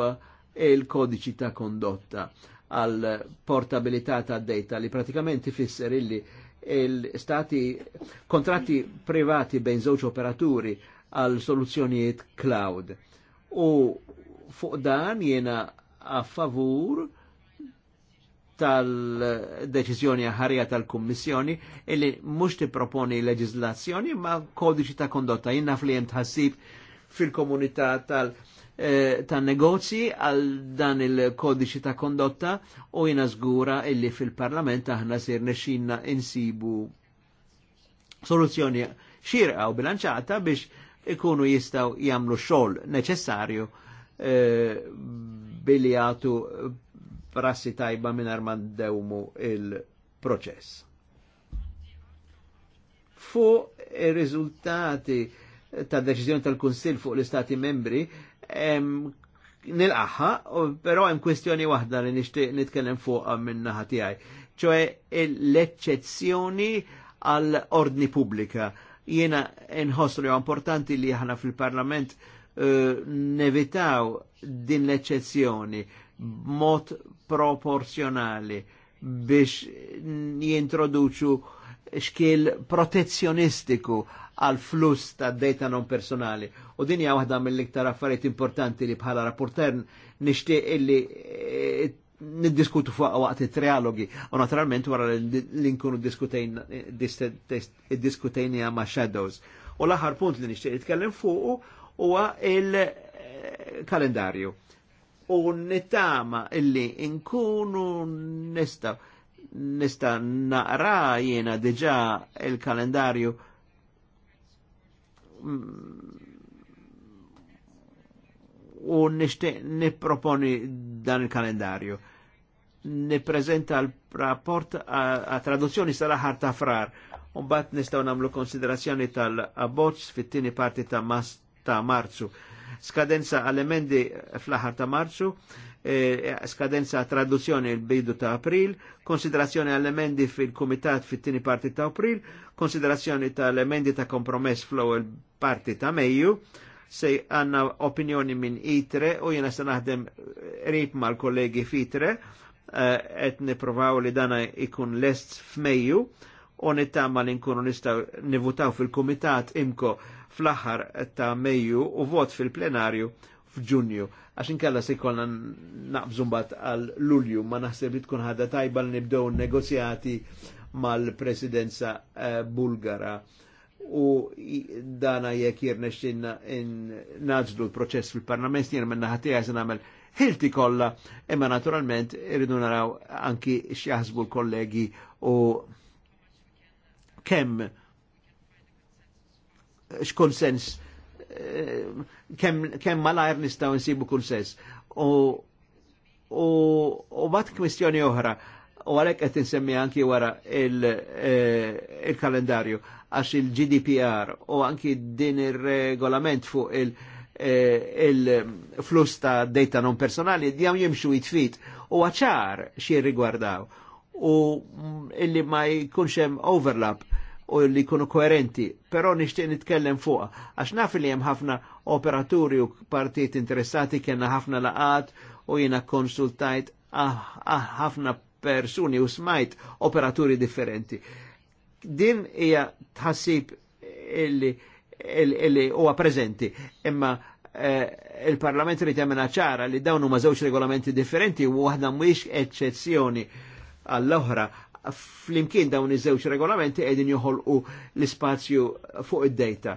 il-kodiċi ta' kondotta għal portabilità ta' data li pratikament ifisser illi il-stati kontratti privati bejn żewġ operaturi għal soluzzjonijiet cloud. U fuq dan jiena a favur tal-deċizjoni ħarja tal-Kummissjoni illi mhux tipproponi leġislazzjoni ma kodiċi ta' kondotta. Jiena li jem tħassib fil-komunità tal- Eh, ta' negozji għal dan il-kodiċi ta' kondotta u jina zgura illi fil-parlament aħna sir nexxinna insibu soluzzjoni xirqa u bilanċata biex ikunu jistaw jamlu xol neċessarju biljatu eh, billi għatu prassi tajba minn armandewmu il-proċess. Fu il-rizultati ta' deċizjoni tal-Kunsil fuq l-Istati membri, nil nilqaħħa, però hemm kwestjoni waħda li nixtieq nitkellem fuqha minn naħa tiegħi, ċoe l-eċċezzjoni għall ordni pubblika. Jiena nħossru importanti li aħna fil-Parlament eh, nevitaw din l-eċċezzjoni b'mod proporzjonali biex jintroduċu xkiel protezzjonistiku għal flus ta' data non personali. U din hija waħda mill-iktar affarijiet importanti li bħala rapporter nixtieq illi eh, niddiskutu fuq waqt it-trialogi. U naturalment wara li nkunu diskutejnija ma' shadows. U l-aħħar punt li nixtieq nitkellem fuq huwa il-kalendarju. Eh, U nittama illi nkunu nista' nista naqra jiena diġà il-kalendarju. il-kalendarju u nishtiq niproponi dan il-kalendarju. Nipprezenta l-rapport a traduzzjoni sal ħarta frar. Un bat nistaw namlu konsiderazzjoni tal-abbozz fit-tini parti ta', mas ta marzu skadenza għal-emendi fl-aħar ta' marzu, e, skadenza traduzzjoni l bidu ta' april, konsiderazzjoni għal emendi fil-komitat fit-tini parti ta' april, konsiderazzjoni tal-emendi ta' kompromess fl il-parti ta' meju, se għanna opinjoni minn itre u jena se naħdem rib mal kollegi fitre, e, et niprovaw li dana ikun lest f'mejju, u nittama li nkunu nistaw nivutaw fil-komitat imko fl-aħħar ta' Mejju u vot fil-plenarju f'Ġunju. Għax inkella se jkollna naqbżu mbagħad għal Lulju ma naħseb li tkun ħadda tajba li nibdew negozjati mal-presidenza eh, Bulgara u dana jekk jirnexxinna naġlu l-proċess fil-parlament jien minna ħatija se nagħmel ħilti kollha, imma naturalment irridu naraw anki x'jaħsbu l-kollegi u kemm x'konsens eh, kemm kem malajr nistgħu nsibu kunsens. U bat kwestjoni oħra, u għalhekk qed insemmi anki wara eh, il-kalendarju il għax il-GDPR u anki din ir-regolament fuq il- eh, il-flus ta' data non personali djam jimxu jitfit u għacħar xie riguardaw u mm, illi ma jkunx overlap u li jkunu koerenti, però nixtieq nitkellem fuqha għax naf li hemm ħafna operaturi u partit interessati kellna ħafna laqat u jiena konsultajt ah, ah, ħafna persuni u smajt operaturi differenti. Din hija tħassib illi illi huwa preżenti, imma eh, il-Parlament li temmena ċara li dawn huma żewġ regolamenti differenti u waħda mhuwiex eċċezzjoni għall-oħra flimkien dawn iż-żewġ regolamenti qegħdin joħolqu l-ispazju fuq id-data.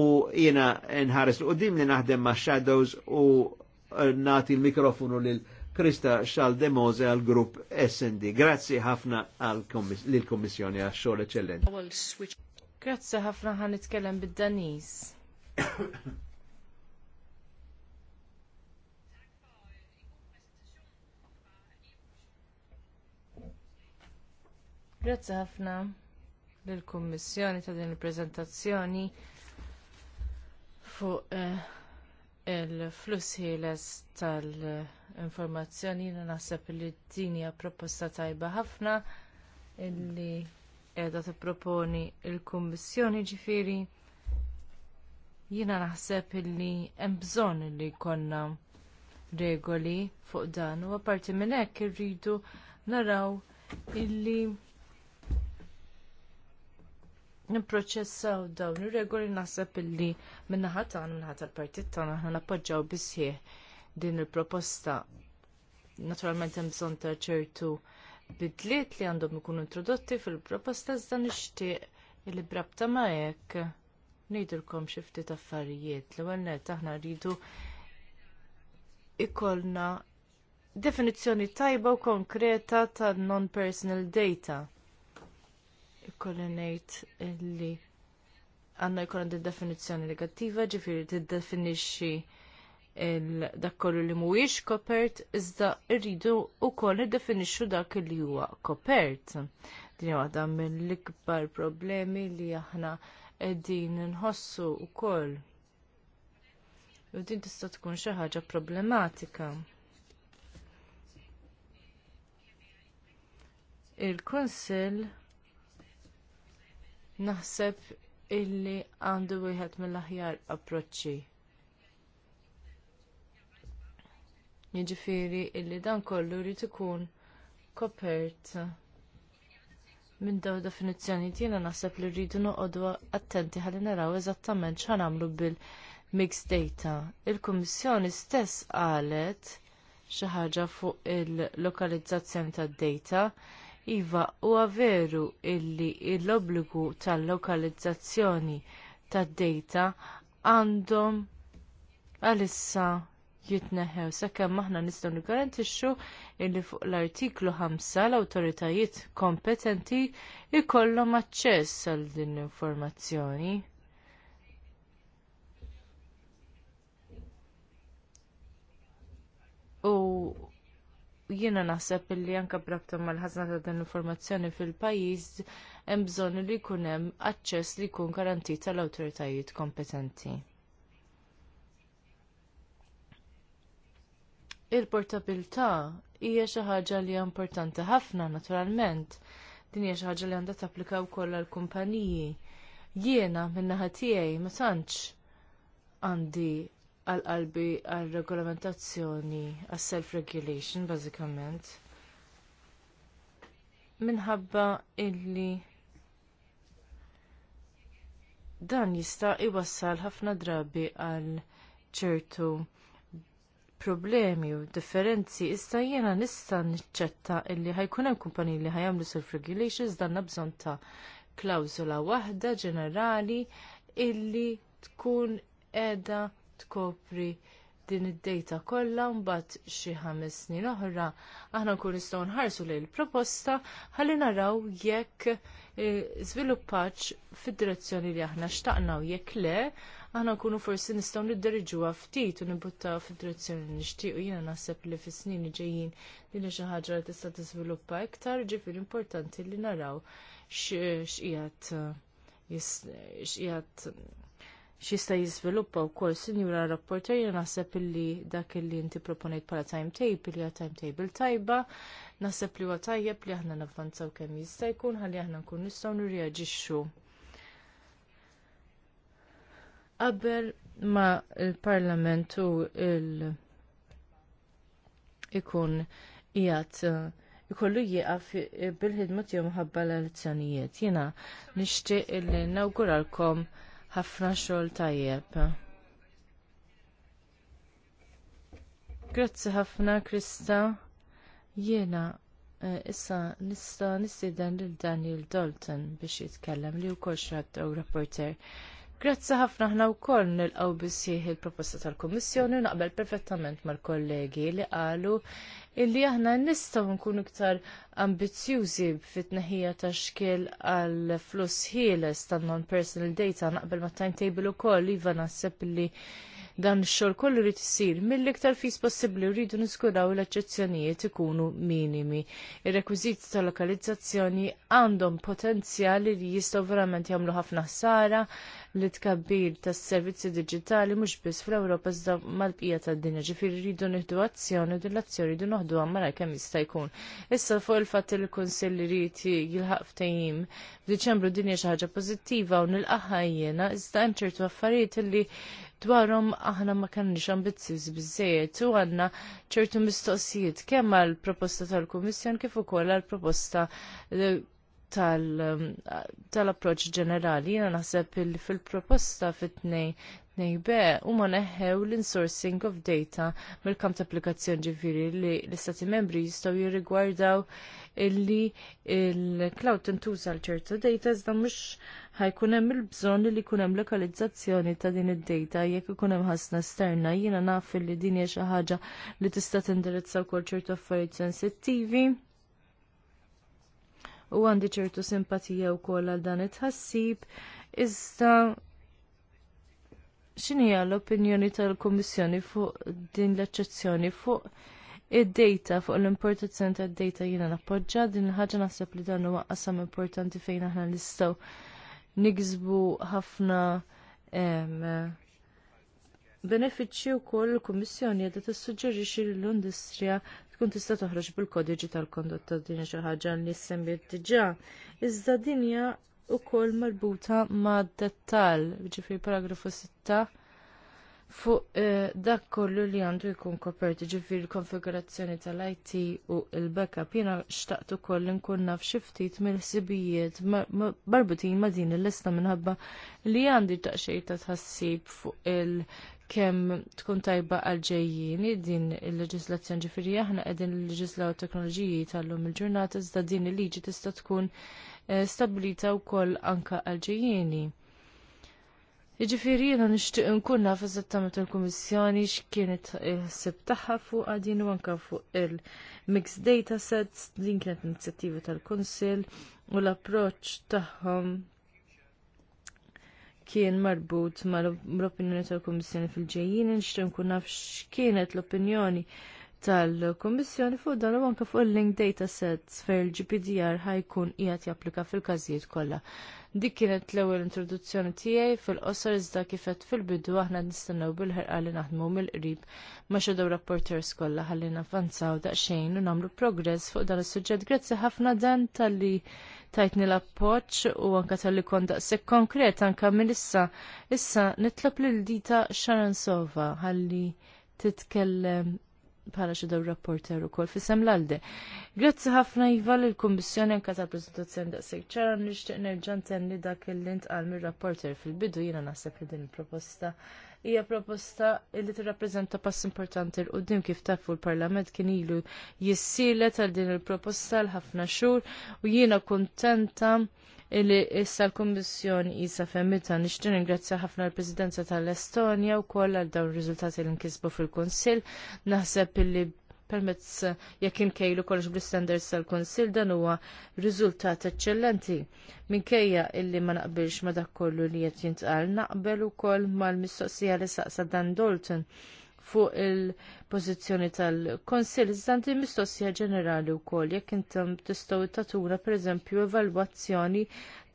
U jiena nħares l-qoddim li naħdem ma' Shadows u eh, nati l-mikrofonu lil Krista Xaldemose għal grupp SD. Grazzi ħafna lill-Kommissjoni għax xogħol eċellenti. Grazzi ħafna ħan nitkellem bid Danis. Grazzi ħafna lill kummissjoni ta' din il prezentazzjoni fuq eh, il-fluss ħieles tal-informazzjoni jiena naħseb li din hija proposta tajba ħafna illi qiegħda tipproponi l kummissjoni ġifiri jiena naħseb illi hemm bżonn li jkollna regoli fuq dan u apparti minn hekk irridu naraw illi nipproċessaw dawn ir-regoli naħseb illi min-naħa tagħna min-naħa tal-partit tagħna aħna nappoġġaw bisħieħ din il-proposta. Naturalment hemm bżonn ta' ċertu bidliet li għandhom ikunu introdotti fil-proposta iżda nixtieq li brabta ma' hekk ngħidilkom xi ftit affarijiet. L-ewwel nett aħna rridu ikollna definizzjoni tajba u konkreta ta' non-personal data Ikkolli li għandna jkollna din definizzjoni negattiva, ġifieri tiddefinixxi dak kollu li mhuwiex kopert, iżda rridu wkoll niddefinixxu dak li huwa kopert. Din waħda mill-ikbar problemi li aħna qegħdin nħossu wkoll. U din tista' tkun xi ħaġa problematika. il kunsill naħseb illi għandu wieħed mill-aħjar approċċi. Jiġifieri illi dan kollu jrid ikun kopert minn daw definizzjoni jiena naħseb li rridu noqogħdu attenti ħalli naraw eżattament x'għamlu bil-mixed data. Il-Kummissjoni stess qalet xi ħaġa fuq il-lokalizzazzjoni tad-data Iva, huwa veru illi l-obbligu tal-lokalizzazzjoni tad-dejta għandhom għalissa jitneħew sakemm aħna nistgħu nigarantixxu li fuq l-artiklu 5 l-awtoritajiet kompetenti jkollhom aċċess għal din l-informazzjoni. U jiena naħseb li anke brabta mal-ħazna ta' dan informazzjoni fil-pajjiż hemm bżonn li jkun hemm aċċess li jkun garantit tal-awtoritajiet kompetenti. Il-portabilità hija xi ħaġa li hija importanti ħafna naturalment. Din hija xi ħaġa li għandha tapplika wkoll għall-kumpaniji. Jiena min-naħa tiegħi ma tantx għandi għal-qalbi għal-regolamentazzjoni għal-self-regulation, bażikament. Minħabba illi dan jista' iwassal ħafna drabi għal ċertu problemi u differenzi issa jiena nista' niċċetta illi ħajkun hemm kumpaniji li ħajamlu self regulations danna bżonn ta' klawżola waħda ġenerali illi tkun qiegħda tkopri din id dejta kollha mbagħad xi ħames snin oħra aħna nkunu nistgħu nħarsu lejn proposta ħalli naraw jekk eh, żviluppaġġ fid-direzzjoni li aħna xtaqna u jekk le aħna nkunu forsi nistgħu niddiriġuha ftit u nibuttaw fid-direzzjoni li nixtieq u jiena naħseb li fis-snin ġejjin din xi ħaġa li tista' tiżviluppa iktar ġifieri importanti li naraw x'qiegħed eh, x'qiegħed xista jizviluppa u kol sinjura rapporter jena naħseb illi dak illi inti proponejt pala timetable li timetable tajba naħseb li huwa tajjeb li aħna navvanzaw kemm jista' jkun ħalli aħna nkun nistgħu nirreaġixxu. Qabel ma l-Parlament u l ikun qiegħed uh, ikollu jieqaf bil-ħidma tiegħu minħabba l-elezzjonijiet. Jiena nixtieq li nawguralkom ħafna xogħol tajjeb. Grazzi ħafna Krista. Jiena eh, issa nista' nistieden lil Daniel Dalton biex jitkellem li wkoll xradew rapporter. Grazzi ħafna ħna wkoll nilqgħu nil il-proposta tal kummissjoni naqbel perfettament mal-kollegi li qalu illi aħna nistgħu nkunu iktar ambizjużi fit-tneħija ta' xkiel għal fluss ħieles tan non-personal data naqbel ma' timetable ukoll iva naħseb illi Dan xor xogħol kollu rid sir mill-iktar fis possibbli rridu niskuraw l-eċċezzjonijiet ikunu minimi. Ir-rekwiżiti ta' lokalizzazzjoni għandhom potenzjali li jistgħu verament jagħmlu ħafna ħsara li tkabbir tas-servizzi digitali mhux biss fl-Ewropa iżda mal-bqija tad-dinja ġifir rridu nieħdu azzjoni u din l-azzjoni rridu nħdu għammara kem jista' jkun. Issa fuq il fat il l-Kunsill irid jilħaq ftehim f'Diċembru din hija xi ħaġa pożittiva u nilqaħħa jiena iżda hemm ċertu affarijiet li dwarhom aħna ma kenniex ambizzjużi biżejjed u għandna ċertu mistoqsijiet kemm għall proposta tal-Kummissjon kif ukoll għall proposta eh, eh, tal-approċ ġenerali. Jiena naħseb fil-proposta fit-tnejn nejbe u ma neħew l-insourcing of data mill-kamp ta' applikazzjoni ġifiri li l-istati membri jistaw jirrigwardaw illi il-cloud tintuża l-ċerta data iżda mhux ħajkun hemm il-bżonn li jkun hemm lokalizzazzjoni ta' din id-data jekk ikun hemm ħafna esterna jiena naf li din hija xi ħaġa li tista' tindirizza wkoll ċertu affarijiet sensittivi u għandi ċertu simpatija wkoll għal dan it-ħassib iżda x'inhija l-opinjoni tal-Kummissjoni fuq din l-eċċezzjoni fuq id-data fuq l-importazzjoni tad-data jiena nappoġġa din il-ħaġa naħseb li dan huwa qasam importanti fejn aħna nistgħu nigżbu ħafna benefiċċji wkoll il-Kummissjoni qiegħda tissuġġerixxi li l-industrija tkun tista' toħroġ bil-kodiġi tal-kondotta din xi ħaġa li semmiet diġà. Iżda din ukoll marbuta ma' dettal, ġifri paragrafu 6 fuq eh, dak kollu li għandu jkun koperti ġifir l-konfigurazzjoni tal-IT u il-backup jena xtaqt ukoll nkun naf xi ftit mill-sibijiet marbutin ma' din il-lista minħabba li għandi taqxej ta' tħassib fuq il- kemm tkun tajba għalġejjini din il-leġislazzjoni ġifiri aħna qegħdin il-leġislaw teknoloġiji tal-lum il-ġurnata iżda din il-liġi tista' tkun Eh, stabilita wkoll anke anka għalġejjeni. Iġifiri jena nishtiq nkun naf eżattament il-Kummissjoni x'kienet il-ħsib tagħha fuq għadin u anke fuq il-mixed data sets din kienet inizjattiva tal-Kunsill u l-approċċ taħħom kien marbut mal l-opinjoni tal-Kummissjoni fil ġejjini nixtieq nkun naf x'kienet l-opinjoni tal-Kommissjoni fuq dan u anke fuq il-link datasets fejn il-GPDR ħajkun qiegħed japplika fil-każijiet kollha. Dik kienet l-ewwel introduzzjoni tiegħi fil-qosor iżda kifet fil-bidu aħna nistennew bil-ħerqa li naħdmu mill-qrib ma' xedew rapporters kollha ħalli navvanzaw daqsxejn u nagħmlu progress fuq dan is-suġġett. Grazzi ħafna dan talli tajtni l-appoġġ u anke talli kont daqshekk konkret anke minn issa issa nitlob lil dita Sharon ħalli titkellem bħala xe daw rapporter ukoll fisem l-alde. Grazzi ħafna Iva l kummissjoni anke tal da' daqshekk ċara nixtieq nerġa' ntenni dak li ntqal mir-rapporter fil-bidu jiena naħseb li din il-proposta hija proposta li tirrappreżenta pass importanti l qoddim kif fu l-Parlament kien ilu jissielet għal din il-proposta l ħafna xhur u jiena kuntenta illi issa l-Kommissjoni isa femmita nixtri ringrazzja ħafna l-Presidenza tal-Estonja u koll għal dawn riżultati li nkisbu fil-Konsil. Naħseb illi permezz jekk kejlu kollox bl-standards tal-Konsil dan huwa riżultat eċċellenti. Minkejja illi ma naqbilx ma dak kollu li qed jintqal naqbel ukoll mal-mistoqsija li saqsa Dan Dalton fuq il-pożizzjoni tal-Konsil, iżdanti mistoqsija ġenerali wkoll jekk intom tistgħu tatuna pereżempju evalwazzjoni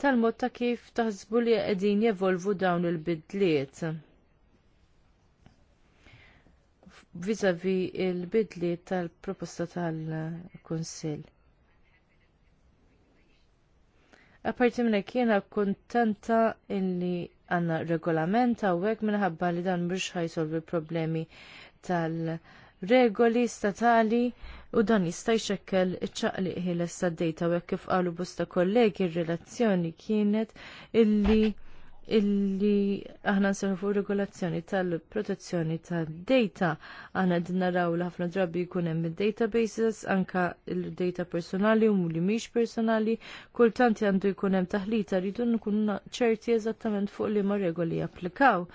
tal-mod ta' kif taħsbu li qegħdin jevolvu dawn il-bidliet. Vizavi il-bidliet tal-proposta tal-Konsil. Apparti minn hekk jiena kuntenta illi għanna u għek minħabba li dan mux ħajsolvi problemi tal-regoli statali u dan jista' jxekkel iċċaqliq ħiles d u għek kif qalu bosta kollegi r-relazzjoni kienet illi illi aħna nsirħu fuq regolazzjoni tal-protezzjoni tad-data. Aħna din naraw li ħafna drabi jkun hemm databases anka l data personali u li mhix personali, kultant għandu jkun hemm taħlita rridu nkunu ċerti eżattament fuq li ma regoli japplikaw.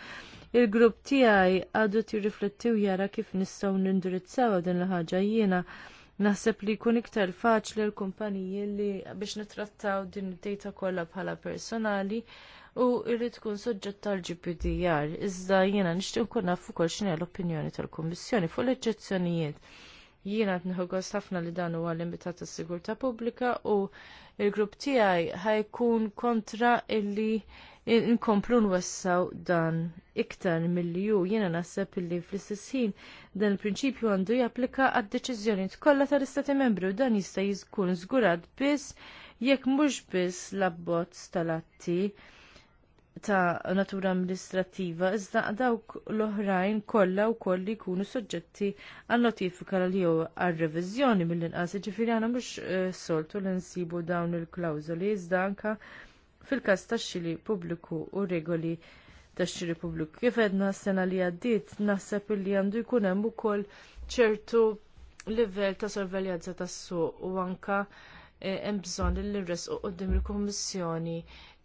Il-grupp tiegħi għadu tirriflettiw jara kif nistgħu nindirizzaw din il-ħaġa jiena naħseb li jkun iktar faċli l-kumpaniji li biex nitrattaw din id-data kollha bħala personali u jrid tkun soġġett tal-GPDR. Iżda jiena nixtieq nkun naf ukoll x'inhi l-opinjoni tal-Kummissjoni fuq l-eġġezzjonijiet. Jiena qed nieħu ħafna li dan huwa limitat tas-sigurtà pubblika u l-grupp tiegħi ħajkun kontra illi nkomplu nwessaw dan iktar milli ju jiena naħseb illi fl-istess ħin dan il-prinċipju għandu japplika għad deċiżjoni kollha tal-Istati Membri u dan jista' jkun żgurat biss jekk mhux biss l-abbozz tal-atti ta' natura amministrattiva, iżda dawk l-oħrajn kollha wkoll jkunu soġġetti għal notifika li jew għal reviżjoni mill-inqas, ġifieri għandhom mhux eh, soltu li nsibu dawn il-klawżoli iżda anke fil-każ tax xiri pubbliku u regoli tax-xiri pubbliku. Kif għedna s-sena li għaddiet naħseb li għandu jkun hemm ukoll ċertu livell ta' sorveljanza tas-suq u anke eh, hemm bżonn li nresqu quddiem il-Kummissjoni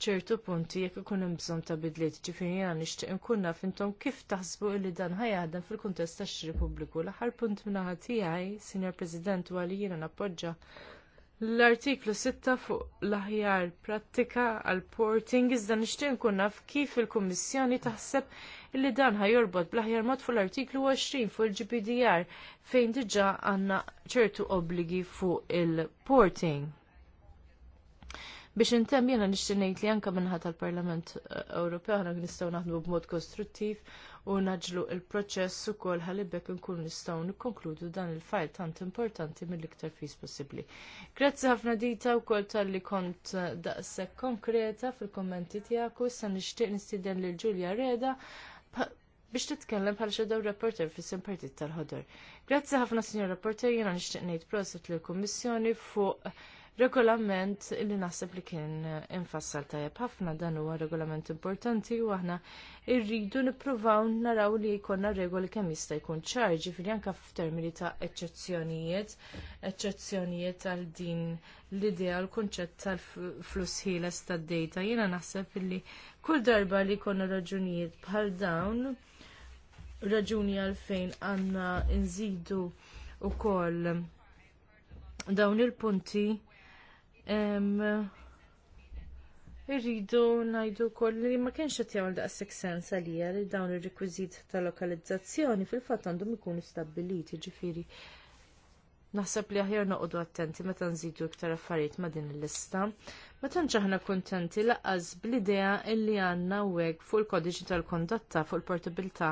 ċertu punti jekk ikun hemm bżonn ta' bidliet ġifieri jiena nixtieq inkun naf intom kif taħsbu li dan ħajaħdem fil-kuntest tax-xiri pubbliku. L-aħħar punt minnaħa tiegħi, Sinjor President, huwa li jiena nappoġġa L-artiklu 6 fuq l-aħjar prattika għal porting iżda nixtieq nkun naf kif il-Kummissjoni taħseb li dan ħajorbot bl-aħjar mod fuq l-artiklu 20 fuq il-GPDR fejn diġà għandna ċertu obbligi fuq il-porting. Biex intemm jiena nixtieq ngħid li anke minħat tal-Parlament eh, Ewropew aħna nistgħu naħdmu b'mod kostruttiv u naġlu l proċess ukoll ħalibek nkun nistgħu nikkonkludu dan il-fajl tant importanti mill-iktar fis possibbli. Grazzi ħafna dita wkoll talli kont eh, daqshekk konkreta fil-kommenti tiegħek u issa nixtieq nistieden lil Ġulja Reda biex titkellem bħal xedaw reporter fis partit tal-ħodor. Grazzi ħafna, Sinjor Reporter, jena nixtieq ngħid proset lill kummissjoni fuq regolament li naħseb li kien infassal tajjeb ħafna dan huwa regolament importanti u aħna rridu nippruvaw naraw li jkollna regoli kemm jista' jkun ċar, ġifieri anke f'termini ta' eċċezzjonijiet, eċċezzjonijiet għal din l-idea l-kunċett tal-fluss ħieles tad-dejta. Jiena naħseb li kull darba li jkollna raġunijiet bħal dawn raġuni għalfejn għandna nżidu wkoll dawn il-punti Irridu ngħidu wkoll li ma kienx qed jagħmel daqsik sens għalija li dawn ir-rekwiżit ta' lokalizzazzjoni fil-fatt għandhom ikunu stabbiliti ġifieri. Naħseb li aħjar noqogħdu attenti meta nżidu iktar affarijiet ma' din il-lista. Ma tantx aħna kuntenti laqqas bl-idea illi għandna hekk fuq il-kodiċi tal-kondotta fuq il-portabilità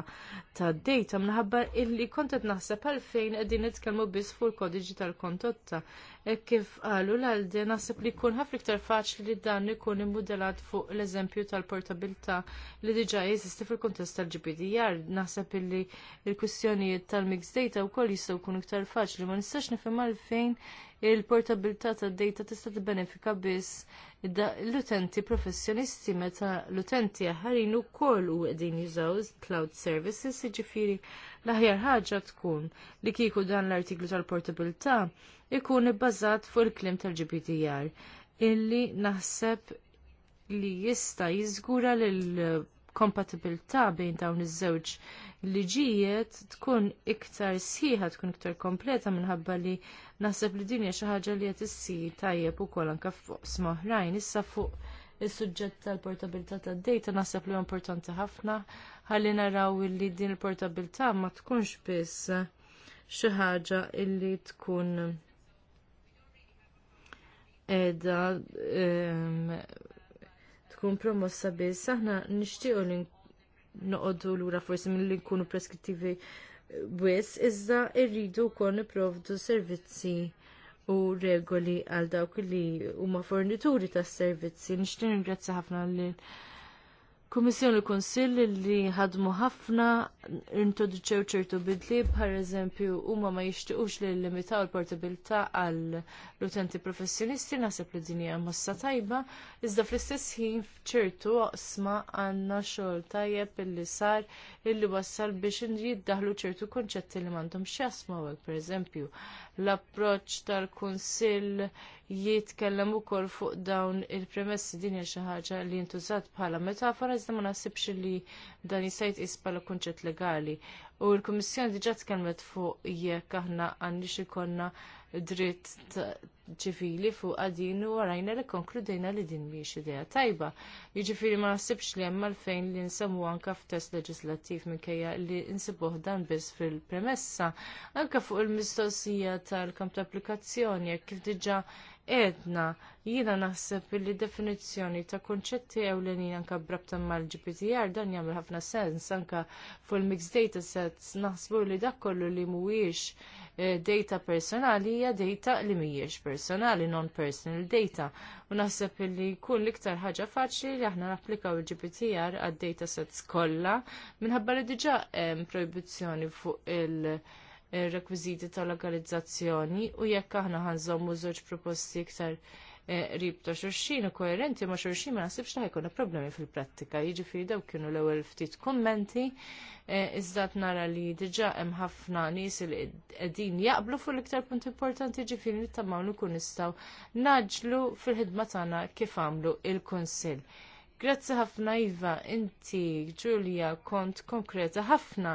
tad-dejta minħabba illi kont naħseb għalfejn qegħdin nitkellmu biss fuq il-kodiċi tal-kondotta. E kif qalu l-għalde naħseb li jkun ħafna iktar faċli li dan ikun immodelat fuq l-eżempju tal-portabilità li diġà jeżisti fil-kuntest tal-GPDR. Naħseb illi l-kwistjonijiet tal-mix data wkoll jistgħu jkunu iktar faċli ma nistax nifhem għalfejn il-portabilità tad data tista' tibbenefika biss l-utenti professjonisti meta l-utenti aħarin ukoll u qegħdin jużaw cloud services, jiġifieri l-aħjar ħaġa tkun li kieku dan l-artiklu tal-portabilità ikun ibbażat fuq il-klim tal-GPTR illi naħseb li jista' jiżgura lill kompatibilità bejn dawn iż-żewġ liġijiet tkun iktar sħiħa, tkun iktar kompleta minħabba li naħseb li din hija xi ħaġa li qed issir tajjeb ukoll anke fuq smoħrajn. Issa fuq is-suġġett tal-portabilità tad-dejta naħseb li huwa importanti ħafna ħalli naraw li din il-portabilità ma tkunx biss xi ħaġa illi tkun edha ehm, tkun promossa biss aħna nixtiequ li noqogħdu lura forsi milli nkunu preskrittivi wis, iżda rridu wkoll nipprovdu servizzi u regoli għal dawk li huma fornituri tas servizzi. Nixtieq ringrazzja ħafna l lil Kummissjoni u Konsill li ħadmu ħafna introduċew ċertu bidli bħal eżempju huma ma jixtiequx li limitaw il-portabilità għal l-utenti professjonisti naħseb li din hija mossa tajba, iżda fl-istess ħin ċertu oqsma għandna xogħol tajjeb illi sar illi wassal biex jiddaħlu ċertu konċetti li m'għandhomx x'jasmu hekk pereżempju l-approċċ tal-Kunsill jitkellem ukoll fuq dawn il-premessi din hija xi ħaġa li ntużat bħala metafora iżda ma naħsibx li dan jista' jitqies bħala kunċett legali. U l-Kummissjoni diġà tkellmet fuq jekk aħna xi ikollna dritt ċivili fuq għadin u għarajna li konkludejna li din mhix idea tajba. Jiġifieri ma naħsibx li hemm għalfejn li nsemmu anke f'test leġislattiv minkejja li nsibuh dan biss fil-premessa anke fuq il-mistoqsija tal-kamp ta' applikazzjoni jekk kif diġà edna jiena naħseb li definizzjoni ta' konċetti ewlenin anke brabta mal-GPTR dan jagħmel ħafna sens anke fuq il-mixed data sets naħsbu li dak kollu li mhuwiex eh, data personali hija data li mhijiex personali non personal data u naħseb li jkun l-iktar ħaġa faċli li aħna napplikaw il-GPTR għad data sets kollha minħabba li diġà hemm projbizzjoni fuq il- rekwiżiti ta' lokalizzazzjoni u jekk aħna ħanżommu żewġ proposti iktar eh, qrib ta' xurxin u koerenti ma' xurxin ma' nasibx ta' jkunu problemi fil-prattika. Jiġifieri daw kienu l-ewwel ftit kummenti, eh, iżda nara li diġà hemm ħafna nies li qegħdin jaqblu fuq l-iktar punt importanti ġifieri li tammaw nistgħu naġlu fil-ħidma tagħna kif għamlu il-Kunsill. Grazzi ħafna Iva, inti Ġulja kont konkreta ħafna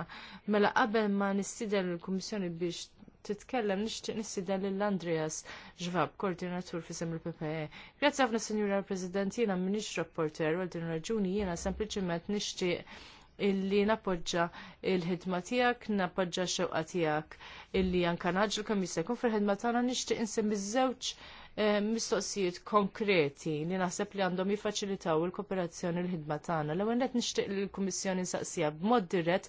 mela qabel ma nistidel l kummissjoni biex titkellem nixtieq nissida lil Andreas Ġvab, koordinatur fi sem il-PPE. Grazzi ħafna Sinjura President, jiena m'iniex rapporter għal din raġuni jiena sempliċement nixtieq illi napoġġa il-ħidma tiegħek, nappoġġa x-xewqa tiegħek illi anka naġġel kemm jista' jkun fil-ħidma tagħna nixtieq insemmi żewġ Eh, mistoqsijiet konkreti li naħseb li għandhom jiffaċilitaw il-kooperazzjoni l-ħidma tagħna. L-ewwel qed nixtieq li kummissjoni Saqsija b'mod dirett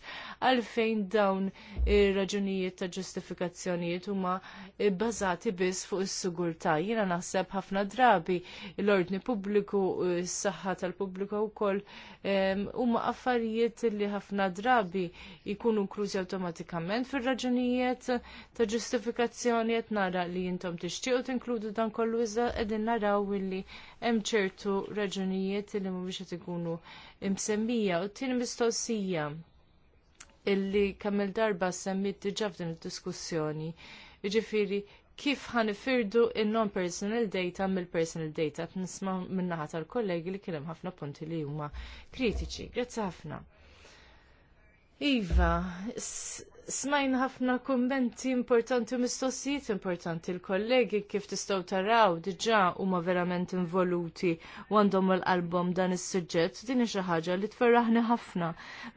għalfejn dawn ir-raġunijiet ta' ġustifikazzjonijiet huma bbażati biss fuq is-sigurtà. Jiena naħseb ħafna drabi l-ordni pubbliku, s-saħħa tal-pubbliku wkoll huma affarijiet li ħafna drabi jkunu inklużi awtomatikament fir-raġunijiet ta' ġustifikazzjoni qed nara li intom tixtiequ tinkludu dan kollu iżda qegħdin naraw illi hemm ċertu raġunijiet li mhumiex qed ikunu msemmija u tieni mistoqsija illi kemm darba semmit diġà f'din id-diskussjoni. Jiġifieri kif ħan ifirdu il-non-personal data mill-personal data nisma minnaħa tal-kollegi li kien hemm ħafna punti li huma kritiċi. Grazzi ħafna. Iva, smajn ħafna kummenti importanti u mistoqsijiet importanti l-kollegi kif tistgħu taraw diġà huma verament involuti u għandhom l-album dan is-suġġett din xi ħaġa li tferraħni ħafna.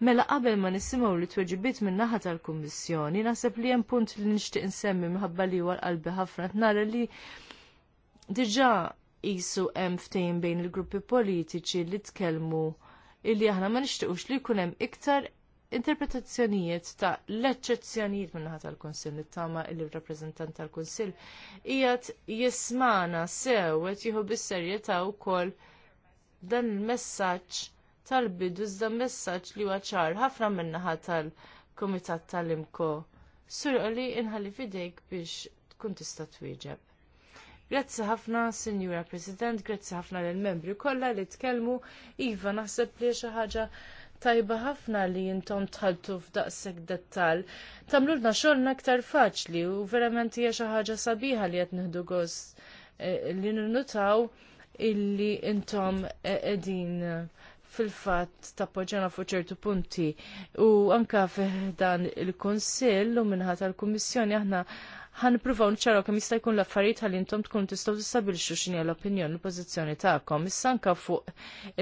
Mela qabel ma nisimgħu li tweġibiet min-naħa tal-Kummissjoni naħseb li hemm punt li nixtieq insemmi minħabba li huwa qalbi ħafna tnara li diġà qisu hemm ftehim bejn il-gruppi politiċi li tkellmu illi aħna ma nixtiequx li jkun hemm iktar interpretazzjonijiet ta' l-eċċezzjonijiet minnaħa tal-Konsil nittama il rappreżentant tal-Konsil ijat jismana sew qed jieħu bis-serjetà wkoll dan il-messaġġ tal-bidu iżda messaġġ li huwa ċar ħafna min-naħa tal-Kumitat tal-Imko. Surqoli inħalli fidejk biex tkun tista' twieġeb. Grazzi ħafna, Sinjura President, grazzi ħafna lill membri kollha li tkellmu, Iva naħseb li xi ħaġa tajba ħafna li jintom tħaltu f'daqsek dettal. Tamlu lna xogħolna aktar faċli u verament hija xi ħaġa sabiħa li qed nieħdu gost e, li ninutaw illi intom e, qegħdin fil-fatt tappoġġana fuq ċertu punti u anka dan il-Kunsill u minħat tal-Kummissjoni aħna ħanipruvaw nċarok kemm jista' jkun l-affarijiet ħalli intom tkun tistgħu tistabilixxu x'inhi l-opinjoni l-pożizzjoni tagħkom. Issa anke fuq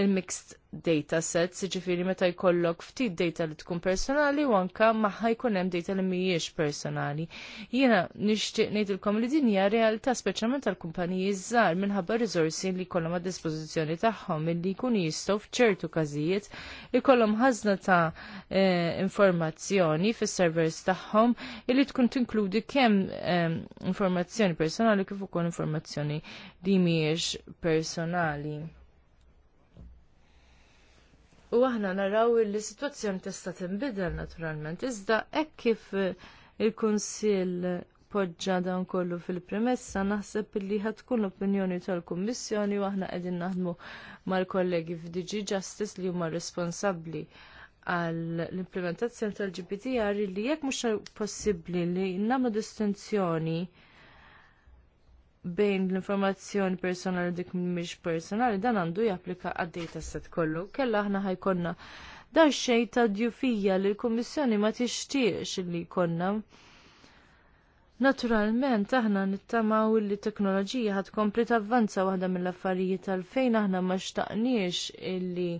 il-mixed data sets, ġifiri meta jkollok ftit data li tkun personali u anka maħħa jkun hemm data li mhijiex personali. Jiena nixtieq ngħidilkom li din hija realtà speċjalment tal-kumpaniji żgħar minħabba riżorsi li jkollhom għad dispożizzjoni tagħhom illi jkunu jistgħu f'ċertu każijiet ikollhom ħażna ta' eh, informazzjoni fis-servers tagħhom illi tkun tinkludi kemm eh, informazzjoni personali kif ukoll informazzjoni li mhijiex personali. U aħna naraw li situazzjoni tista' tinbidel naturalment. Iżda hekk kif eh, il-Kunsill poġġa dan kollu fil-premessa naħseb li tkun l-opinjoni tal-Kummissjoni u aħna qegħdin naħdmu mal-kollegi f'DG Justice li huma responsabbli għall implementazzjoni tal-GPTR li jekk mhux possibbli li nagħmlu distinzjoni bejn l-informazzjoni personali dik mhix personali dan għandu japplika għad-data set kollu. Kella aħna ħajkonna dar xejn ta' djufija li l-Kummissjoni ma tixtiex li jkollna. Naturalment aħna nittamaw li teknoloġija ħad kompli tavvanza waħda mill-affarijiet għalfejn aħna ma xtaqniex illi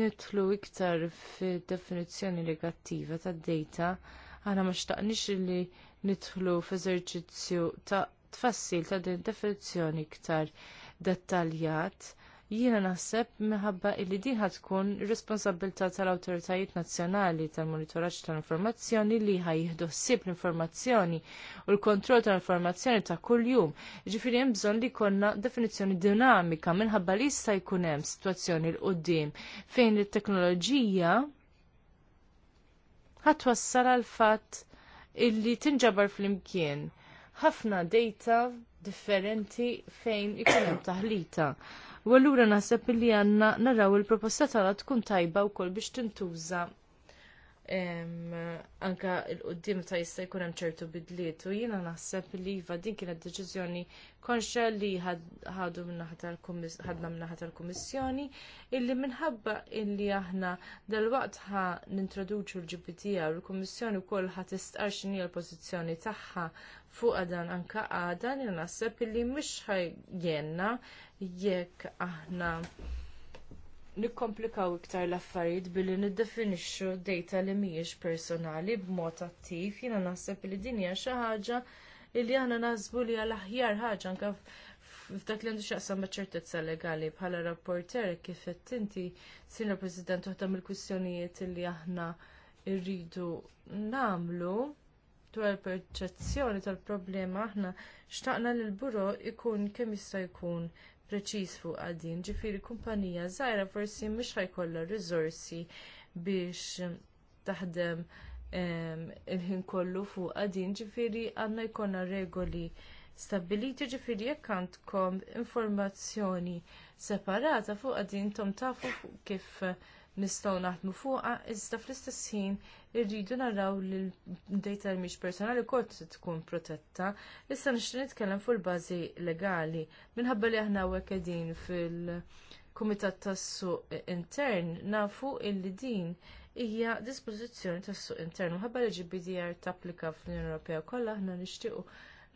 nitlu iktar fi definizzjoni negattiva tad data aħna ma xtaqniex illi nidħlu f'eżerċizzju ta' tfassil ta' din definizzjoni iktar dettaljat, jiena naħseb minħabba li din tkun responsabilità tal-awtoritajiet nazzjonali tal-monitoraġġ tal-informazzjoni li jieħdu ħsieb l-informazzjoni u l-kontroll tal-informazzjoni ta' kuljum. Ġifieri hemm bżonn li jkollna definizzjoni dinamika minħabba li jista' jkun hemm sitwazzjoni l qudiem fejn it-teknoloġija ħatwassal għal fatt illi tinġabar fl-imkien. Ħafna data differenti fejn ikun hemm taħlita. U allura naħseb illi għandna naraw il-proposta tagħna tkun tajba wkoll biex tintuża anka l-qoddim ta' jista' jkun hemm ċertu bidliet u jiena naħseb li iva din kienet deċiżjoni konxa li ħadu ħadna naħa tal-Kummissjoni illi minħabba illi aħna dal-waqt ħa nintroduċu l u l-Kummissjoni wkoll ħa tistqar x'inhi l-pożizzjoni tagħha fuq dan anka għadan jiena naħseb illi mhix ħajjenna jekk aħna nikkomplikaw iktar l-affarijiet billi niddefinixxu data li mhijiex personali b'mod attiv, jiena naħseb li din hija xi ħaġa li aħna naħsbu li għal aħjar ħaġa anke f'dak li għandu x'jaqsam ċertezza legali bħala rapporter kif qed inti sinra President waħda mill-kwistjonijiet li aħna rridu nagħmlu dwar perċezzjoni tal-problema aħna xtaqna li l-buro ikun kemm jista' jkun preċiż fuq għadin, ġifiri kumpanija żgħira forsi mhux ħajkollha riżorsi biex taħdem il-ħin kollu fuq għadin, ġifiri għandna jkollna regoli stabbiliti ġifiri jekk għandkom informazzjoni separata fuq għadin tom tafu kif nistgħu naħdmu fuqha, iżda fl-istess ħin irridu naraw li l-data mhix personali kort tkun protetta. Issa nixtieq nitkellem fuq il-bażi legali. Minħabba li aħna hawnhekk qegħdin fil-Kumitat tas-Suq Intern nafu illi din hija dispożizzjoni tas-suq intern. Minħabba li GDPR tapplika fl-Unjoni Ewropea kollha aħna nixtiequ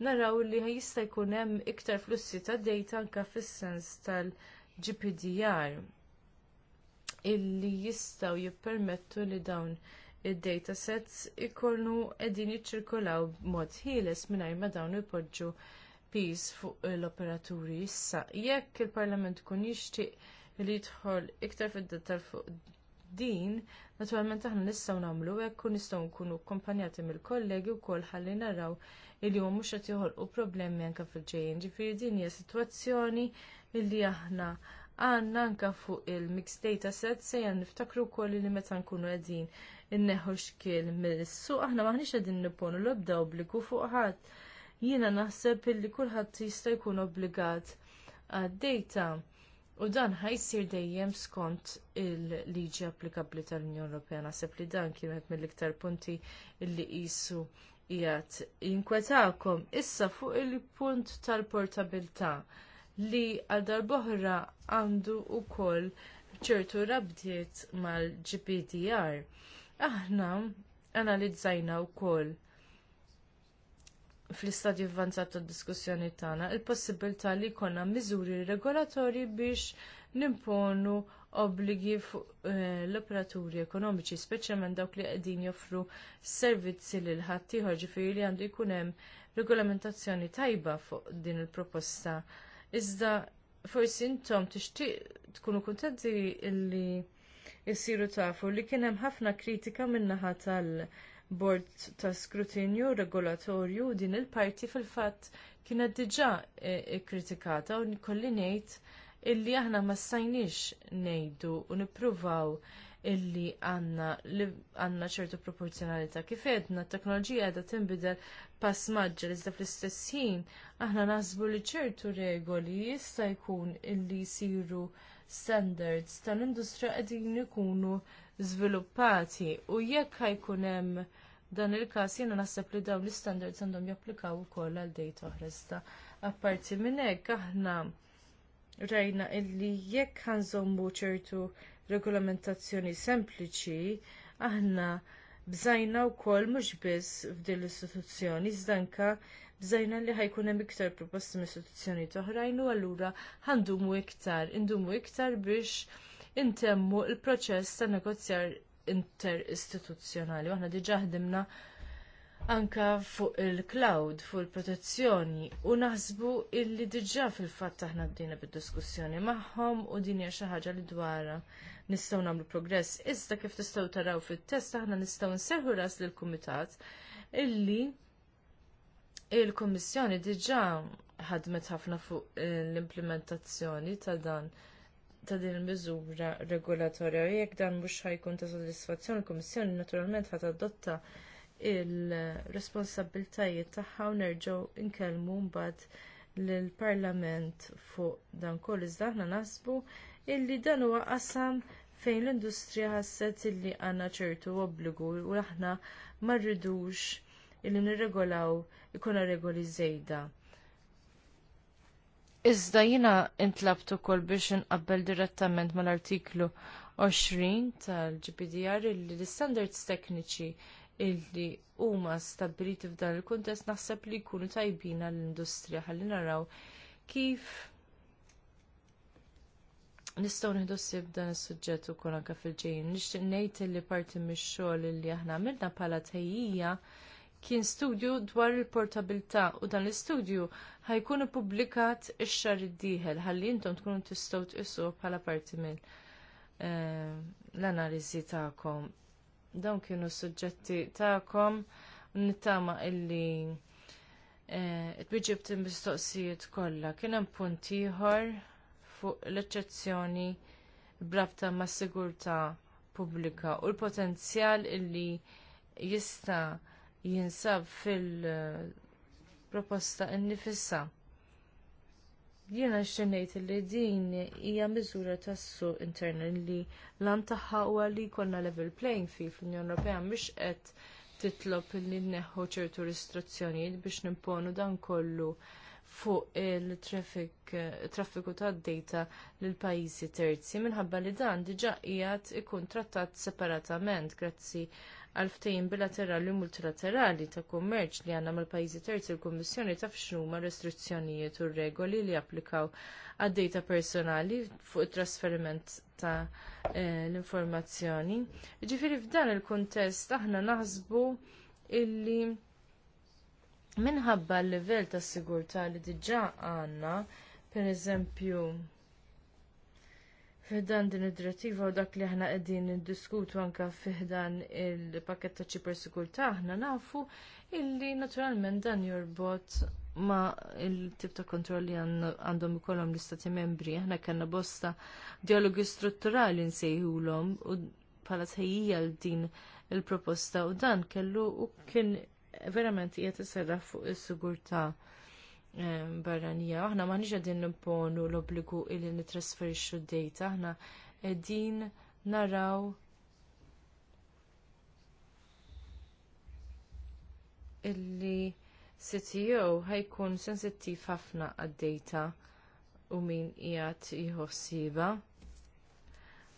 naraw li jista' jkun hemm iktar flussi ta' data anke fis-sens tal-GPDR illi jistgħu jippermettu li dawn id-datasets ikunu qegħdin jiċċirkulaw b'mod ħieles mingħajr ma dawn ipoġġu pis fuq l-operaturi issa. Jekk il-Parlament kun jixtieq li jidħol iktar fid-dettal fuq din, naturalment aħna nistgħu nagħmlu hekk u nistgħu nkunu kkompanjati mill-kollegi wkoll ħalli naraw illi huma mhux qed joħolqu problemi anke fil-ġejjin. Ġifieri din hija sitwazzjoni illi aħna għandna anke fuq il-mixed data set jan niftakru wkoll li meta nkunu qegħdin inneħħu xkiel mill-suq aħna maħniex qegħdin nipponu l-ebda obbligu fuq ħadd. Jiena naħseb illi kulħadd jista' jkun obbligat għad-data u dan ħajsir dejjem skont il-liġi applikabbli tal-Unjoni Ewropea. Naħseb li dan kienet mill-iktar punti illi qisu jgħat jinkwetakom issa fuq il-punt tal-portabilità li għal darboħra għandu wkoll ċertu rabdiet mal-GPDR. Aħna analizzajna wkoll fl-istadju avvanzat tad diskussjoni tagħna il-possibilità li jkollna miżuri regolatorji biex nimponu obbligi fuq eh, l-operaturi ekonomiċi, speċjalment dawk li qegħdin joffru servizzi lil ħadd ieħor ġifieri li għandu jkun hemm regolamentazzjoni tajba fuq din il-proposta Iżda forsi intom tixtieq tkunu kuntenti illi jsiru tafu li kien hemm ħafna kritika min-naħa tal- bord ta' skrutinju regolatorju din il-parti fil-fatt kienet diġà kkritikata e, e, u nkolli ngħid illi aħna ma stajniex ngħidu u nippruvaw illi għandna ċertu proporzjonalità. Kif edna t-teknoloġija għadha tinbidel pass maġġel iżda fl-istess ħin aħna naħsbu li ċertu regoli jista' jkun illi jsiru standards tal-industrija qegħdin ikunu żviluppati u jekk ħajkun hemm dan il-każ jiena naħseb li dawn l-istandards għandhom japplikaw ukoll għal dejt oħra iżda apparti minn hekk aħna rajna illi jekk ħanżommu ċertu regolamentazzjoni sempliċi, aħna bżajna wkoll mhux biss f'din l-istituzzjoni, iżda anke bżajna li ħajkun hemm iktar proposti minn istituzzjoni oħrajn u allura ħandumu iktar, indumu iktar biex intemmu l proċess ta' negozjar interistituzzjonali. Aħna diġà ħdimna anke fuq il-cloud, fuq il-protezzjoni u naħsbu illi diġà fil-fatt aħna bdejna bid-diskussjoni magħhom u din hija xi ħaġa li dwarha nistgħu nagħmlu progress. Iżda kif tistaw taraw fit-test aħna nistgħu nserħu ras lill kumitat illi il kummissjoni diġà ħadmet ħafna fuq eh, l-implementazzjoni ta' dan ta' din il-miżura regolatorja jekk dan mhux ħajkun ta' soddisfazzjoni, il-Kummissjoni naturalment ħat adotta il responsabiltajiet tagħha u nerġgħu nkellmu mbagħad lill-Parlament fuq dan kollu iżda aħna naħsbu illi dan huwa qasam fejn l-industrija ħasset illi għandna ċertu obbligu u aħna ma rridux illi nirregolaw ikuna regoli żejda. Iżda jiena intlabt ukoll biex inqabbel direttament mal-artiklu 20 tal-GPDR illi l-standards tekniċi illi huma stabbiliti f'dan il-kuntest naħseb li jkunu tajbin għall-industrija ħalli naraw kif Nistgħu nieħdu ssib dan is-suġġett ukoll anke fil-ġejjin. Nixtieq ngħid li parti mix-xogħol li aħna għamilna bħala tejjija kien studju dwar il-portabilità u dan l-istudju ħajkun ippubblikat ix-xar id-dieħel ħalli intom tkunu tistgħu tqisu bħala parti mill eh, l-analiżi tagħkom. Dawn kienu s-suġġetti tagħkom nittama illi eh, tbiġib mistoqsijiet kollha. Kien hemm punt ieħor fuq l-eċċezzjoni brabta mas sigurtà pubblika u l-potenzjal illi jista' jinsab fil-proposta innifissa. Jiena ngħid li din hija miżura tas-suq intern li lan tagħha huwa li jkollna level playing field fl-Unjoni Ewropea mhix qed titlob li nneħħu ċertu restrizzjonijiet biex nimponu dan kollu fuq il-traffiku eh, ta' data lill pajjiżi terzi minħabba li dan diġà qiegħed ikun trattat separatament grazzi għal ftehim bilaterali u multilaterali ta' kummerċ li għandna mal-pajjiżi terzi l-Kummissjoni taf x'huma restrizzjonijiet u regoli li applikaw għad-data personali fuq it trasferiment ta' eh, l-informazzjoni. Jiġifieri f'dan il kuntest aħna naħsbu illi minħabba l-livell ta' sigurtà li diġà għandna, pereżempju fiħdan din id-direttiva u dak li aħna qegħdin niddiskutu anke fiħdan il-pakket ta' ċiper sigurtà aħna nafu illi naturalment dan jorbot ma il-tip ta' kontrolli għandhom ikollhom l-istati membri, aħna kellna bosta dialogi strutturali nsejħulhom u bħala tħejjija l din il-proposta u dan kellu u kien verament qiegħed iserraħ fuq is-sigurtà barranija. Aħna ma qegħdin ponu l-obbligu li nitrasferixxu d-dejta, aħna qegħdin naraw illi CTO ħajkun sensittiv ħafna għad dejta u min jgħat jħossiba.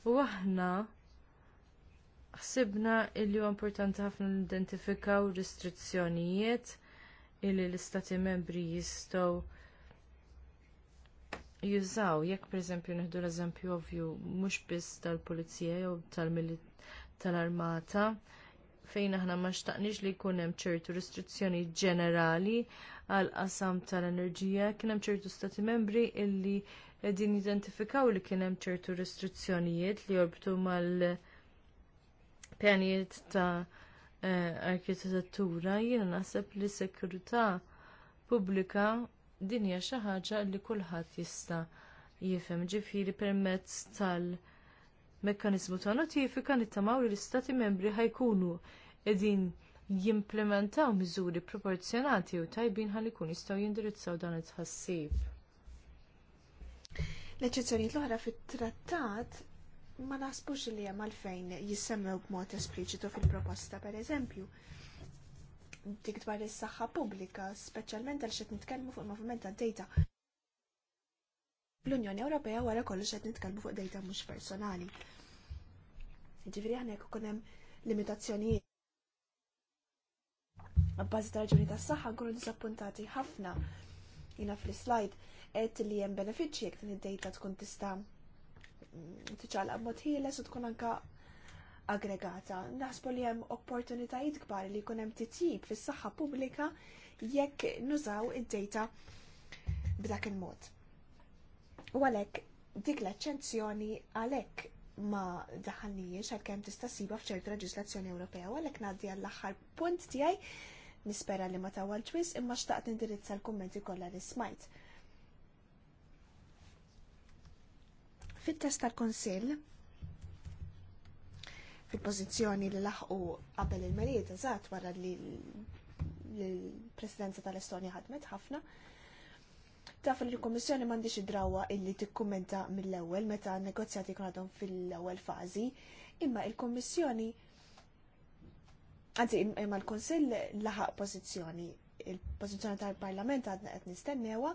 U aħna ħsibna li huwa importanti ħafna nidentifikaw restrizzjonijiet illi l-istati membri jistgħu jużaw, jekk pereżempju neħdu l-eżempju ovvju mhux biss tal-pulizija jew tal-armata, fejn aħna ma xtaqniex li jkun hemm ċertu restrizzjoni ġenerali għal qasam tal-enerġija, kien hemm ċertu stati membri illi qegħdin jidentifikaw li kien hemm ċertu restrizzjonijiet li jorbtu mal- pjanijiet ta' eh, arkitettura jiena naħseb li s-sekurità pubblika din hija xi ħaġa li kulħadd jista' jifhem ġifieri permezz tal-mekkaniżmu ta' notifika nittamaw li l-istati membri ħajkunu qegħdin jimplementaw miżuri proporzjonati u tajbin ħalli jkun jistgħu jindirizzaw dan it-tħassib. L-eċezzjonijiet l-oħra fit-trattat ma naħsbux li hemm għalfejn jissemmew b'mod espliċitu fil-proposta pereżempju. Dik dwar is-saħħa pubblika, speċjalment għal xed nitkellmu fuq il-moviment tad-dejta. L-Unjoni Ewropea wara kollox qed nitkellmu fuq dejta mhux personali. Ġifieri aħna jekk ikun hemm limitazzjonijiet. B'bażi ta' raġuni tas-saħħa nkunu disappuntati ħafna. Jina fl-slide għedt li hemm benefiċċji jekk din id-dejta tkun tista' tiċala mod ħieles u tkun anka aggregata. Naħsbu li hemm opportunitajiet kbar li jkun hemm titjib fis-saħħa pubblika jekk nużaw id-data b'dak il-mod. U għalhekk dik l ċenzjoni għalhekk ma daħalniex għalkemm tista' siba f'ċertu leġislazzjoni Ewropea, u għalhekk ngħaddi għall-aħħar punt tiegħi nispera li ma tawal twis imma xtaqt indirizza l-kummenti kollha li smajt. Fit-test tal konsil fil-pozizjoni li laħqu qabel il-merijiet eżatt wara li l-Presidenza tal-Estonja ħadmet ħafna, taf li l-Kommissjoni m'għandix id-drawa illi tikkummenta mill-ewwel meta negozjati jkun għadhom fil-ewwel fażi, imma il-Kommissjoni Anzi, imma l kunsill laħaq pożizzjoni, il-pożizzjoni tal-Parlament għadna qed nistennewa,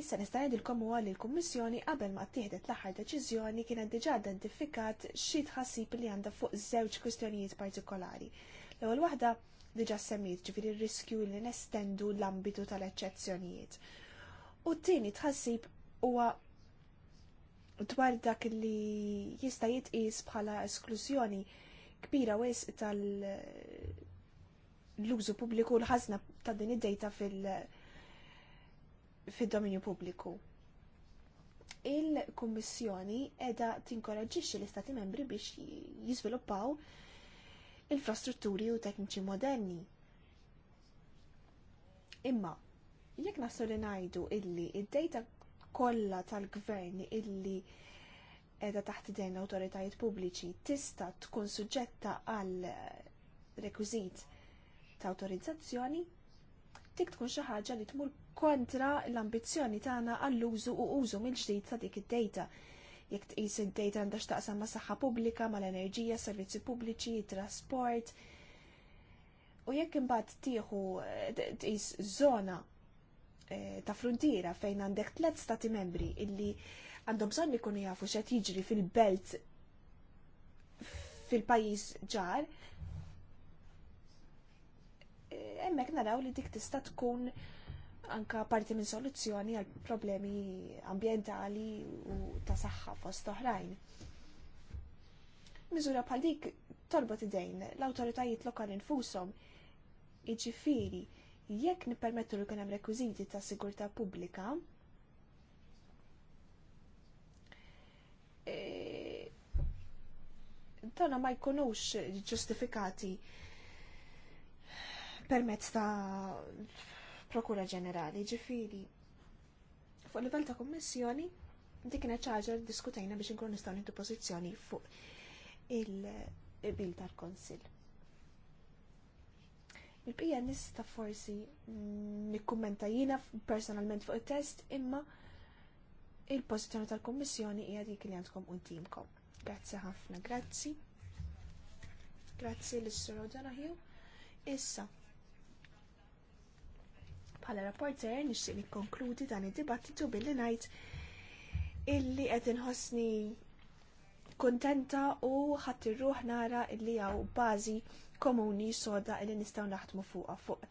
Issa nista' ngħidilkom huwa li l-Kummissjoni qabel ma ttieħdet l-aħħar deċiżjoni kienet diġà identifikat xi tħassib li għandha fuq żewġ kwistjonijiet partikolari. L-ewwel waħda diġà semmiet ġifieri r-riskju li nestendu l-ambitu tal-eċċezzjonijiet. U t-tieni tħassib huwa dwar dak li jista' jitqies bħala esklużjoni kbira wisq tal l-użu pubbliku l ħazna ta' din id-dejta fil- fid-dominju pubbliku. Il-Kummissjoni edha tinkoraġġixxi l-Istati membri biex jiżviluppaw infrastrutturi u tekniċi moderni. Imma, jekk nasu li ngħidu illi id-dejta kollha tal-gvern illi edha taħt idejn l-awtoritajiet pubbliċi tista' tkun suġġetta għal rekwiżit ta' awtorizzazzjoni, dik tkun xi ħaġa li tmur kontra l-ambizzjoni tagħna għall-użu u użu mill-ġdid ta' dik id-data. Jekk tqis id-data għandha x'taqsam ma' saħħa pubblika, mal-enerġija, servizzi pubbliċi, trasport. U jekk imbagħad tieħu tqis żona eh, ta' frontiera fejn għandek tliet stati membri illi għandhom bżonn ikunu jafu x'qed jiġri fil-belt fil-pajjiż ġar, hemmhekk naraw li dik tista' tkun anka parti minn soluzzjoni għal problemi ambjentali u ta' saħħa fost oħrajn. Miżura bħal dik torbot idejn l-awtoritajiet lokali nfusom iġifiri jekk nippermettu li kien hemm rekwiżiti ta' sigurtà pubblika tana eh, ma jkunux ġustifikati permezz ta' Prokura Ġenerali, ġifiri. Fuq livell ta' kommissjoni, dik kienet ċaġa diskutajna biex inkunu nistgħu nintu pozizjoni fuq il-bil tal-Konsil. Il-bija nista forsi nikkummenta jina personalment fuq il-test imma il-pozizjoni tal-Kommissjoni hija dik li għandkom u timkom. Grazzi ħafna, grazzi. Grazzi l-Sir O'Donohue. Issa, Bħala rapporter nixtieq nikkonkludi dan id-dibattitu billi ngħid illi qed inħossni kuntenta u ħadd irruħ nara illi hawn bażi komuni soda illi nistgħu naħdmu fuqha fuq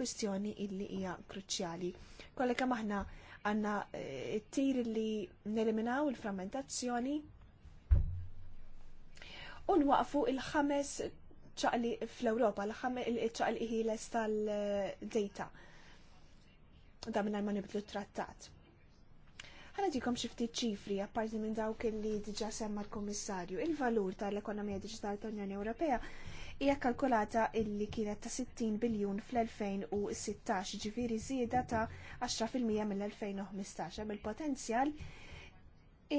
kwistjoni illi hija kruċjali. Kollha kemm aħna għandna eh, t-tir li neliminaw il-frammentazzjoni u nwaqfu il-ħames ċaqli fl ewropa l-ċaqli ħiles tal-data. Eh, u da minna ma nibdlu trattat. Għana dikom xifti ċifri, apparti minn dawk li diġa semma l-Komissarju, il-valur tal-ekonomija digitali tal-Unjoni Ewropea hija kalkulata illi kienet ta' 60 biljun fl-2016, ġifiri zieda ta' 10% mill-2015, mill-potenzjal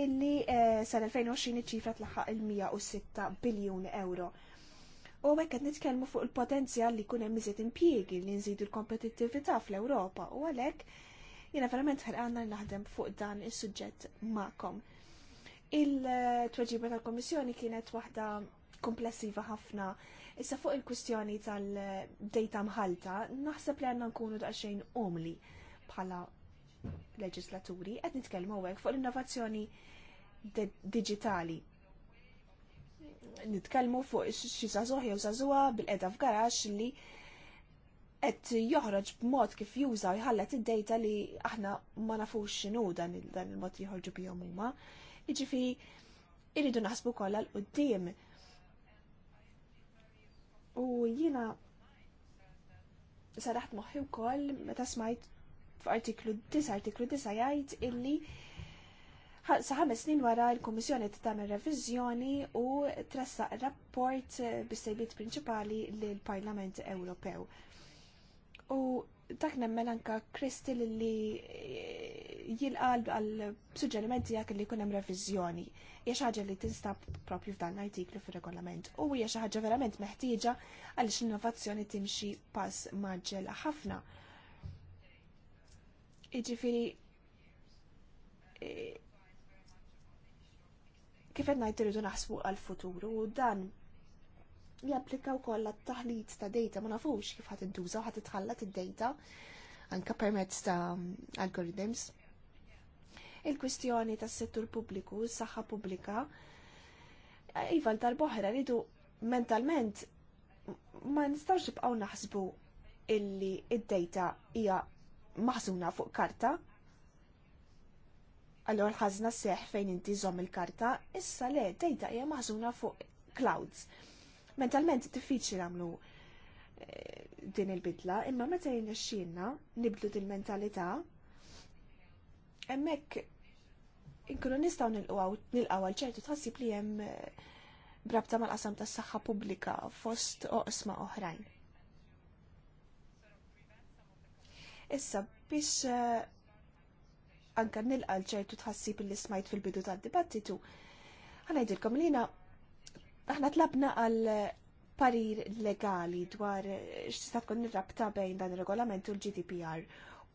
illi eh, sal-2020 ċifra tlaħħaq il-106 biljun euro. U hekk qed nitkellmu fuq il-potenzjal li jkun hemm impiegi impjiegi li nżidu l-kompetittività fl-Ewropa u għalhekk jiena verament ħerqanna naħdem fuq dan is-suġġett magħkom. Il-tweġiba tal-Komissjoni kienet waħda komplessiva ħafna. Issa fuq il kustjoni tal-data mħalta, naħseb li għanna nkunu daqxejn umli bħala leġislaturi, għed nitkellmu għek fuq l-innovazzjoni digitali nitkellmu fuq xi sażuħ jew sażuha bil-qeda f'garax li qed joħroġ b'mod kif juża u jħallet id-dejta li aħna ma nafux x'inhu dan il-mod li jħorġu bihom huma. Jiġifi irridu naħsbu kollha l qudiem U jiena saraħt moħħi wkoll meta smajt f'artiklu 9 artiklu 9 jgħid illi Sa ħames snin wara l-Kummissjoni tagħmel reviżjoni u tressaq rapport eh, bis-sejbiet prinċipali lill-Parlament Ewropew. U dak nemmel anka Kristil li eh, jilqal għal suġġerimenti jak li kunem revizjoni. Jiex ħaġa li tinstab propju f'dan l-artiklu fil-regolament. U jiex ħaġa verament meħtieġa għaliex l-innovazzjoni timxi pass maġġel ħafna. Iġifiri, eh, Kif qed ngħid iridu naħsbu għall-futur u dan japplika wkoll għat-taħlit ta' data ma nafux kif ħad intuża u ħad itħallat id-data anke permezz ta' algorithms. Il-kwistjoni tas-settur pubbliku, s-saħħa pubblika, Ivan tal-boħra ridu mentalment ma nistax nibqgħu naħsbu illi id-data hija maħżuna fuq karta Allora ħazna seħ fejn inti zom il-karta, issa le dejta hija maħżuna fuq clouds. Mentalment diffiċli għamlu eh, din il-bidla, imma meta jinnexxinna niblu din mentalità, hemmhekk inkunu nistgħu nilqgħu għal ċertu tħassib li hemm eh, brabta mal-qasam tas-saħħa pubblika fost oqsma oħrajn. Issa biex eh, anka nilqa ċertu tħassib li smajt fil-bidu tad-dibattitu. Ħanajdilkom li aħna tlabna għal parir legali dwar x tkun nirrabta rabta bejn dan ir-regolament l-GDPR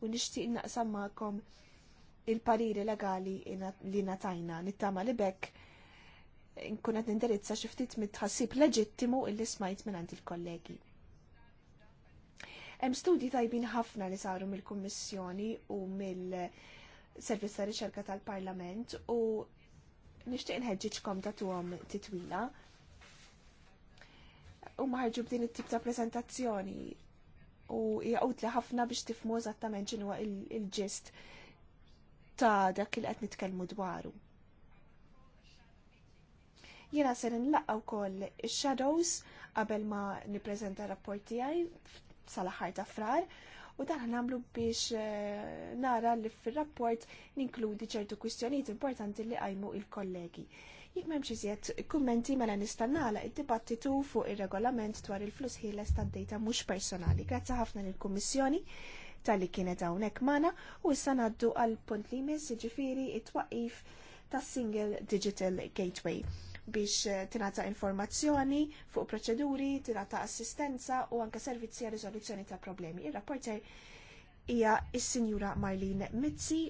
u nixtieq naqsam maqom il-pariri legali li natajna nittama li bekk nkun qed nindirizza xi ftit mit-tħassib leġittimu illi smajt minn għand il-kollegi. Hemm studji tajbin ħafna li saru mill-Kummissjoni u mill- servizz ta' riċerka tal-Parlament u nixtieq nħeġġiġkom tagħtuhom titwila. U ħarġu b'din it-tip ta' preżentazzjoni u jgħut li ħafna biex tifmu eżattament ġinwa il-ġist ta' dak il qed nitkellmu dwaru. Jiena ser nlaqgħa wkoll ix-shadows qabel ma nippreżenta rapport tiegħi sal-aħħar ta' frar u dan nagħmlu biex eh, nara li fir-rapport ninkludi ċertu kwistjonijiet importanti li għajmu il-kollegi. Jek m'hemmx iżjed kummenti mela nista' nagħlaq id-dibattitu fuq ir-regolament dwar il-flus ħieles tad-dejta mhux personali. Grazzi ħafna lill-Kummissjoni tal-li kienet hawnhekk magħna u issa ngħaddu għall punt li jmiss jiġifieri t twaqif tas-Single Digital Gateway biex eh, tingħata informazzjoni fuq proċeduri, tingħata assistenza u anke servizzi għal riżoluzzjoni ta' problemi. Ir-rapporter hija s-Sinjura Marlene Mizzi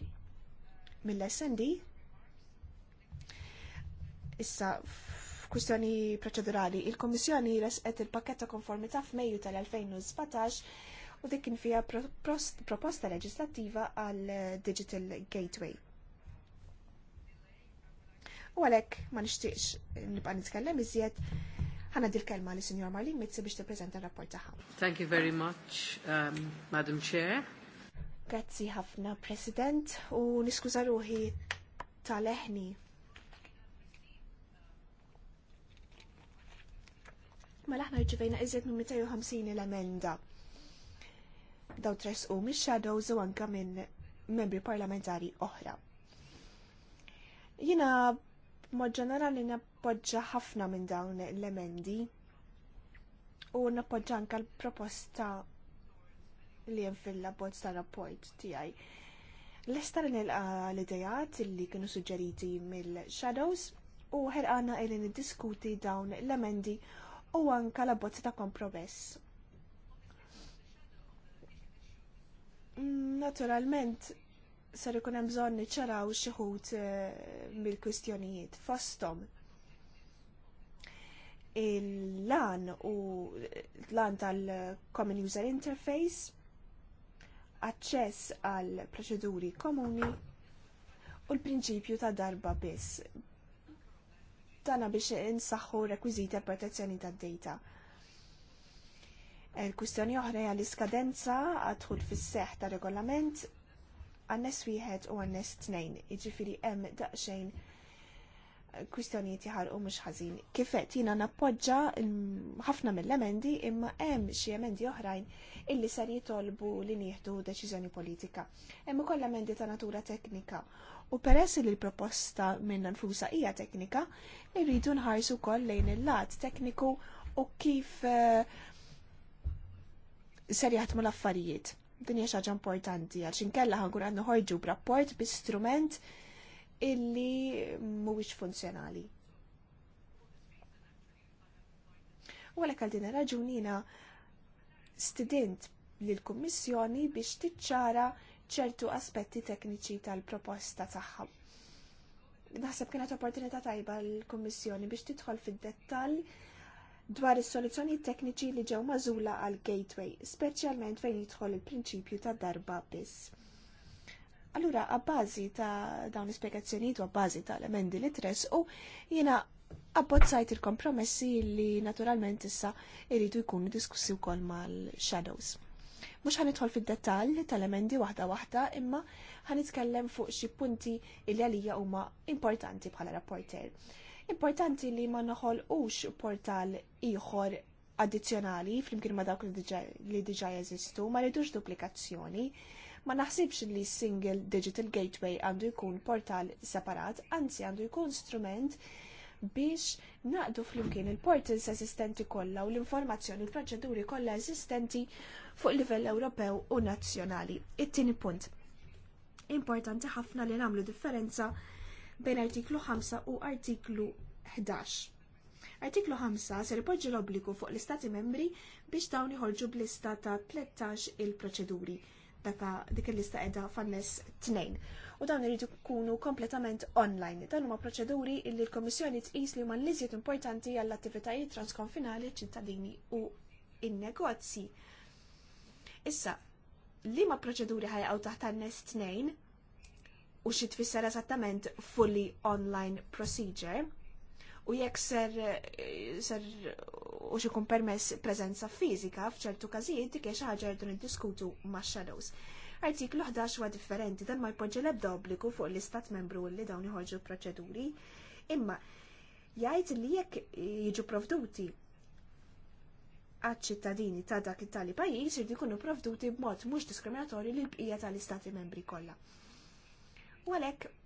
mill-SND. Issa f'kwistjoni proċedurali, il kummissjoni resqet il-pakket ta' konformità f'Mejju tal-2017 u dik kien fiha proposta leġislattiva għal eh, Digital Gateway U għalhekk ma nishtiqx nibqa' nitkellem iżjed ħana dil kelma li Sinjor Marlin Mitzi biex tippreżenta r-rapport tagħha. Thank you very much, um, Madam Chair. Grazzi ħafna, President, u niskuża ruħi tal-eħni mela aħna rċivejna iżjed minn 250 l-emenda. Daw tres u mix shadows u anka minn membri parlamentari oħra. Jina Mod ġenerali nappoġġa ħafna minn dawn l-emendi u nappoġġa anke l-proposta li hemm fil-abbozz tar-rapport tiegħi. L-istar nilqa l-idejat li kienu suġġeriti mill-Shadows u ħerqana li niddiskuti dawn l-emendi u anka l-abbozz ta' kompromess. Mm, naturalment, ser ikun hemm bżonn niċċaraw xi ħut eh, mill-kwistjonijiet fosthom il-LAN u l-LAN tal-Common User Interface, aċċess għal proċeduri komuni u l-prinċipju ta' darba biss. Tana biex insaħħu rekwiziti għal protezzjoni tad data. Il-kwistjoni eh, oħra hija l-iskadenza għadħul fis-seħħ ta' regolament għannes wieħed u għannes tnejn, jiġifieri hemm daqsxejn eh, kwistjonijiet jħarqu mhux ħażin. Kif qed jiena nappoġġa ħafna mill-emendi imma hemm xi emendi oħrajn illi ser jitolbu li nieħdu deċiżjoni politika. Hemm ukoll emendi ta' natura teknika. U peress li l-proposta minna nfusa hija teknika, irridu nħarsu wkoll lejn il-lat tekniku u kif eh, ser jaħdmu l-affarijiet. Din hija xaġa importanti għax inkella ħankun għandna ħorġu b'rapport bi strument illi mhuwiex funzjonali. U għalhekk għal din raġunina student lill-Kummissjoni biex tiċċara ċertu aspetti tekniċi tal-proposta tagħha. Naħseb kienet opportunità tajba l-Kummissjoni biex tidħol fid-dettall dwar is-soluzzjoni tekniċi li ġew mażula għal gateway, speċjalment fejn jidħol il-prinċipju ta' darba biss. Allura, għabbażi ta' dawn l-ispjegazzjonijiet u għabbażi ta' l-emendi li tres u jena abbozzajt il-kompromessi li naturalment issa jridu jkunu diskussi wkoll mal-shadows. Mux ħanitħol fil-detall tal-emendi waħda waħda, imma ħanitkellem fuq xi punti li għalija huma importanti bħala rapporter. Importanti li ma ux portal ieħor addizzjonali flimkien ma dawk li diġa' jeżistu, ma ridux duplikazzjoni, ma naħsibx li single digital gateway għandu jkun portal separat, anzi għandu jkun strument biex naqdu flimkien il-portals eżistenti kollha u l-informazzjoni l-proċeduri kollha eżistenti fuq livell Ewropew u nazzjonali. It-tieni punt. Importanti ħafna li nagħmlu differenza bejn artiklu 5 u artiklu 11. Artiklu 5 se ipoġġi l-obbligu fuq l-Istati membri biex dawn iħolġu b'lista ta' 13 il-proċeduri daka dik il-lista edha fannes 2. U dawn iridu kunu kompletament online. Dan huma proċeduri li l-Komissjoni tqis li huma l importanti għall attivitajiet transkonfinali ċittadini u in-negozji. Issa, li ma proċeduri ħajqgħu taħt għannes tnejn u xi tfisser eżattament fully online procedure u jekk ser, ser u xikun permess prezenza fizika fċertu kazijiet dik xi ħaġa rridu niddiskutu ma' shadows. Artiklu 11 huwa differenti dan ma jpoġġi l-ebda obbligu fuq l-istat membru li dawn iħolġu proċeduri, imma jgħid li jekk jiġu provduti għad-ċittadini ta' dak it-tali pajjiż irid jkunu provduti b'mod mhux diskriminatorju li bqija tal-istati membri kollha. U għalhekk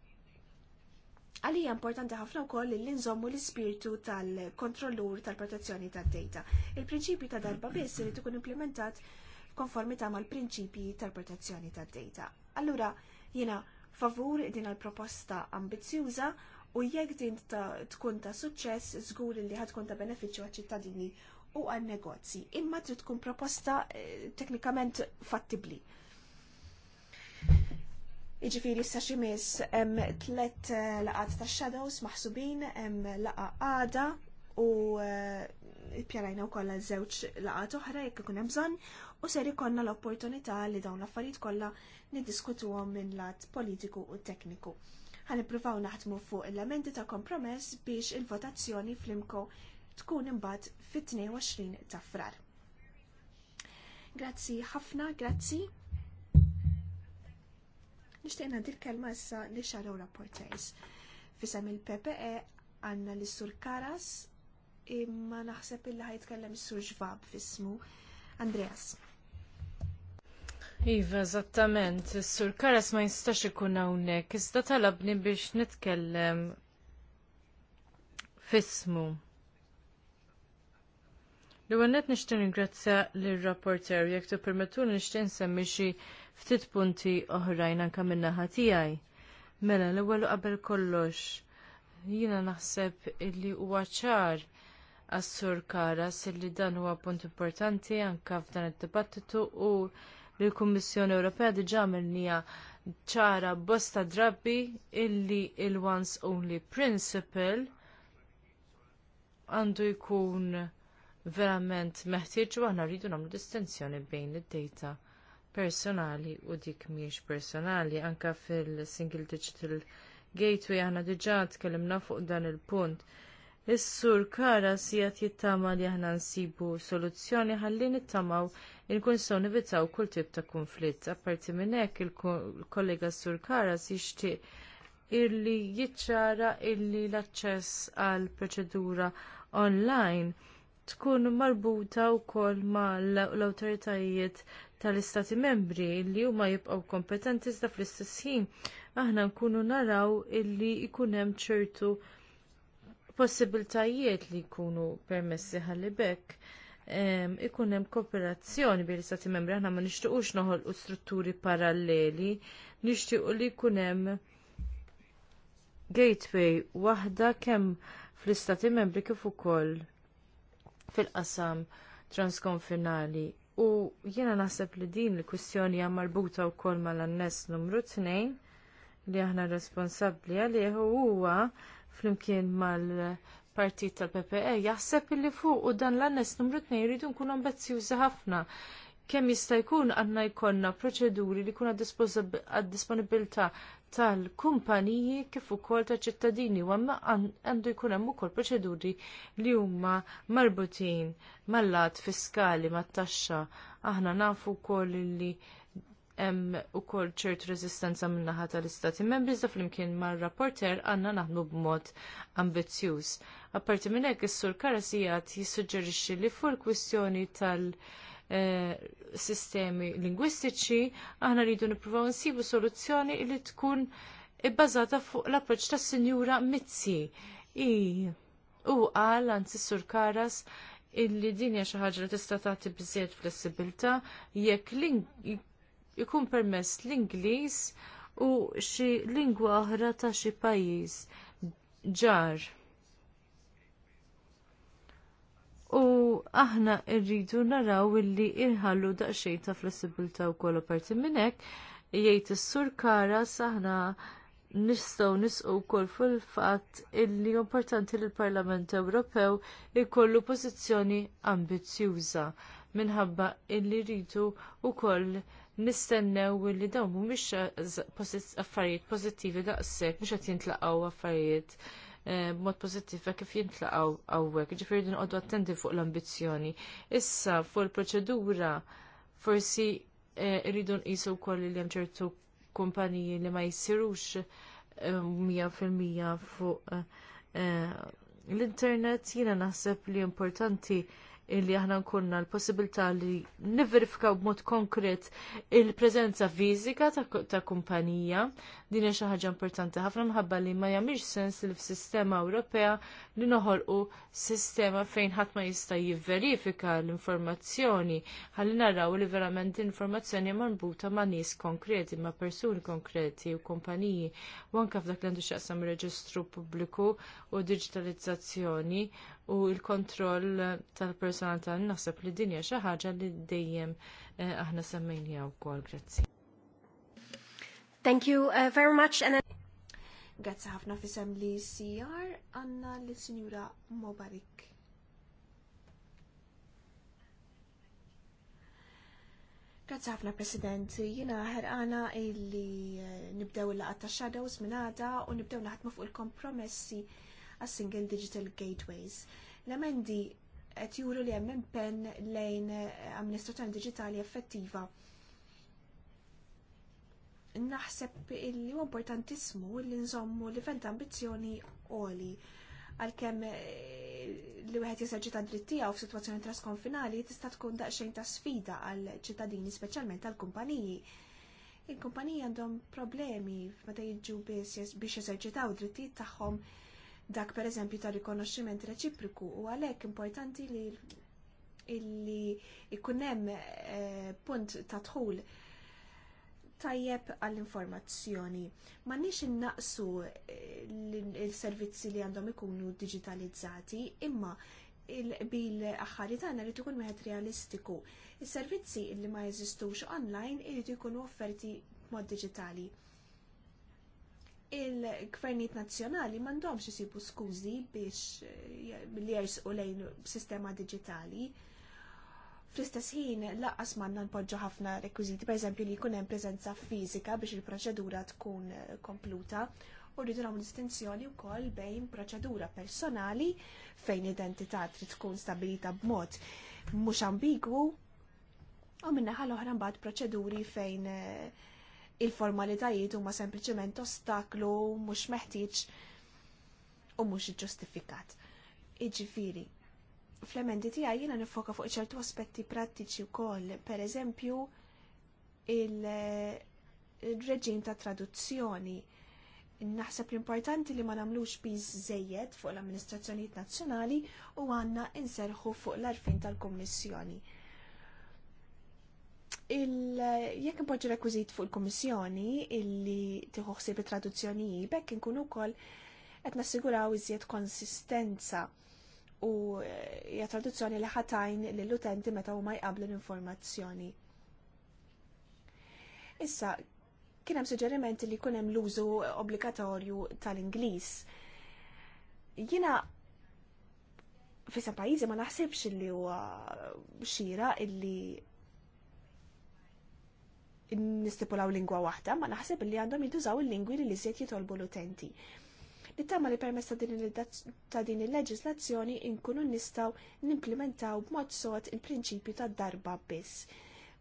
Għalija importanti ħafna wkoll li nżommu l-ispirtu tal-kontrollur tal-protezzjoni tad-data. Il-prinċipju ta' darba biss irid ikun implementat konformità mal-prinċipji tal-protezzjoni tad-data. Allura jina favur din għal-proposta ambizjuża u jekk din tkun ta' suċċess żgur li ħadkun ta' benefiċċju għal ċittadini u għan-negozji, imma trid tkun proposta eh, teknikament fattibbli. Iġifiri sa ximis hemm tlet eh, laqat ta' shadows maħsubin hemm laqa għada u eh, pjarajna u kolla żewġ laqat oħra jekk ikun hemm bżonn u ser konna l-opportunità li dawn l-affarijiet kollha niddiskutuhom minn lat politiku u tekniku. Ħanippruvaw naħdmu fuq il-lamenti ta' kompromess biex il-votazzjoni flimko tkun imbagħad fit-22 ta' frar. Grazzi ħafna, grazzi. Nishtiqna dil-kelma issa li xarew rapporters. Fisem il-PPE għanna li sur Karas imma naħseb illi ħajtkellem sur ġvab fismu. Andreas. Iva, eżattament. Sur Karas ma jistax ikun hawnhekk. Iżda talabni biex nitkellem fismu. L-għannet nishtin ringrazzja l-rapporter, jek tu permettu nishtin semmi xie ftit punti oħrajn anke min-naħa tiegħi. Mela l-ewwel qabel kollox jiena naħseb illi huwa ċar għas-sur Karas illi dan huwa punt importanti anke f'dan id-dibattitu u l-Kummissjoni Ewropea diġà għamilnija ċara bosta drabi illi l once only principle għandu jkun verament meħtieġ u aħna rridu nagħmlu distinzjoni bejn id-data personali u dik mhijiex personali anke fil-Single Digital Gateway aħna diġà tkellimna fuq dan il-punt. Is-sur kara sijat jittama li aħna nsibu soluzzjoni ħalli nittamaw nkun sew nivitaw kull tip ta' kunflitt. Apparti minn hekk il-kollega sur kara jixtieq illi jiċċara illi l-aċċess għall proċedura online tkun marbuta wkoll mal l-awtoritajiet tal-istati membri li huma jibqgħu kompetenti iżda fl-istess ħin aħna nkunu naraw illi jkun hemm ċertu possibiltajiet li jkunu permessi ħallibek, ikun hemm kooperazzjoni bil istati membri aħna ma nixtiequx noħolqu strutturi paralleli, nixtiequ li jkun hemm gateway waħda kemm fl-istati membri kif ukoll fil-qasam transkonfinali U jiena naħseb li din il-kwistjoni hija marbuta wkoll mal-annes numru tnejn li aħna responsabbli għalih u huwa flimkien mal-partit tal-PPE jaħseb li fuq u dan l-annes numru tnejn jridu nkunu ambizzjużi ħafna kemm jista' jkun għandna jkollna proċeduri li jkunu għad-disponibilità tal-kumpaniji kif ukoll taċ ċittadini u għandu jkun hemm ukoll proċeduri li huma marbutin mal-lat fiskali mat-taxxa. Aħna nafu wkoll li hemm ukoll ċert reżistenza min-naħa tal-Istati Membri iżda flimkien mar-rapporter għandna naħdmu b'mod ambizzjuż. Apparti minn hekk is-Sur Karasijat jissuġġerixxi li fuq il-kwistjoni tal- Eh, sistemi lingwistiċi, aħna rridu nippruvaw nsibu soluzzjoni li tkun ibbażata fuq l-approċċ tas-Sinjura Mizzi. I, u qal anzi Sur Karas illi din hija xi ħaġa li tista' tagħti biżejjed flessibilità jekk ikun permess l-Ingliż u xi lingwa oħra ta' xi pajjiż ġar. U aħna rridu naraw illi inħallu daqsxejn ta' flessibilta wkoll apparti minn hekk, jgħid is-sur Karas aħna nistgħu nisqu wkoll fil-fatt illi importanti li l-Parlament Ewropew ikollu pożizzjoni ambizzjuża minħabba illi rridu wkoll nistennew illi dawn mhumiex affarijiet pożittivi daqshekk mhux qed jintlaqgħu affarijiet Eh, b'mod pozittiv kif jintlaqgħu hawnhekk. Ġifieri nqogħdu attenti fuq l-ambizzjoni. Issa fuq il-proċedura forsi eh, rridu nqisu wkoll li hemm ċertu kumpaniji li ma jsirux 100% eh, fuq l-internet jiena naħseb li importanti illi aħna nkunna l-possibilità li niverifikaw b'mod konkret il-preżenza fiżika ta' kumpanija. Din hija xi ħaġa importanti ħafna mħabba li ma jagħmilx sens li f'sistema Ewropea li noħolqu sistema fejn ħadd ma jista' jivverifika l-informazzjoni ħalli naraw li verament l-informazzjoni marbuta ma' nies konkreti, ma' persuni konkreti u kumpaniji u anke f'dak li għandu x'aqsam reġistru pubbliku u digitalizzazzjoni u l-kontroll tal-personal tan naħseb li dinja xi ħaġa li dejjem eh, aħna semmejnija wkoll grazzi. Thank you uh, very much and Grazzi ħafna fisem li CR għanna l sinjura Mobarik. Grazzi ħafna President, jina ħerqana illi eh, nibdew il-laqat ta' shadows minn għada u nibdew naħdmu fuq il-kompromessi għas-Single Digital Gateways. L-emendi qed juru li hemm impenn lejn eh, amministrazzjoni Digitali effettiva. Naħseb li huwa importantissimu li nżommu livell ta' ambizzjoni għoli għalkemm eh, li wieħed jeserġi ta' drittija u f'sitwazzjoni traskonfinali tista' tkun daqsxejn ta' sfida għal ċittadini speċjalment għal kumpaniji. Il-kumpaniji għandhom problemi meta jiġu biex jeserġitaw drittijiet tagħhom dak per eżempju ta' rikonoxximent reċipriku u għalhekk importanti li illi ikun hemm eh, punt ta' dħul tajjeb għall-informazzjoni. M'għandniex innaqsu eh, l-servizzi li għandhom ikunu digitalizzati, imma bil aħħari tagħna irid ikun wieħed realistiku. Is-servizzi li ma jeżistux online irid ikunu offerti mod digitali il-gvernijiet nazzjonali m'għandhomx isibu skużi biex eh, li jersqu lejn sistema diġitali. Fl-istess ħin laqqas manna npoġġu ħafna rekwiżiti, eżempju li jkun hemm preżenza fiżika biex il-proċedura tkun eh, kompluta u rridu nagħmlu distinzjoni wkoll bejn proċedura personali fejn identità trid tkun stabilita b'mod mhux ambigwu u minnaħal l-oħra mbagħad proċeduri fejn eh, il-formalitajiet huma sempliċement ostaklu mhux meħtieġ u mhux iġġustifikat. Iġifieri, fl-emendi tiegħi jiena nifoka fuq ċertu aspetti prattiċi wkoll, pereżempju il-reġim ta' traduzzjoni. Naħseb l-importanti li ma nagħmlux piż żejjed fuq l-amministrazzjonijiet nazzjonali u għandna inserħu fuq l-arfin tal-Kummissjoni jekk impoġġu rekwizit fuq il-Kummissjoni illi ħsieb it-traduzzjoni bekk inkun ukoll qed nassiguraw iżjed konsistenza u eh, hija traduzzjoni li ħatajn lill-utenti meta huma jqablu l-informazzjoni. Issa, kien hemm suġġerimenti li jkun hemm l-użu obbligatorju tal-Ingliż. Jiena fisa pajjiżi ma naħsibx li huwa xira illi nistipulaw lingwa waħda, ma naħseb li għandhom jintużaw il-lingwi li l-iżiet jitolbu l-utenti. Nittama li permess ta' din il-leġislazzjoni inkunu nistaw nimplementaw b'mod sod il-prinċipju ta' darba biss.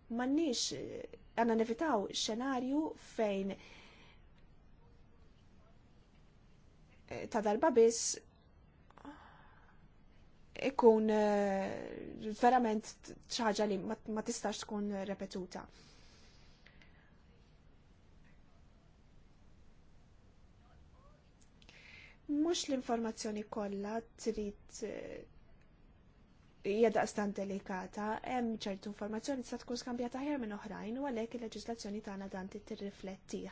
Mannix eh, għanna nevitaw xenarju fejn eh, ta' darba biss ikun eh, verament ċaġa li ma tistax tkun repetuta. mhux l-informazzjoni kollha trid eh, jeda stan delikata, hemm ċertu informazzjoni tista' tkun skambjata ħjar minn oħrajn u għalhekk il-leġislazzjoni tagħna dan trid tirriflettih.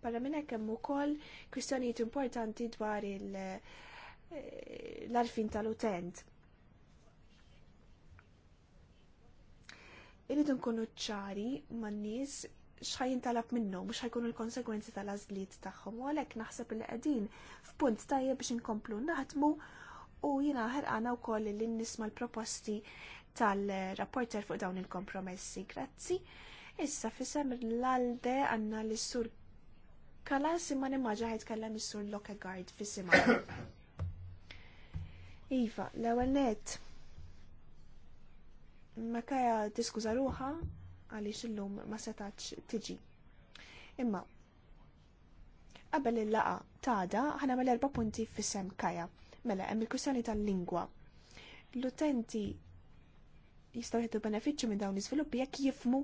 Barra minn hekk hemm ukoll kwistjonijiet importanti dwar eh, l-arfin tal-utent. Irridu nkunu ċari man-nies xħaj talab minnu, mux ħajkunu l-konsekwenzi tal-azliet tagħhom, u għalek naħseb li qegħdin f'punt tajjeb biex inkomplu naħdmu u jina ħerqana wkoll li nisma' l-proposti tal-rapporter fuq dawn il-kompromessi. Grazzi. Issa fisem l-alde għanna l-sur kalas imma nimmaġa ħajtkellem mis sur Lockegaard fisima. Iva, l-ewwel net. Ma kaja diskuza ruħa għaliex illum ma setax tiġi. Imma qabel il laqgħa tada ħana mal mela erba' punti fissem kaja. Mela hemm il-kwistjoni tal-lingwa. L-utenti jistgħu jħeddu benefiċċju minn dawn l-iżviluppi jekk jifmu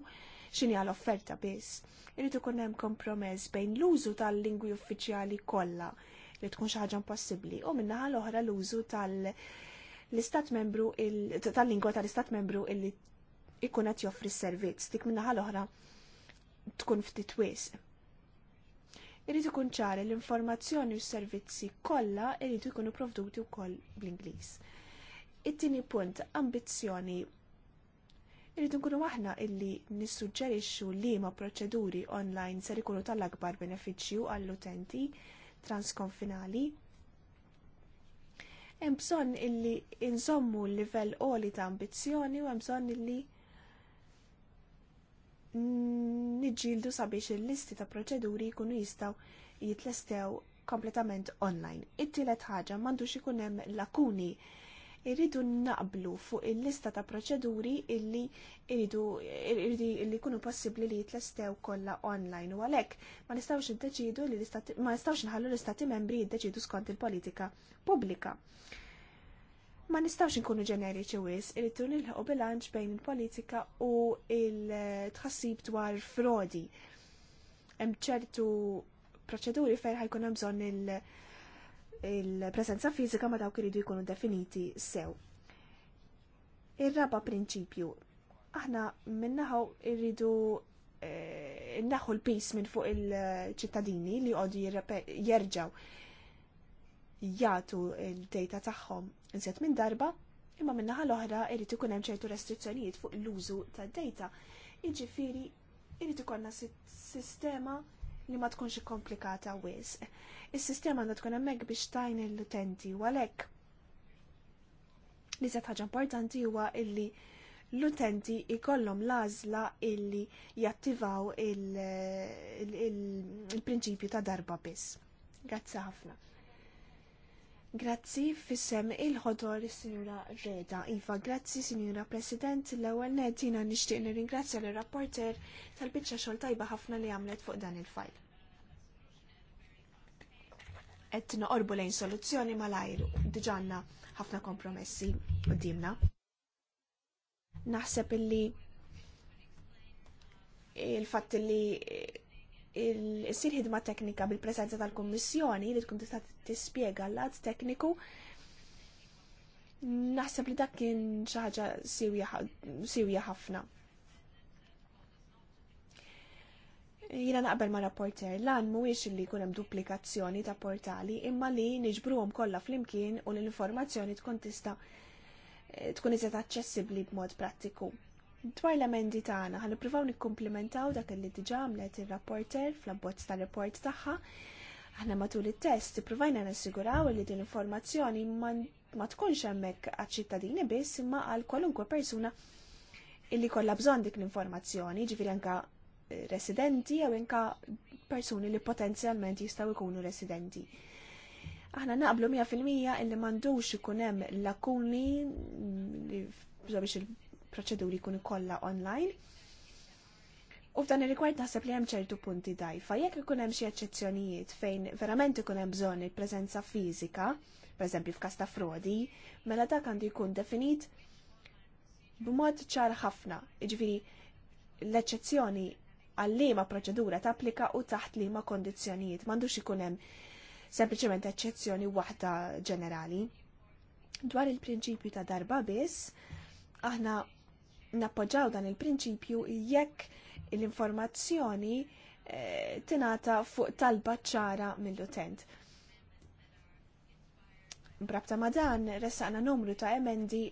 x'inhi l offerta biss. Irid ikun hemm kompromess bejn l-użu tal-lingwi uffiċjali kollha li tkun xi ħaġa impossibbli u minnaħa l-oħra l-użu tal- istat membru tal-lingwa tal-istat membru illi ikun qed joffri s-servizz, dik minna l-oħra tkun ftit wisq. Irid ikun ċari l-informazzjoni u s-servizzi kollha irid ikunu provduti wkoll bl-Ingliż. It-tieni punt ambizzjoni Irridu kunu aħna illi nissuġġerixxu li ma proċeduri online ser ikunu tal-akbar benefiċċju għall-utenti transkonfinali hemm bżonn illi inżommu l-livell qoli ta' ambizzjoni u hemm bżonn illi niġġieldu sabiex il-listi ta' proċeduri jkunu jistgħu jitlestew kompletament online. It-tielet ħaġa m'għandux ikun hemm lakuni irridu naqblu fuq il-lista ta' proċeduri illi irridu illi jkunu possibbli li jitlestew kollha online u għalhekk ma nistgħux iddeċidu li ma nistgħux nħallu l-istati membri jiddeċidu skont il-politika pubblika ma nistawx nkunu ġeneriċi wis irrid nilħu bilanċ bejn il-politika u il-tħassib dwar frodi. Hemm ċertu proċeduri fejn ħajkun hemm bżonn il-preżenza fiżika ma dawk iridu jkunu definiti sew. Ir-raba prinċipju. Aħna minnaħu irridu eh, naħu l-pis minn fuq il-ċittadini li għodu jirġaw jgħatu il-data tagħhom Nsiet minn darba, imma minn naħa l-oħra irid ikun hemm ċertu restrizzjonijiet fuq l-użu tad-data. Jiġifieri irid ikollna sistema li ma tkunx komplikata wis. Is-sistema għandha tkun hemmhekk biex tajn l-utenti u għalhekk li se ħaġa importanti huwa illi l-utenti ikollhom l-għażla illi jattivaw il-prinċipju ta' darba biss. Grazzi ħafna. Grazzi fissem il-ħodor Sinjura Reda. Iva, grazzi Sinjura President, l-ewel netina nishtiq nirringrazzja l rapporter tal-bicċa xol tajba ħafna li għamlet fuq dan il-fajl. Et noqorbu lejn soluzzjoni mal-ajru, diġanna ħafna kompromessi u dimna. Naħseb illi il-fatt li il-sir ħidma teknika bil-presenza tal-Kommissjoni li tkun tista' tispjega l-għad tekniku naħseb li dak kien xi ħaġa siwja ħafna. Jiena naqbel ma' rapporter lan mhuwiex li jkun hemm duplikazzjoni ta' portali imma li niġbruhom kollha flimkien u l-informazzjoni tkun tista' tkun iżjed aċċessibbli b'mod prattiku. Dwar l-emendi tagħna ħan nippruvaw nikkumplimentaw dak li diġà għamlet ir-rapporter fl-abbozz tal-report tagħha. Aħna matul it-test ippruvajna nassiguraw li din l-informazzjoni ma tkunx hemmhekk għaċ-ċittadini biss imma għal kwalunkwe persuna illi kollha bżonn dik l-informazzjoni, ġifieri anke eh, residenti jew anke persuni li potenzjalment jistgħu jkunu residenti aħna naqblu 100% illi m'għandux ikun hemm lakuni mm, biex proċeduri jkunu kolla online. U f'dan ir-rigward naħseb li hemm ċertu punti dajfa. Jekk ikun hemm xi eċċezzjonijiet fejn verament ikun hemm bżonn il-preżenza fiżika, pereżempju f'każ ta' frodi, mela dak għandu jkun definit b'mod ċar ħafna. Jiġifieri l-eċċezzjoni għal-liema proċedura tapplika u taħt liema kondizzjonijiet. M'għandux ikun hemm sempliċement eċċezzjoni waħda ġenerali. Dwar il-prinċipju ta' darba biss, aħna nappoġġaw dan il-prinċipju jekk l-informazzjoni eh, tingħata fuq talba ċara mill-utent. Brabta ma dan ressaqna numru ta' emendi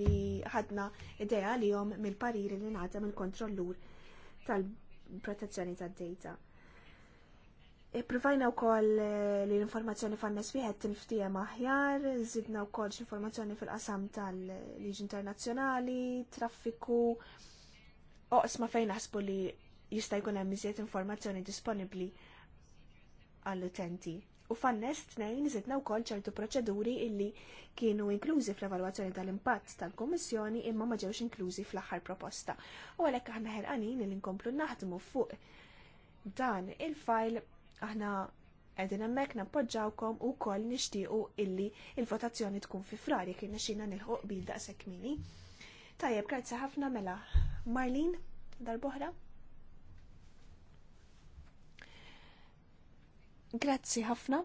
li ħadna idea li mill-pariri li ngħata mill-kontrollur tal-protezzjoni tad-data. E, provajna u koll e, l-informazzjoni fannes wieħed tinftija maħjar, zidna u koll informazzjoni fil-qasam tal-liġi internazzjonali, traffiku, oqsma fejn naħsbu li jista' jkun hemm iżjed informazzjoni disponibbli għall-utenti. U fannes tnejn zidna wkoll ċertu proċeduri illi kienu inklużi fl-evalwazzjoni tal-impatt tal-Kummissjoni imma ma ġewx inklużi fl-aħħar proposta. U għalhekk aħna ħerqanin li nkomplu naħdmu fuq dan il-file Aħna qegħdin hemmhekk nappoġġawkom u koll nixtiequ illi il-votazzjoni tkun fi frari kien irnexxina nilħuq bil daqshekk mini. Tajjeb, grazzi ħafna mela. Marlin, bohra. Grazzi ħafna.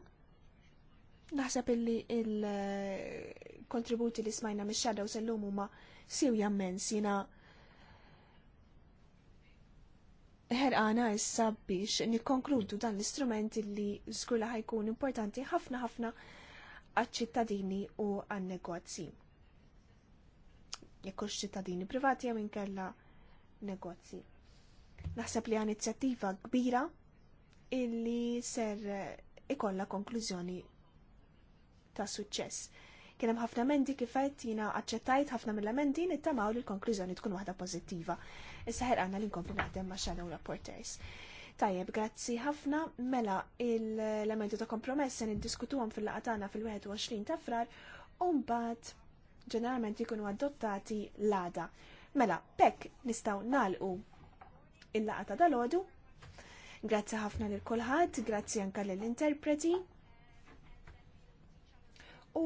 Naħseb illi il-kontributi eh, li smajna mix-shadows illum huma siwja immens ħerqana issa biex nikkonkludu dan l-istrument li żgurla ħajkun importanti ħafna ħafna għaċ-ċittadini u għan-negozji. Jekk ċittadini privati jew inkella negozji. Naħseb li inizjattiva kbira illi ser ikolla konklużjoni ta' suċċess. Kienem ħafna mendi kifet jina accettajt ħafna mill-amendi nittamaw li l-konklużjoni tkun waħda pozittiva. Issa ħerqana li nkompli naħdem ma' Shadow Reporters. Tajjeb, grazzi ħafna. Mela, l-elementi ta' kompromess se niddiskutuhom fil-laqatana fil-21 ta' frar u mbagħad ġeneralment jkunu adottati l-għada. Mela, pek nistgħu nagħlqu il-laqata dal-għodu. Grazzi ħafna lil kulħadd, grazzi anka lill-interpreti. U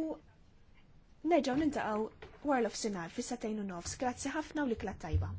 Neġaw nintaqaw warlof sinar fis-satajn u nofs. Grazzi ħafna u likla tajba.